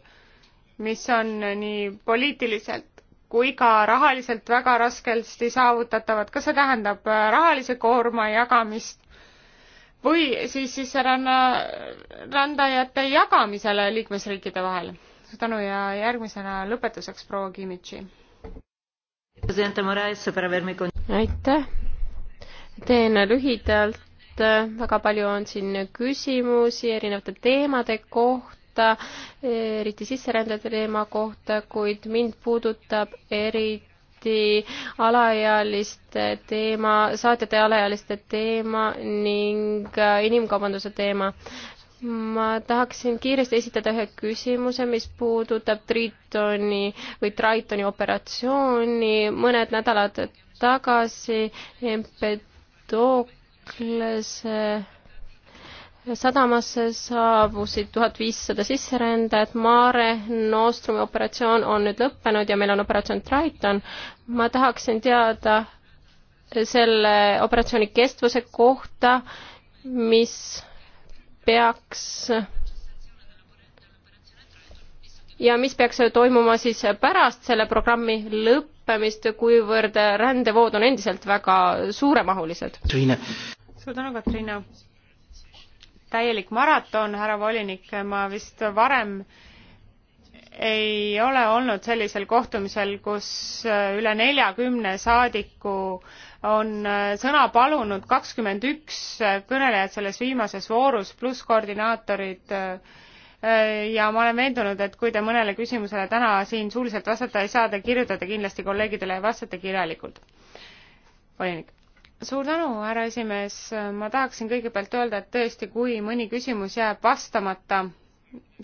mis on nii poliitiliselt kui ka rahaliselt väga raskesti saavutatavad, kas see tähendab äh, rahalise koorma jagamist või siis sisseränna, rändajate jagamisele liikmesriikide vahel? suur tänu ja järgmisena lõpetuseks proua Kimitši.
aitäh, teen lühidalt Äh, väga palju on siin küsimusi erinevate teemade kohta, eriti sisserändajate teema kohta, kuid mind puudutab eriti alaealiste teema, saatjate alaealiste teema ning äh, inimkaubanduse teema ma tahaksin kiiresti esitada ühe küsimuse, mis puudutab Tritoni või Tritoni operatsiooni mõned nädalad tagasi MP Doc Aklase sadamasse saabusid tuhat viissada sisserändajat, Mare Nostrumi operatsioon on nüüd lõppenud ja meil on operatsioon Triton. ma tahaksin teada selle operatsiooni kestvuse kohta, mis peaks ja mis peaks toimuma siis pärast selle programmi lõppemist, kuivõrd rändevood on endiselt väga suuremahulised?
suur tänu, Katriina. täielik maraton, härra volinik, ma vist varem ei ole olnud sellisel kohtumisel, kus üle neljakümne saadiku on sõna palunud kakskümmend üks kõnelejat selles viimases voorus, pluss koordinaatorid. ja ma olen veendunud, et kui te mõnele küsimusele täna siin suuliselt vastata ei saa, te kirjutate kindlasti kolleegidele ja vastate kirjalikult. volinik suur tänu, härra esimees, ma tahaksin kõigepealt öelda, et tõesti, kui mõni küsimus jääb vastamata,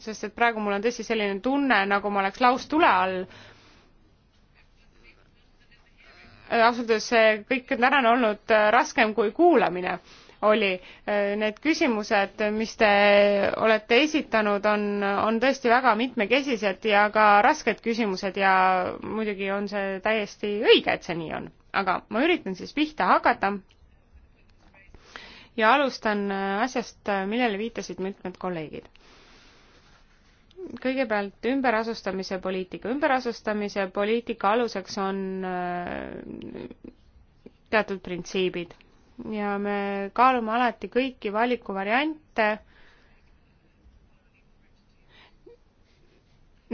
sest et praegu mul on tõesti selline tunne, nagu ma oleks laustule all, ausalt öeldes see kõik on tänane olnud äh, raskem kui kuulamine oli. Äh, need küsimused, mis te olete esitanud, on, on tõesti väga mitmekesised ja ka rasked küsimused ja muidugi on see täiesti õige, et see nii on aga ma üritan siis pihta hakata ja alustan äh, asjast, äh, millele viitasid mitmed kolleegid. kõigepealt ümberasustamise poliitika. ümberasustamise poliitika aluseks on äh, teatud printsiibid ja me kaalume alati kõiki valikuvariante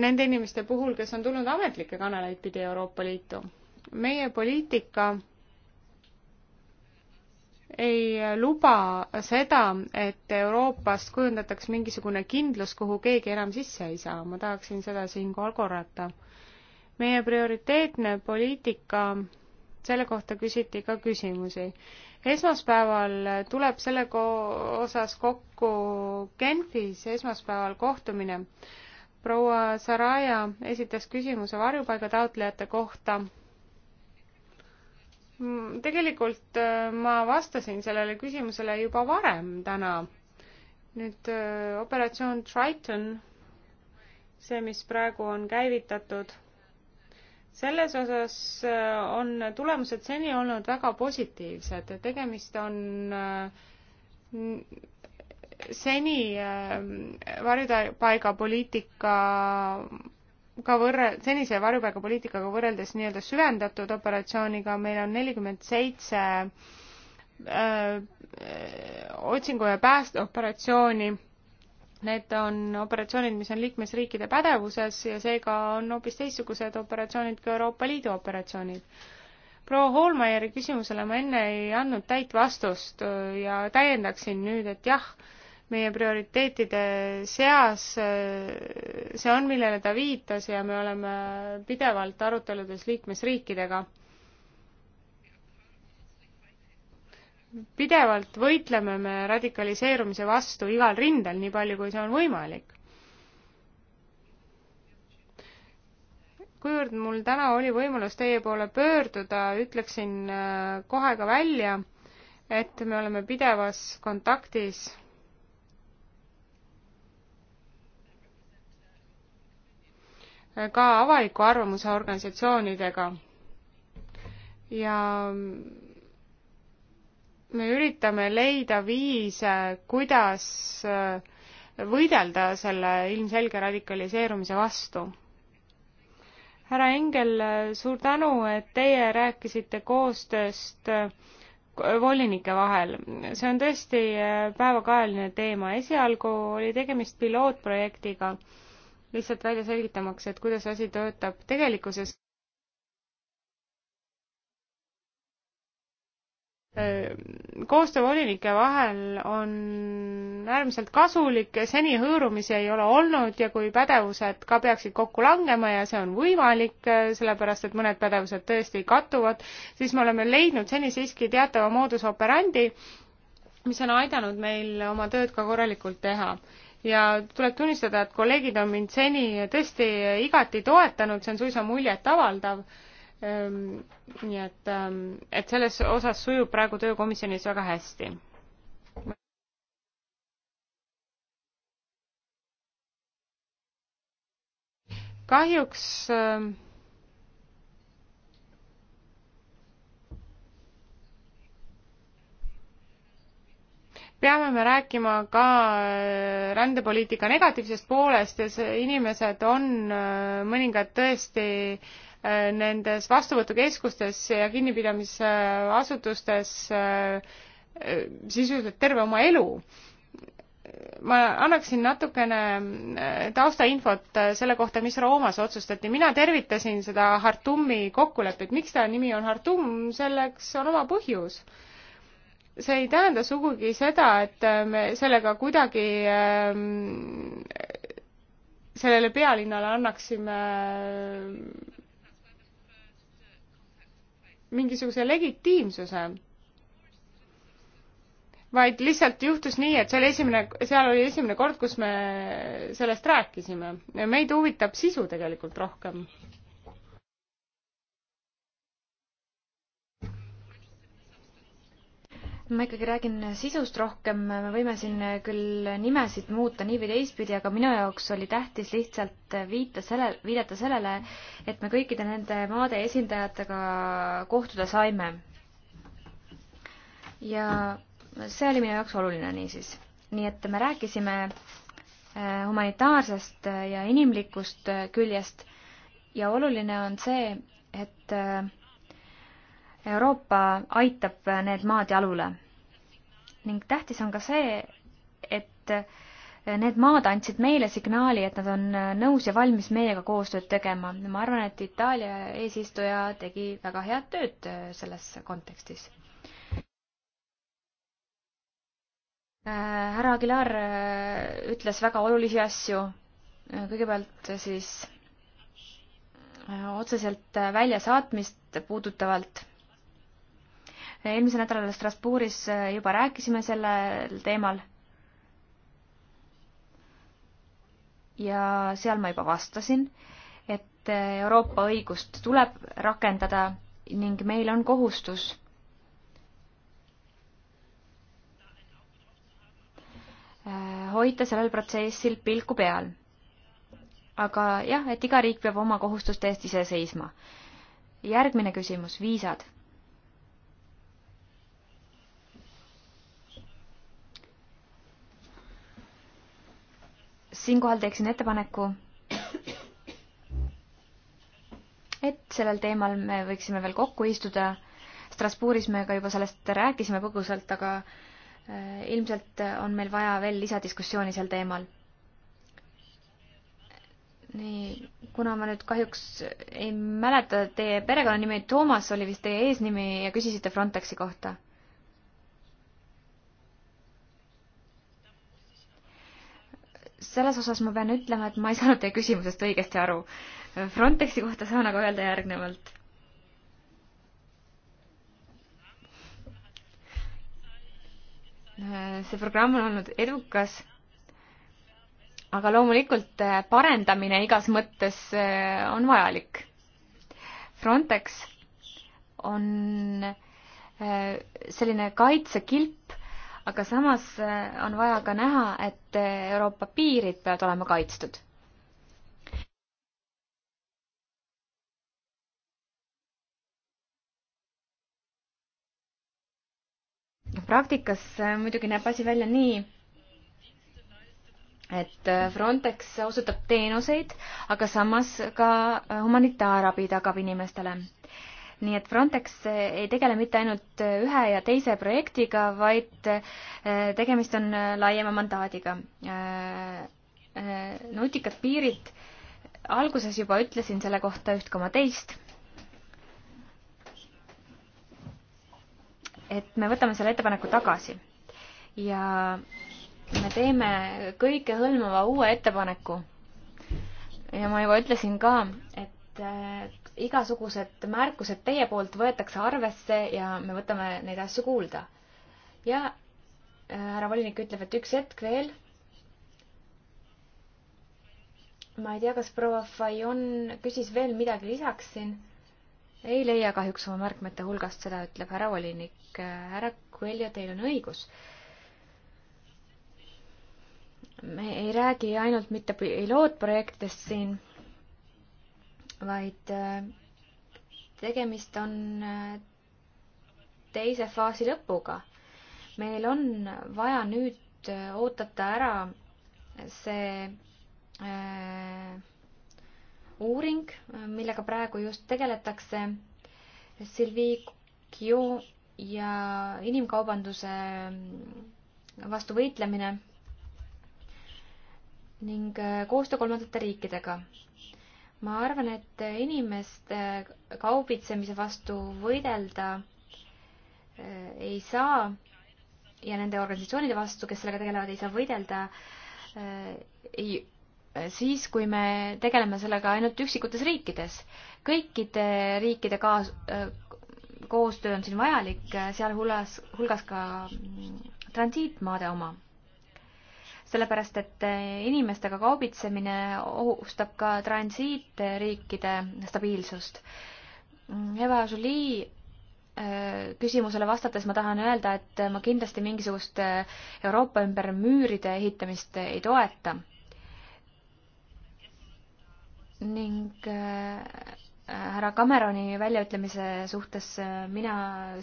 nende inimeste puhul, kes on tulnud ametlikke kanaleid pidi Euroopa Liitu meie poliitika ei luba seda, et Euroopast kujundataks mingisugune kindlus, kuhu keegi enam sisse ei saa, ma tahaksin seda siinkohal korrata. meie prioriteetne poliitika, selle kohta küsiti ka küsimusi. esmaspäeval tuleb selle ko-, osas kokku Genfis, esmaspäeval kohtumine. proua Saraja esitas küsimuse varjupaiga taotlejate kohta Mm, tegelikult äh, ma vastasin sellele küsimusele juba varem täna. nüüd äh, operatsioon Triton, see, mis praegu on käivitatud, selles osas äh, on tulemused seni olnud väga positiivsed, tegemist on seni varjupaigapoliitika ka võrre-, senise varjupaigapoliitikaga võrreldes nii-öelda süvendatud operatsiooniga, meil on nelikümmend seitse äh, otsingu- ja päästeoperatsiooni. Need on operatsioonid, mis on liikmesriikide pädevuses ja seega on hoopis teistsugused operatsioonid kui Euroopa Liidu operatsioonid. proua Hoolmeieri küsimusele ma enne ei andnud täit vastust ja täiendaksin nüüd, et jah, meie prioriteetide seas, see on, millele ta viitas ja me oleme pidevalt aruteludes liikmesriikidega. pidevalt võitleme me radikaliseerumise vastu igal rindel, nii palju kui see on võimalik. kuivõrd mul täna oli võimalus teie poole pöörduda, ütleksin äh, kohe ka välja, et me oleme pidevas kontaktis ka avaliku arvamuse organisatsioonidega. ja me üritame leida viise, kuidas äh, võidelda selle ilmselge radikaliseerumise vastu. härra Engel, suur tänu, et teie rääkisite koostööst äh, volinike vahel. see on tõesti äh, päevakajaline teema. esialgu oli tegemist pilootprojektiga lihtsalt välja selgitamaks, et kuidas asi töötab tegelikkuses. koostöö volinike vahel on äärmiselt kasulik, seni hõõrumisi ei ole olnud ja kui pädevused ka peaksid kokku langema ja see on võimalik, sellepärast et mõned pädevused tõesti kattuvad, siis me oleme leidnud seni siiski teatava moodus operandi, mis on aidanud meil oma tööd ka korralikult teha ja tuleb tunnistada, et kolleegid on mind seni tõesti igati toetanud, see on suisa muljetavaldav. Ehm, nii et, ehm, et selles osas sujub praegu töö komisjonis väga hästi. kahjuks ehm, peame me rääkima ka äh, rändepoliitika negatiivsest poolest ja see inimesed on äh, mõningad tõesti äh, nendes vastuvõtukeskustes ja kinnipidamisasutustes sisuliselt terve oma elu. ma annaksin natukene taustainfot selle kohta, mis Roomas otsustati. mina tervitasin seda Hartumi kokkulepet. miks ta nimi on Hartum, selleks on oma põhjus see ei tähenda sugugi seda, et äh, me sellega kuidagi ähm, sellele pealinnale annaksime äh, mingisuguse legitiimsuse, vaid lihtsalt juhtus nii, et see oli esimene, seal oli esimene kord, kus me sellest rääkisime. meid huvitab sisu tegelikult rohkem
ma ikkagi räägin sisust rohkem, me võime siin küll nimesid muuta nii või teistpidi, aga minu jaoks oli tähtis lihtsalt viita selle, viidata sellele, et me kõikide nende maade esindajatega kohtuda saime. ja see oli minu jaoks oluline niisiis. nii et me rääkisime eh, humanitaarsest ja inimlikust küljest ja oluline on see, et äh, Euroopa aitab need maad jalule. ning tähtis on ka see, et need maad andsid meile signaali, et nad on nõus ja valmis meiega koostööd tegema. ma arvan, et Itaalia eesistuja tegi väga head tööd selles kontekstis. härra Aguilar ütles väga olulisi asju. kõigepealt siis otseselt väljasaatmist puudutavalt eelmisel nädalal Strasbourgis äh, juba rääkisime sellel teemal. ja seal ma juba vastasin, et äh, Euroopa õigust tuleb rakendada ning meil on kohustus äh, hoida sellel protsessil pilku peal. aga jah, et iga riik peab oma kohustuste eest ise seisma. järgmine küsimus, viisad siinkohal teeksin ettepaneku, et sellel teemal me võiksime veel kokku istuda. Strasbourgis me ka juba sellest rääkisime põgusalt, aga äh, ilmselt on meil vaja veel lisadiskussiooni sel teemal. nii, kuna ma nüüd kahjuks ei mäleta, teie perekonnanimi Toomas oli vist teie eesnimi ja küsisite Frontexi kohta selles osas ma pean ütlema, et ma ei saanud teie küsimusest õigesti aru. Frontexi kohta saan aga öelda järgnevalt. see programm on olnud edukas, aga loomulikult eh, parendamine igas mõttes eh, on vajalik. Frontex on eh, selline kaitsekilp aga samas eh, on vaja ka näha, et eh, Euroopa piirid peavad olema kaitstud. praktikas eh, muidugi näeb asi välja nii, et Frontex osutab teenuseid, aga samas ka humanitaarabi tagab inimestele nii et Frontex äh, ei tegele mitte ainult äh, ühe ja teise projektiga, vaid äh, tegemist on laiema mandaadiga. nutikad piirid, alguses juba ütlesin selle kohta üht koma teist. et me võtame selle ettepaneku tagasi ja me teeme kõikehõlmava uue ettepaneku. ja ma juba ütlesin ka, et igasugused märkused teie poolt võetakse arvesse ja me võtame neid asju kuulda. ja äh, härra volinik ütleb, et üks hetk veel. ma ei tea, kas proua Fajon küsis veel midagi lisaks siin ei leia kahjuks oma märkmete hulgast, seda ütleb härra volinik. Äh, härra Coelho, teil on õigus. me ei räägi ainult mitte pilootprojektidest siin, vaid äh, tegemist on äh, teise faasi lõpuga. meil on vaja nüüd äh, oodata ära see äh, uuring, millega praegu just tegeletakse. Sylvie Kiu ja inimkaubanduse vastu võitlemine ning koostöö kolmandate riikidega ma arvan, et inimeste kaubitsemise vastu võidelda äh, ei saa ja nende organisatsioonide vastu, kes sellega tegelevad, ei saa võidelda äh, ei, äh, siis, kui me tegeleme sellega ainult üksikutes riikides. kõikide riikide kaas-, koostöö on siin vajalik, sealhulgas, hulgas ka mm, transiitmaade oma sellepärast et eh, inimestega kaubitsemine ohustab ka transiitriikide stabiilsust. Eva Jolie eh, küsimusele vastates ma tahan öelda, et ma kindlasti mingisugust eh, Euroopa ümber müüride ehitamist ei toeta. ning härra Cameroni väljaütlemise suhtes mina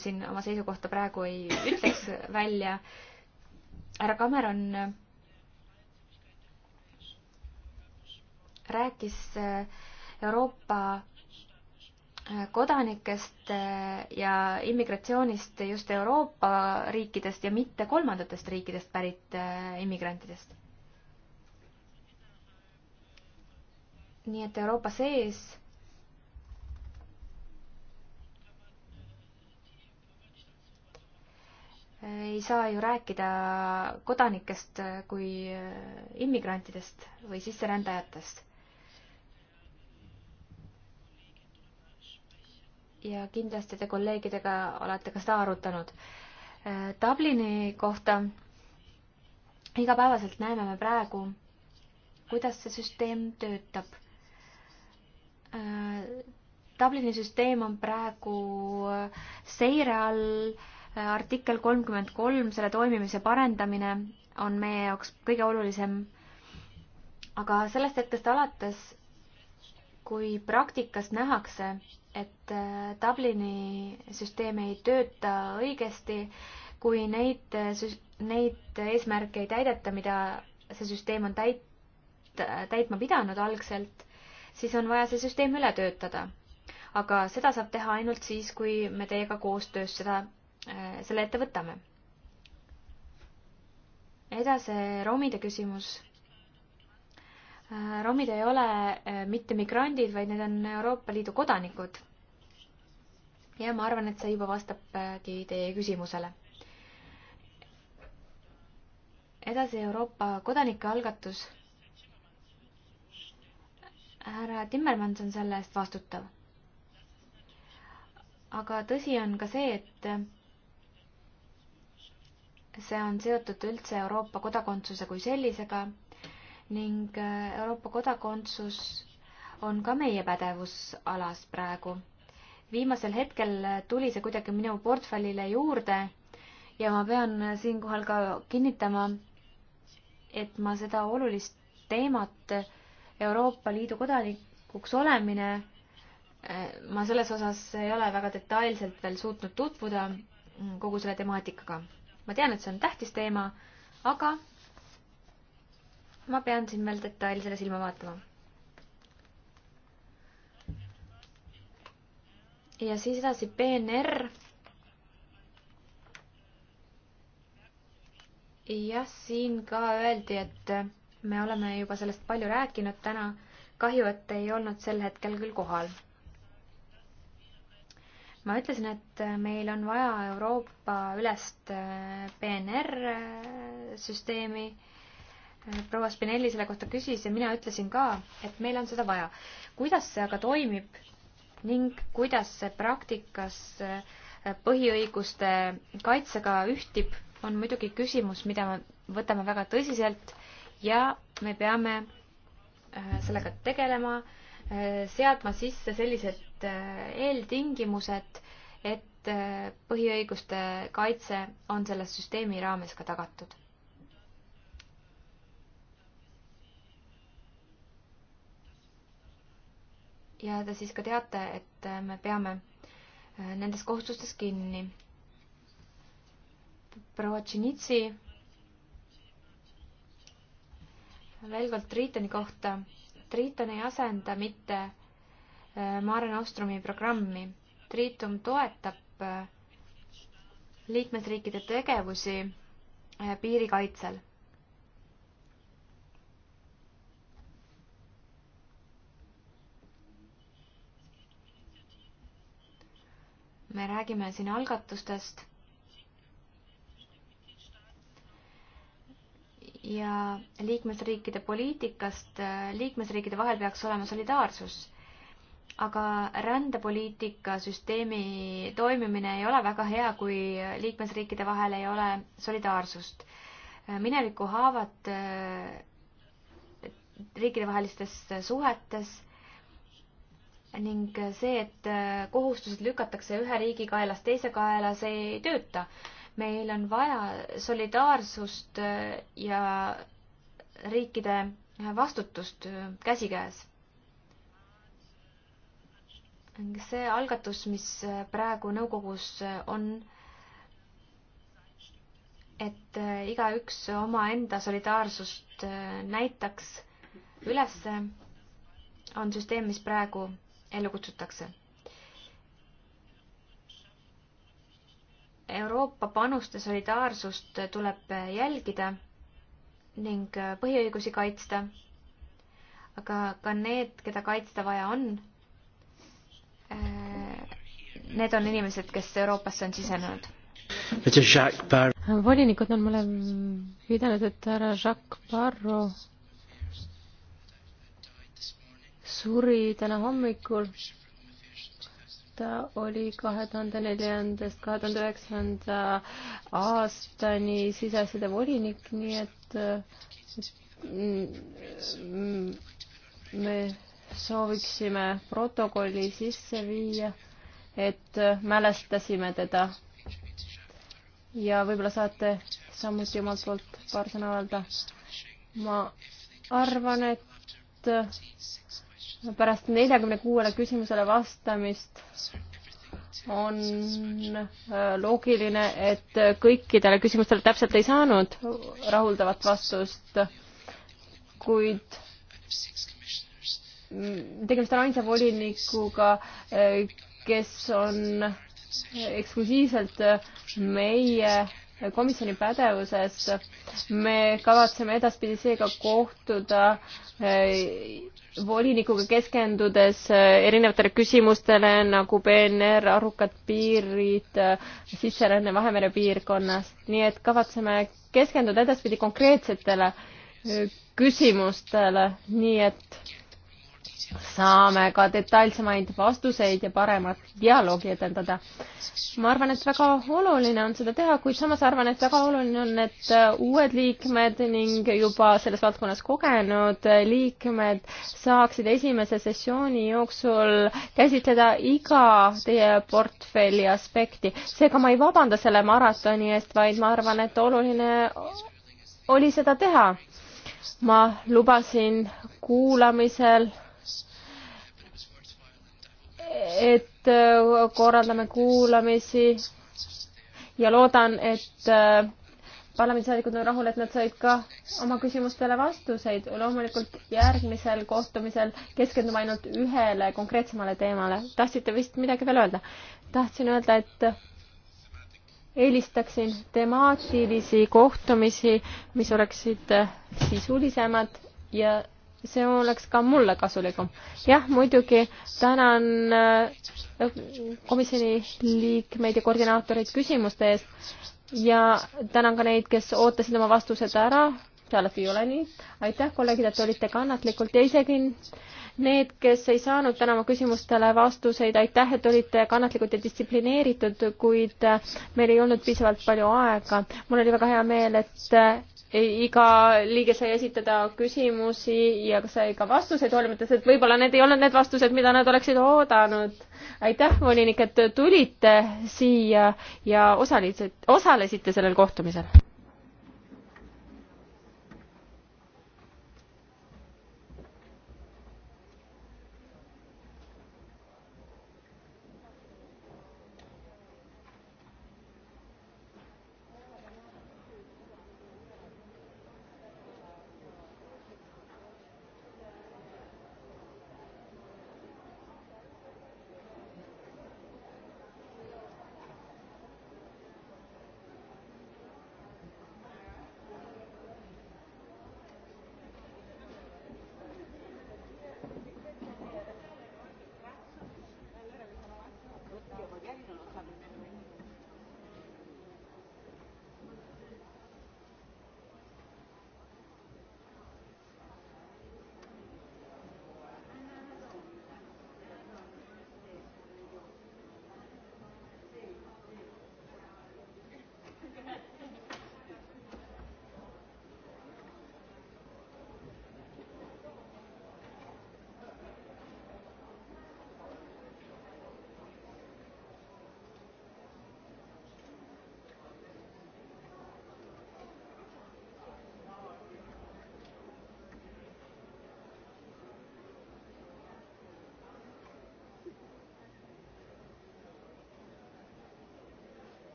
siin oma seisukohta praegu ei ütleks välja. härra Cameron rääkis äh, Euroopa äh, kodanikest äh, ja immigratsioonist just Euroopa riikidest ja mitte kolmandatest riikidest pärit immigrantidest. nii et Euroopa sees ei saa ju rääkida kodanikest kui immigrantidest või sisserändajatest. ja kindlasti te kolleegidega olete ka seda arutanud. Äh, Dublini kohta igapäevaselt näeme me praegu, kuidas see süsteem töötab. Äh, Dublini süsteem on praegu seire all, äh, artikkel kolmkümmend kolm, selle toimimise parendamine on meie jaoks kõige olulisem. aga sellest hetkest alates, kui praktikas nähakse, et äh, Dublini süsteem ei tööta õigesti, kui neid, äh, neid eesmärke ei täideta, mida see süsteem on täit-, täitma pidanud algselt, siis on vaja see süsteem üle töötada. aga seda saab teha ainult siis, kui me teiega koostöös seda, äh, selle ette võtame. edasi, romide küsimus Äh, romid ei ole äh, mitte migrandid, vaid need on Euroopa Liidu kodanikud. ja ma arvan, et see juba vastabki äh, teie küsimusele. edasi Euroopa kodanike algatus. härra Timmermans on selle eest vastutav. aga tõsi on ka see, et see on seotud üldse Euroopa kodakondsuse kui sellisega ning äh, Euroopa kodakondsus on ka meie pädevusalas praegu. viimasel hetkel tuli see kuidagi minu portfellile juurde ja ma pean siinkohal ka kinnitama, et ma seda olulist teemat Euroopa Liidu kodanikuks olemine, äh, ma selles osas ei ole väga detailselt veel suutnud tutvuda mm, kogu selle temaatikaga. ma tean, et see on tähtis teema, aga ma pean siin veel detailsele silma vaatama. ja siis edasi PNR. jah, siin ka öeldi, et me oleme juba sellest palju rääkinud täna. kahju, et ei olnud sel hetkel küll kohal. ma ütlesin, et meil on vaja Euroopa ülest PNR süsteemi proua Spinelli selle kohta küsis ja mina ütlesin ka, et meil on seda vaja. kuidas see aga toimib ning kuidas see praktikas äh, põhiõiguste kaitsega ühtib, on muidugi küsimus, mida me võtame väga tõsiselt ja me peame äh, sellega tegelema, äh, seadma sisse sellised eeltingimused, et põhiõiguste kaitse on selle süsteemi raames ka tagatud ja te siis ka teate, et äh, me peame äh, nendest kohustustest kinni. proua Tšinitsi veel kord Triitoni kohta. Triiton ei asenda mitte äh, Mare Nostrumi programmi. Triitum toetab liikmesriikide tegevusi piirikaitsel. me räägime siin algatustest ja liikmesriikide poliitikast, liikmesriikide vahel peaks olema solidaarsus. aga rändepoliitika süsteemi toimimine ei ole väga hea, kui liikmesriikide vahel ei ole solidaarsust. mineviku haavad riikidevahelistes suhetes ning see, et äh, kohustused lükatakse ühe riigi kaelast teise kaela, see ei tööta. meil on vaja solidaarsust äh, ja riikide vastutust äh, käsikäes. see algatus, mis praegu nõukogus on, et igaüks omaenda solidaarsust näitaks ülesse, on süsteem, mis praegu ellu kutsutakse. Euroopa panuste solidaarsust tuleb jälgida ning põhiõigusi kaitsta, aga ka need, keda kaitsta vaja on, äh, need on inimesed, kes Euroopasse on sisenenud
volinikud on mulle viidanud, et härra Jacques Barro suri täna hommikul. ta oli kahe tuhande neljandast kahe tuhande üheksanda aastani siseasjade volinik, nii et mm, me sooviksime protokolli sisse viia, et mälestasime teda. ja võib-olla saate samuti omalt poolt paar sõna öelda. ma arvan, et pärast neljakümne kuuele küsimusele vastamist on äh, loogiline, et kõikidele küsimustele täpselt ei saanud rahuldavat vastust, kuid tegemist on ainsa volinikuga, äh, kes on eksklusiivselt meie komisjoni pädevuses. me kavatseme edaspidi seega kohtuda äh, volinikuga keskendudes eh, erinevatele küsimustele nagu PNR, arukad piirid, eh, sisseränne Vahemere piirkonnas, nii et kavatseme keskenduda edaspidi konkreetsetele eh, küsimustele, nii et saame ka detailsemaid vastuseid ja paremat dialoogi edendada. ma arvan, et väga oluline on seda teha, kuid samas arvan, et väga oluline on, et äh, uued liikmed ning juba selles valdkonnas kogenud liikmed saaksid esimese sessiooni jooksul käsitleda iga teie portfelli aspekti. seega ma ei vabanda selle maratoni eest, vaid ma arvan, et oluline oli seda teha. ma lubasin kuulamisel et äh, korraldame kuulamisi ja loodan, et äh, parlamendisaadikud on rahul, et nad said ka oma küsimustele vastuseid. loomulikult järgmisel kohtumisel keskendume ainult ühele konkreetsemale teemale. tahtsite vist midagi veel öelda? tahtsin öelda, et eelistaksin temaatilisi kohtumisi, mis oleksid äh, sisulisemad ja see oleks ka mulle kasulikum. jah, muidugi tänan äh, komisjoni liikmeid ja koordinaatoreid küsimuste eest ja tänan ka neid, kes ootasid oma vastused ära, peale Fiolani. aitäh, kolleegid, et olite kannatlikult ja isegi need, kes ei saanud täna oma küsimustele vastuseid, aitäh, et olite kannatlikud ja distsiplineeritud, kuid äh, meil ei olnud piisavalt palju aega. mul oli väga hea meel, et äh, iga liige sai esitada küsimusi ja sai ka vastuseid, hoolimata sellest, et võib-olla need ei olnud need vastused, mida nad oleksid oodanud. aitäh, volinik, et tulite siia ja osalesid, osalesite sellel kohtumisel.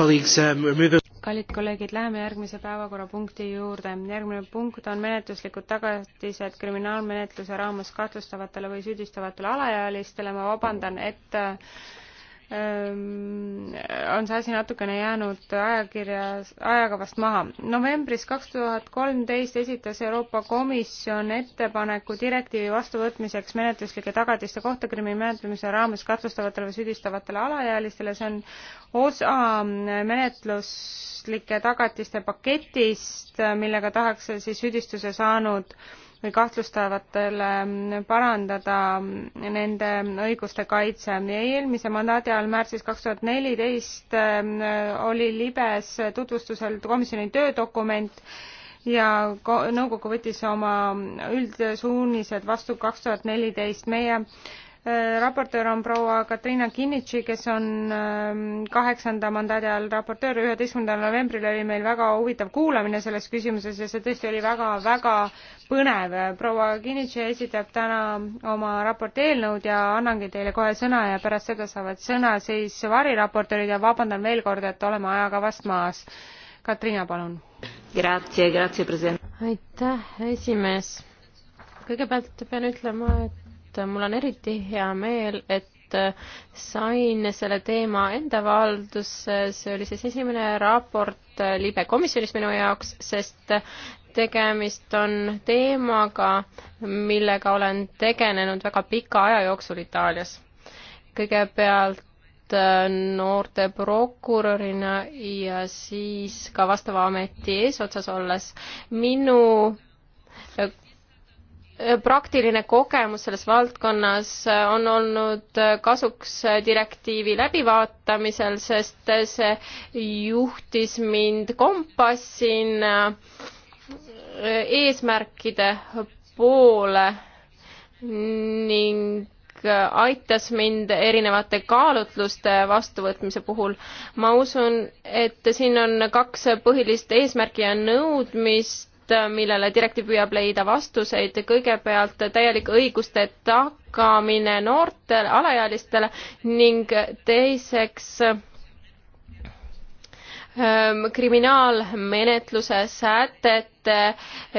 Um,
kallid kolleegid, läheme järgmise päevakorrapunkti juurde. järgmine punkt on menetluslikud tagatised kriminaalmenetluse raames kahtlustavatele või süüdistavatele alaealistele. ma vabandan, et äh, Ehm, on see asi natukene jäänud ajakirjas, ajakavast maha. novembris kaks tuhat kolmteist esitas Euroopa Komisjon ettepaneku direktiivi vastuvõtmiseks menetluslike tagatiste kohta kriminaalmenetlemise raames kahtlustavatele või süüdistavatele alaealistele, see on osa menetluslike tagatiste paketist, millega tahaks siis süüdistuse saanud või kahtlustavatele parandada nende õiguste kaitse. eelmise mandaadi ajal märtsis kaks tuhat neliteist ähm, oli libes tutvustusel komisjoni töödokument ja nõukogu võttis oma üldsuunised vastu kaks tuhat neliteist. meie Äh, raportöör on proua Katrina Kinnitši, kes on ähm, kaheksanda mandaadi ajal raportöör. üheteistkümnendal novembril oli meil väga huvitav kuulamine selles küsimuses ja see tõesti oli väga-väga põnev. proua Kinnitši esitab täna oma raporti eelnõud ja annangi teile kohe sõna ja pärast seda saavad sõna siis variraportöörid ja vabandan veel kord, et oleme ajakavast maas. Katrina, palun. aitäh, esimees.
kõigepealt pean ütlema, et et mul on eriti hea meel, et sain selle teema enda valdusse, see oli siis esimene raport libe komisjonis minu jaoks, sest tegemist on teemaga, millega olen tegelenud väga pika aja jooksul Itaalias. kõigepealt äh, noorte prokurörina ja siis ka vastava ameti eesotsas olles. minu praktiline kogemus selles valdkonnas on olnud kasuks direktiivi läbivaatamisel, sest see juhtis mind kompassin eesmärkide poole ning aitas mind erinevate kaalutluste vastuvõtmise puhul. ma usun, et siin on kaks põhilist eesmärki ja nõudmist Äh, millele direktiiv püüab leida vastuseid, kõigepealt täielik õiguste tagamine noortele, alaealistele ning teiseks ähm, kriminaalmenetluse sätete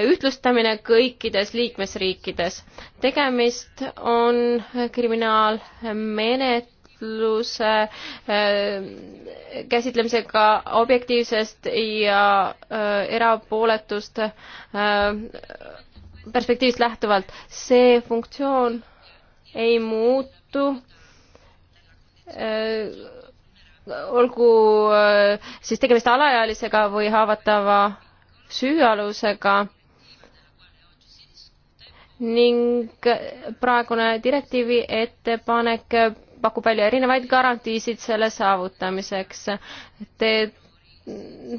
ühtlustamine kõikides liikmesriikides. tegemist on kriminaalmenet-, võrdluse eh, käsitlemisega objektiivsest ja eh, erapooletust eh, perspektiivist lähtuvalt. see funktsioon ei muutu olgu siis tegemist alaealisega või haavatava süüalusega ning praegune direktiivi ettepanek pakub välja erinevaid garantiisid selle saavutamiseks. Te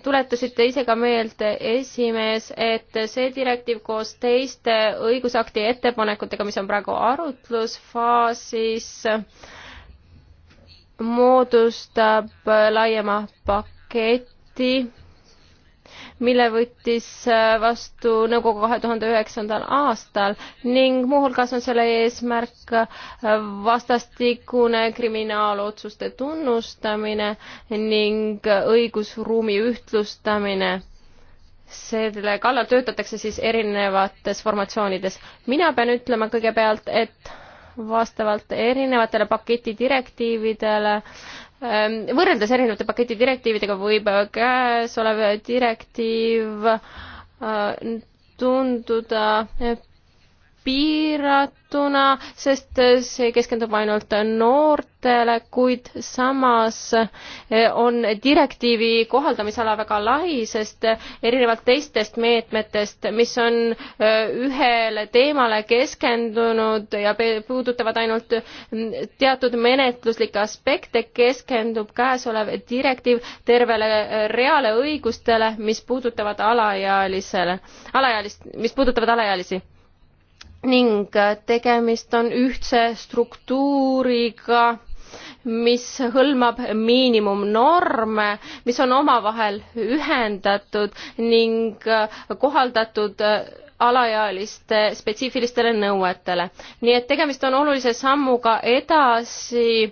tuletasite ise ka meelde, esimees, et see direktiiv koos teiste õigusakti ettepanekutega, mis on praegu arutlusfaasis, moodustab laiema paketi mille võttis äh, vastu nõukogu kahe tuhande üheksandal aastal ning muuhulgas on selle eesmärk äh, vastastikune kriminaalotsuste tunnustamine ning õigusruumi ühtlustamine selle kallal töötatakse siis erinevates formatsioonides. mina pean ütlema kõigepealt, et vastavalt erinevatele paketi direktiividele Ehm, võrreldes erinevate paketi direktiividega võib käesolev direktiiv äh, tunduda piiratuna, sest see keskendub ainult noortele, kuid samas eh, on direktiivi kohaldamisala väga lai, sest erinevalt teistest meetmetest, mis on eh, ühele teemale keskendunud ja puudutavad ainult mm, teatud menetluslikke aspekte, keskendub käesolev direktiiv tervele eh, reale õigustele, mis puudutavad alaealisele, alaealist, mis puudutavad alaealisi ning tegemist on ühtse struktuuriga, mis hõlmab miinimumnorme, mis on omavahel ühendatud ning kohaldatud alaealiste spetsiifilistele nõuetele. nii et tegemist on olulise sammuga edasi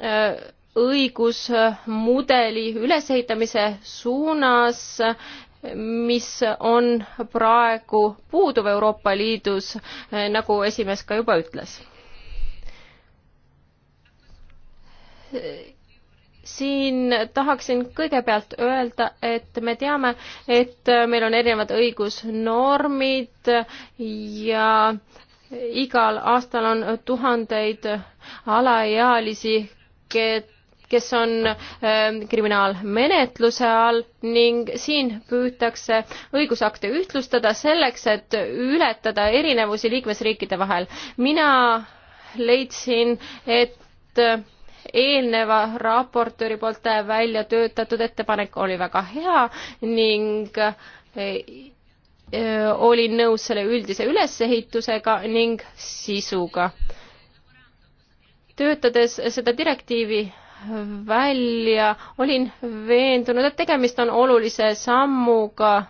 äh, õigusmudeli ülesehitamise suunas mis on praegu puuduv Euroopa Liidus, eh, nagu esimees ka juba ütles siin tahaksin kõigepealt öelda, et me teame, et meil on erinevad õigusnormid ja igal aastal on tuhandeid alaealisi, keda kes on ähm, kriminaalmenetluse all ning siin püütakse õigusakte ühtlustada selleks, et ületada erinevusi liikmesriikide vahel. mina leidsin, et eelneva raportööri poolt välja töötatud ettepanek oli väga hea ning äh, olin nõus selle üldise ülesehitusega ning sisuga. töötades seda direktiivi välja, olin veendunud, et tegemist on olulise sammuga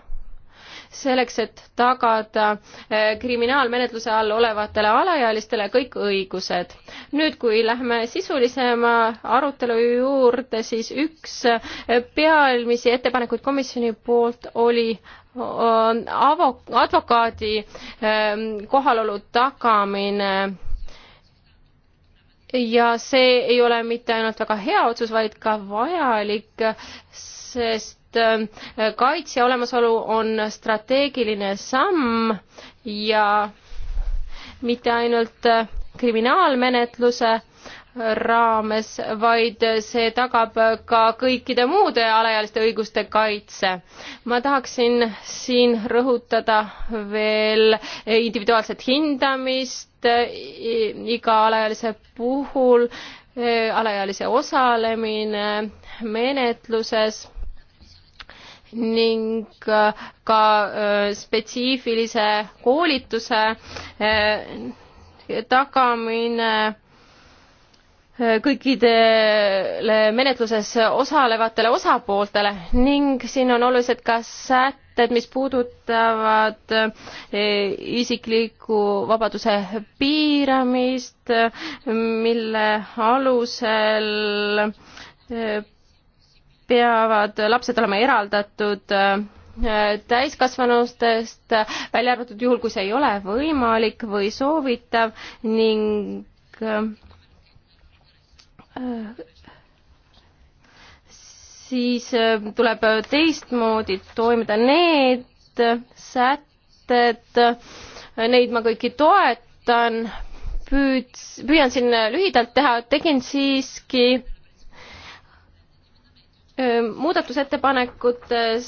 selleks, et tagada eh, kriminaalmenetluse all olevatele alaealistele kõik õigused. nüüd, kui lähme sisulisema arutelu juurde, siis üks eh, pealmisi ettepanekuid komisjoni poolt oli eh, avo-, advokaadi kohalolu tagamine ja see ei ole mitte ainult väga hea otsus, vaid ka vajalik, sest äh, kaitse olemasolu on strateegiline samm ja mitte ainult äh, kriminaalmenetluse raames, vaid see tagab ka kõikide muude alaealiste õiguste kaitse. ma tahaksin siin rõhutada veel individuaalset hindamist iga alaealise puhul, alaealise osalemine menetluses ning ka äh, spetsiifilise koolituse äh, tagamine kõikidele menetluses osalevatele osapooltele ning siin on olulised ka sätted, mis puudutavad eh, isikliku vabaduse piiramist, mille alusel eh, peavad lapsed olema eraldatud eh, täiskasvanustest, välja arvatud juhul, kui see ei ole võimalik või soovitav ning siis äh, tuleb teistmoodi toimida. Need sätted, äh, neid ma kõiki toetan, püüds, püüan siin äh, lühidalt teha, tegin siiski muudatusettepanekutes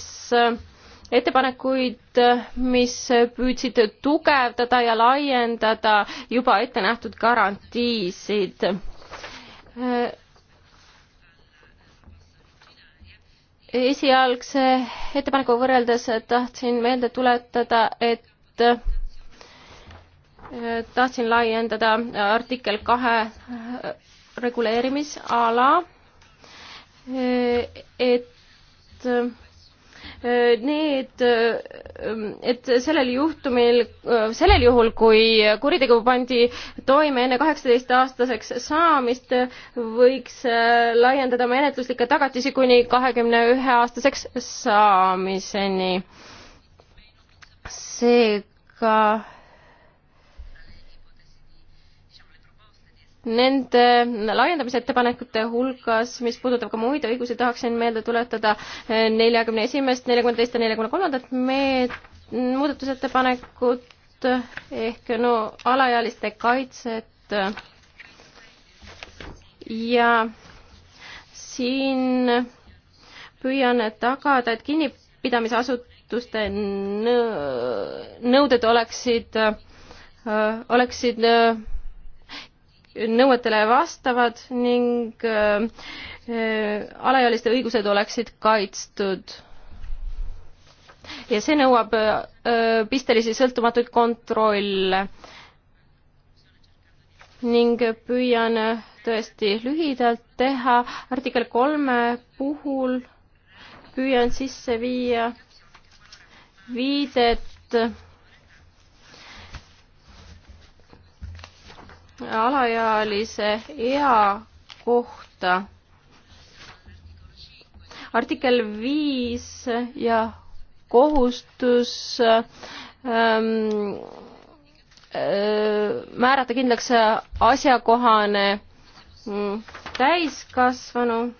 ettepanekuid, mis püüdsid tugevdada ja laiendada juba ette nähtud garantiisid Äh, esialgse ettepanekuga võrreldes tahtsin meelde tuletada, et äh, tahtsin laiendada artikkel kahe äh, reguleerimisala, et Äh, need, äh, et sellel juhtumil, äh, sellel juhul, kui kuritegu pandi toime enne kaheksateistaastaseks saamist, võiks laiendada menetluslikke tagatisi kuni kahekümne ühe aastaseks saamiseni. seega Nende laiendamisettepanekute hulgas, mis puudutab ka muid õigusi, tahaksin meelde tuletada eh, neljakümne esimest, neljakümne teist ja neljakümne kolmandat meed-, muudatusettepanekut eh, ehk no alaealiste kaitset eh, ja siin püüan tagada, et kinnipidamisasutuste nõuded oleksid, oleksid nõuetele vastavad ning äh, äh, alaealiste õigused oleksid kaitstud. ja see nõuab äh, äh pistelisi sõltumatuid kontrolle. ning püüan äh, tõesti lühidalt teha artikkel kolme puhul püüan sisse viia viidet alaealise ea kohta. artikkel viis ja kohustus ähm, äh, määrata kindlaks asjakohane mm, täiskasvanu.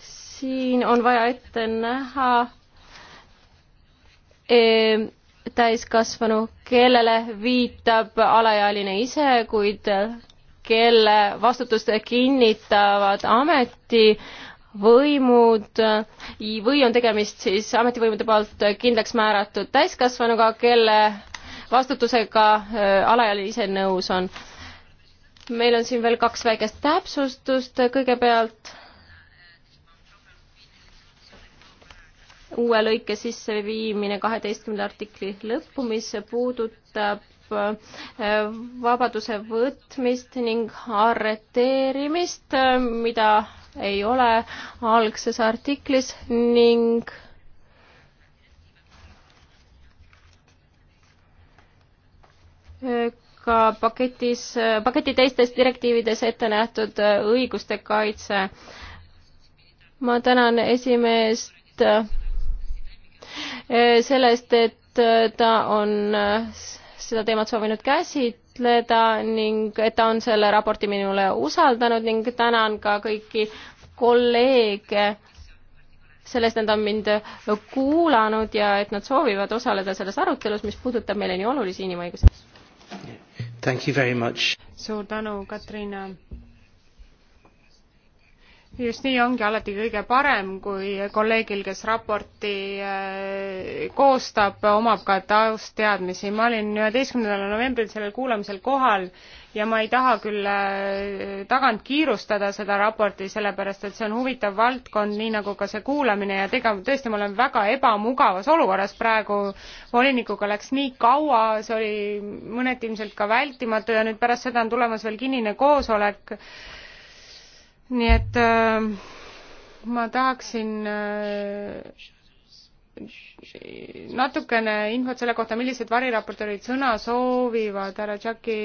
siin on vaja ette näha äh, täiskasvanu, kellele viitab alaealine ise, kuid kelle vastutust kinnitavad ametivõimud või on tegemist siis ametivõimude poolt kindlaks määratud täiskasvanuga, kelle vastutusega äh, alaealine ise nõus on. meil on siin veel kaks väikest täpsustust, kõigepealt uue lõike sisseviimine kaheteistkümnenda artikli lõppu, mis puudutab äh, vabaduse võtmist ning arreteerimist, äh, mida ei ole algses artiklis ning ka paketis, paketi teistes direktiivides ette nähtud äh, õiguste kaitse. ma tänan esimeest Eh, sellest, et eh, ta on eh, seda teemat soovinud käsitleda ning et ta on selle raporti minule usaldanud ning tänan ka kõiki kolleege sellest, et nad on mind kuulanud ja et nad soovivad osaleda selles
arutelus, mis puudutab meile nii olulisi inimõigusi. suur tänu, Katriina just nii ongi alati kõige parem, kui kolleegil, kes raporti äh, koostab, omab ka taustteadmisi. ma olin üheteistkümnendal novembril sellel kuulamisel kohal ja ma ei taha küll äh, tagant kiirustada seda raporti, sellepärast et see on huvitav valdkond, nii nagu ka see kuulamine ja tega-, tõesti, ma olen väga ebamugavas olukorras praegu. volinikuga läks nii kaua, see oli mõneti ilmselt ka vältimatu ja nüüd pärast seda on tulemas veel kinnine koosolek nii et äh, ma tahaksin äh, natukene infot selle kohta, millised variraportöörid sõna soovivad, härra Tšaki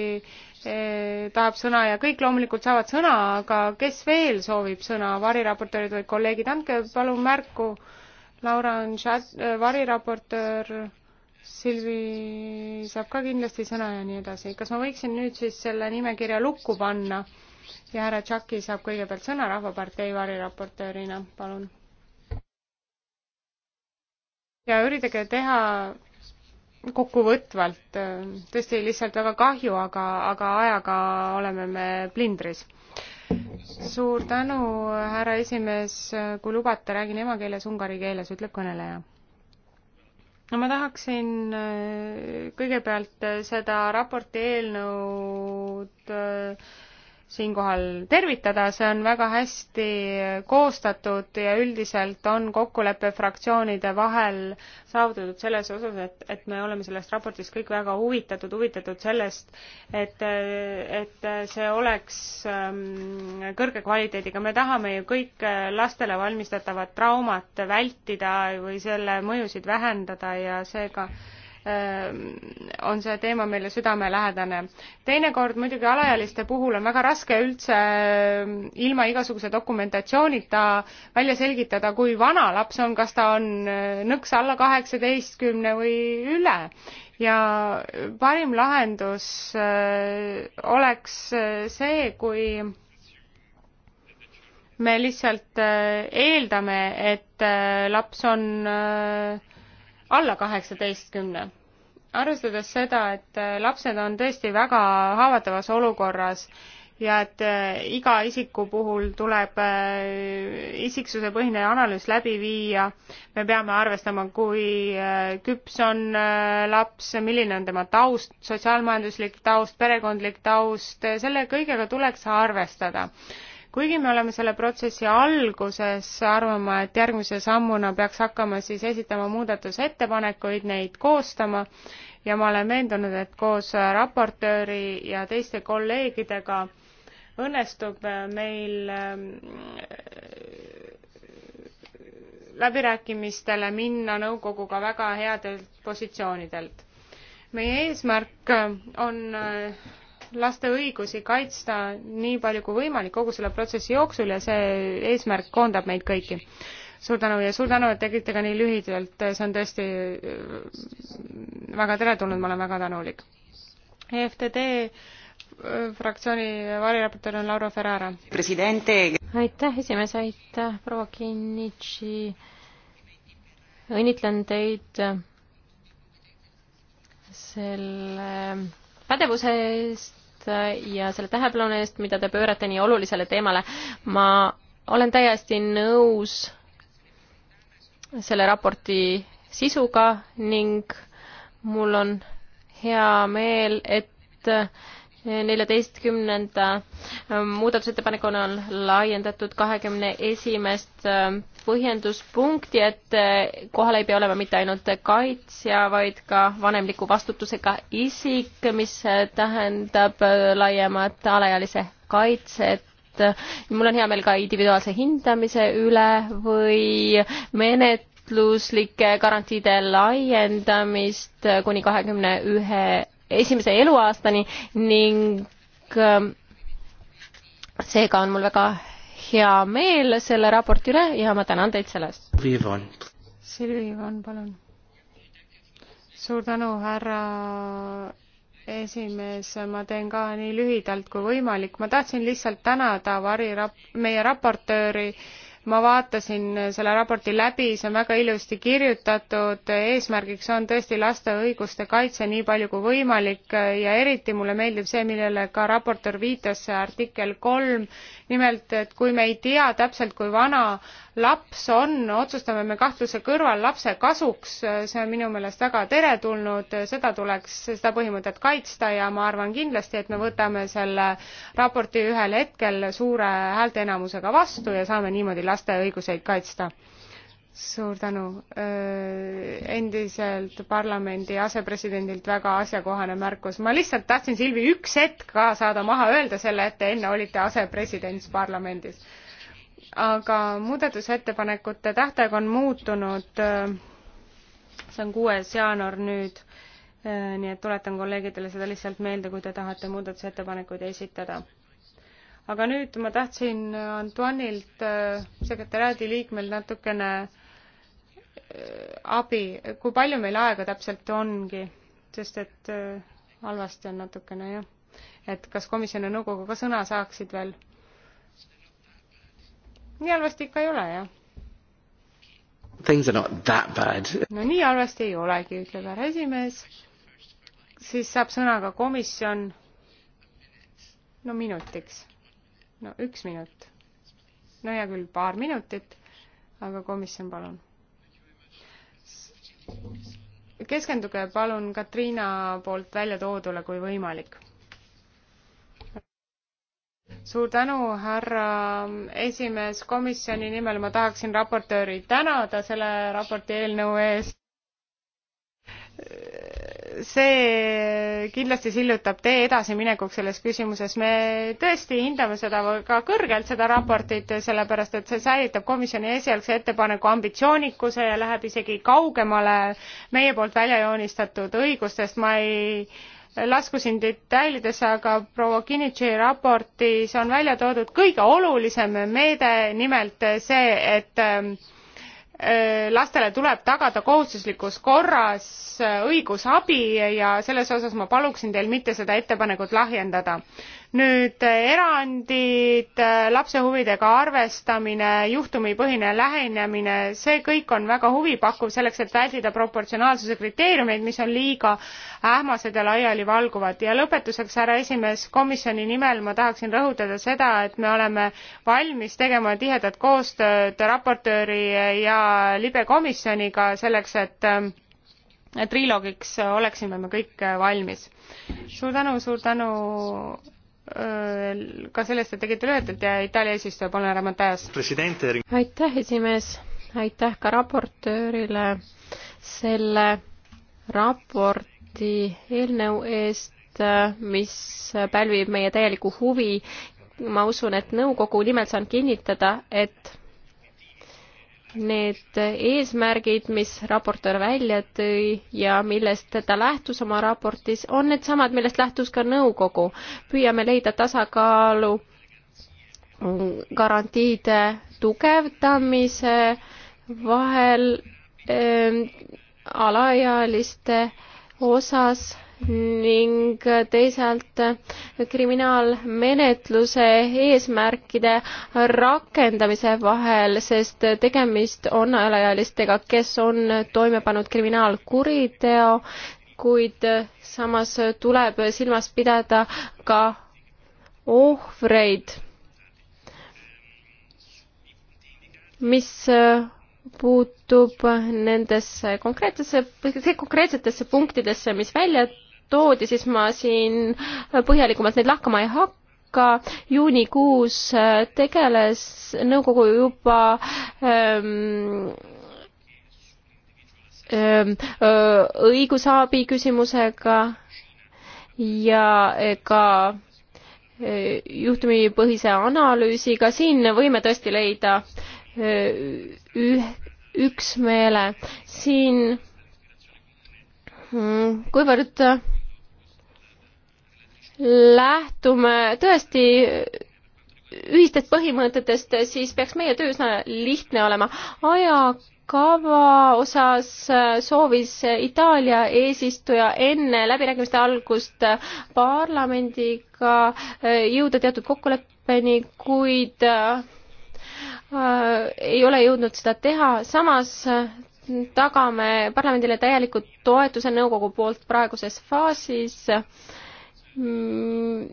eh, tahab sõna ja kõik loomulikult saavad sõna, aga kes veel soovib sõna, variraportöörid või kolleegid, andke palun märku. Laura on chat, äh, variraportöör, Silvi saab ka kindlasti sõna ja nii edasi. kas ma võiksin nüüd siis selle nimekirja lukku panna? ja härra Tšaki saab kõigepealt sõna Rahvapartei variraportöörina, palun. ja üritage teha kokkuvõtvalt, tõesti lihtsalt väga kahju, aga, aga ajaga oleme me plindris. suur tänu, härra esimees, kui lubate, räägin emakeeles, ungari keeles, ütleb kõneleja no ma tahaksin äh, kõigepealt äh, seda raporti eelnõud äh, siinkohal tervitada, see on väga hästi koostatud ja üldiselt on kokkulepe fraktsioonide vahel saavutatud selles osas, et, et me oleme sellest raportist kõik väga huvitatud, huvitatud sellest, et, et see oleks ähm, kõrge kvaliteediga. me tahame ju kõik lastele valmistatavat traumat vältida või selle mõjusid vähendada ja seega ka Ehm, on see teema meile südamelähedane. teinekord muidugi alaealiste puhul on väga raske üldse ehm, ilma igasuguse dokumentatsioonita välja selgitada, kui vana laps on, kas ta on ehm, nõks alla kaheksateistkümne või üle. ja parim lahendus oleks see, kui me lihtsalt eeldame, et laps on äh, alla kaheksateistkümne. arvestades seda, et äh, lapsed on tõesti väga haavatavas olukorras ja et äh, iga isiku puhul tuleb äh, isiksusepõhine analüüs läbi viia, me peame arvestama, kui küps on laps, milline on tema taust, sotsiaalmajanduslik taust, perekondlik taust, selle kõigega tuleks arvestada kuigi me oleme selle protsessi alguses, arvame, et järgmise sammuna peaks hakkama siis esitama muudatusettepanekuid, neid koostama ja ma olen veendunud, et koos raportööri ja teiste kolleegidega õnnestub meil ähm, läbirääkimistele minna nõukoguga väga headelt positsioonidelt. meie eesmärk on äh, laste õigusi kaitsta nii palju kui võimalik kogu selle protsessi jooksul ja see eesmärk koondab meid kõiki. suur tänu ja suur tänu, et tegite ka nii lühidalt, see on tõesti äh, väga teretulnud, ma olen väga tänulik. EFTD äh, fraktsiooni variraportöör on Laura Ferrara. aitäh, esimees, aitäh, proua
Kinnitši. õnnitlen teid selle pädevuse eest eest äh, ja selle tähelepanu eest, mida te pöörate nii olulisele teemale. ma olen täiesti nõus selle raporti sisuga ning mul on hea meel, et neljateistkümnenda ähm, muudatusettepanekuna on laiendatud kahekümne esimest ähm, põhjenduspunkti, et äh, kohal ei pea olema mitte ainult kaitsja, vaid ka vanemliku vastutusega isik, mis äh, tähendab äh, laiemat alaealise kaitset mul on hea meel ka individuaalse hindamise üle või menetluslike garantiide laiendamist kuni kahekümne ühe esimese eluaastani ning ähm, seega on mul väga hea meel selle raporti üle ja ma tänan teid selle eest.
Silvi Ivan, palun. suur tänu, härra esimees, ma teen ka nii lühidalt kui võimalik, ma tahtsin lihtsalt tänada varirap-, meie raportööri äh, ma vaatasin selle raporti läbi, see on väga ilusti kirjutatud, eesmärgiks on tõesti laste õiguste kaitse nii palju kui võimalik ja eriti mulle meeldib see, millele ka raportöör viitas, see artikkel kolm, nimelt et kui me ei tea täpselt, kui vana laps on, otsustame me kahtluse kõrval lapse kasuks, see on minu meelest väga teretulnud, seda tuleks, seda põhimõtet kaitsta ja ma arvan kindlasti, et me võtame selle raporti ühel hetkel suure häälteenamusega vastu ja saame niimoodi laste õiguseid kaitsta suur tänu. endiselt parlamendi asepresidendilt väga asjakohane märkus. ma lihtsalt tahtsin Silvi üks hetk ka saada maha öelda selle, et te enne olite asepresident parlamendis aga muudatusettepanekute tähtaeg on muutunud, see on kuues jaanuar nüüd, nii et tuletan kolleegidele seda lihtsalt meelde, kui te tahate muudatusettepanekuid esitada. aga nüüd ma tahtsin Antoanilt, sekretäriaadi liikmel natukene äh, abi, kui palju meil aega täpselt ongi, sest et äh, halvasti on natukene jah, et kas komisjon ja nõukogu ka sõna saaksid veel nii halvasti ikka ei ole, jah. no nii halvasti ei olegi, ütleb härra esimees. siis saab sõna ka komisjon. no minutiks. no üks minut. no hea küll, paar minutit, aga komisjon, palun keskenduge palun Katriina poolt välja toodule, kui võimalik suur tänu, härra esimees, komisjoni nimel ma tahaksin raportööri tänada selle raporti eelnõu eest. see kindlasti sillutab tee edasiminekuks selles küsimuses, me tõesti hindame seda ka kõrgelt, seda raportit, sellepärast et see säilitab komisjoni esialgse ettepaneku ambitsioonikuse ja läheb isegi kaugemale meie poolt välja joonistatud õigustest, ma ei äh, laskusin detailidesse, aga proua Kinnitši raportis on välja toodud kõige olulisem meede, nimelt see, et ähm, äh, lastele tuleb tagada kohustuslikus korras äh, õigusabi ja selles osas ma paluksin teil mitte seda ettepanekut lahjendada nüüd eh, erandid, eh, lapse huvidega arvestamine, juhtumipõhine lähenemine, see kõik on väga huvipakkuv selleks, et vältida proportsionaalsuse kriteeriumeid, mis on liiga ähmased ja laialivalguvad. ja lõpetuseks, härra esimees, komisjoni nimel ma tahaksin rõhutada seda, et me oleme valmis tegema tihedat koostööd raportööri ja libe komisjoniga selleks, et eh, triloogiks oleksime me kõik valmis. suur tänu, suur tänu Äh, ka sellest, et tegite lühidalt ja Itaalia eesistuja, palun, härra Mattias. aitäh, esimees,
aitäh ka raportöörile selle raporti eelnõu eest, mis pälvib meie täielikku huvi. ma usun, et nõukogu nimel saan kinnitada, et need eesmärgid, mis raportöör välja tõi ja millest ta lähtus oma raportis, on needsamad, millest lähtus ka nõukogu. püüame leida tasakaalu garantiide tugevdamise vahel äh, alaealiste osas ning teisalt kriminaalmenetluse eesmärkide rakendamise vahel, sest tegemist on alaealistega, kes on toime pannud kriminaalkuriteo, kuid samas tuleb silmas pidada ka ohvreid, mis puutub nendesse konkreetsesse, konkreetsetesse punktidesse, mis välja toodi, siis ma siin põhjalikumalt neid lahkama ei hakka ka juunikuus äh, tegeles nõukogu juba ähm, ähm, äh, õigusabi küsimusega ja äh, ka juhtumipõhise analüüsiga, siin võime tõesti leida üh-, üksmeele. siin mm, kuivõrd lähtume tõesti ühistest põhimõtetest, siis peaks meie töö üsna lihtne olema. ajakava osas soovis Itaalia eesistuja enne läbirääkimiste algust parlamendiga jõuda teatud kokkuleppeni, kuid äh, ei ole jõudnud seda teha, samas tagame parlamendile täieliku toetuse nõukogu poolt praeguses faasis äh, Mm.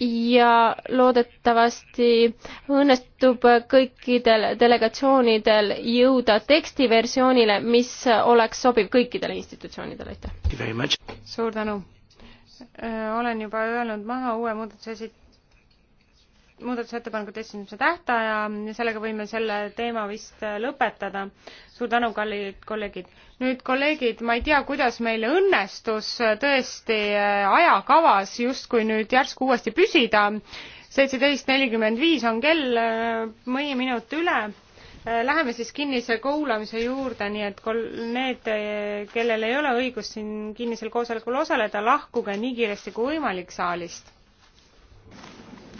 ja loodetavasti õnnestub kõikidel delegatsioonidel jõuda tekstiversioonile, mis oleks sobiv kõikidele
institutsioonidele, aitäh! suur tänu! olen juba öelnud maha uue muudatuse esit-, muudatusettepanekute esitamise tähtaja ja sellega võime selle teema vist lõpetada. suur tänu, kallid kolleegid. nüüd kolleegid, ma ei tea, kuidas meil õnnestus tõesti äh, ajakavas justkui nüüd järsku uuesti püsida. seitseteist nelikümmend viis on kell, äh, mõni minut üle. Äh, läheme siis kinnise kuulamise juurde, nii et kol-, need, kellel ei ole õigust siin kinnisel koosolekul osaleda, lahkuge nii kiiresti kui võimalik saalist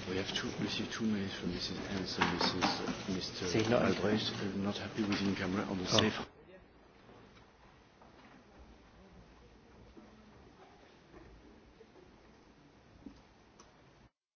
We have two, received two mails from Mrs. Anson, Mrs. Uh, Mr. Albrecht,
uh, not happy with in camera on the oh. safe.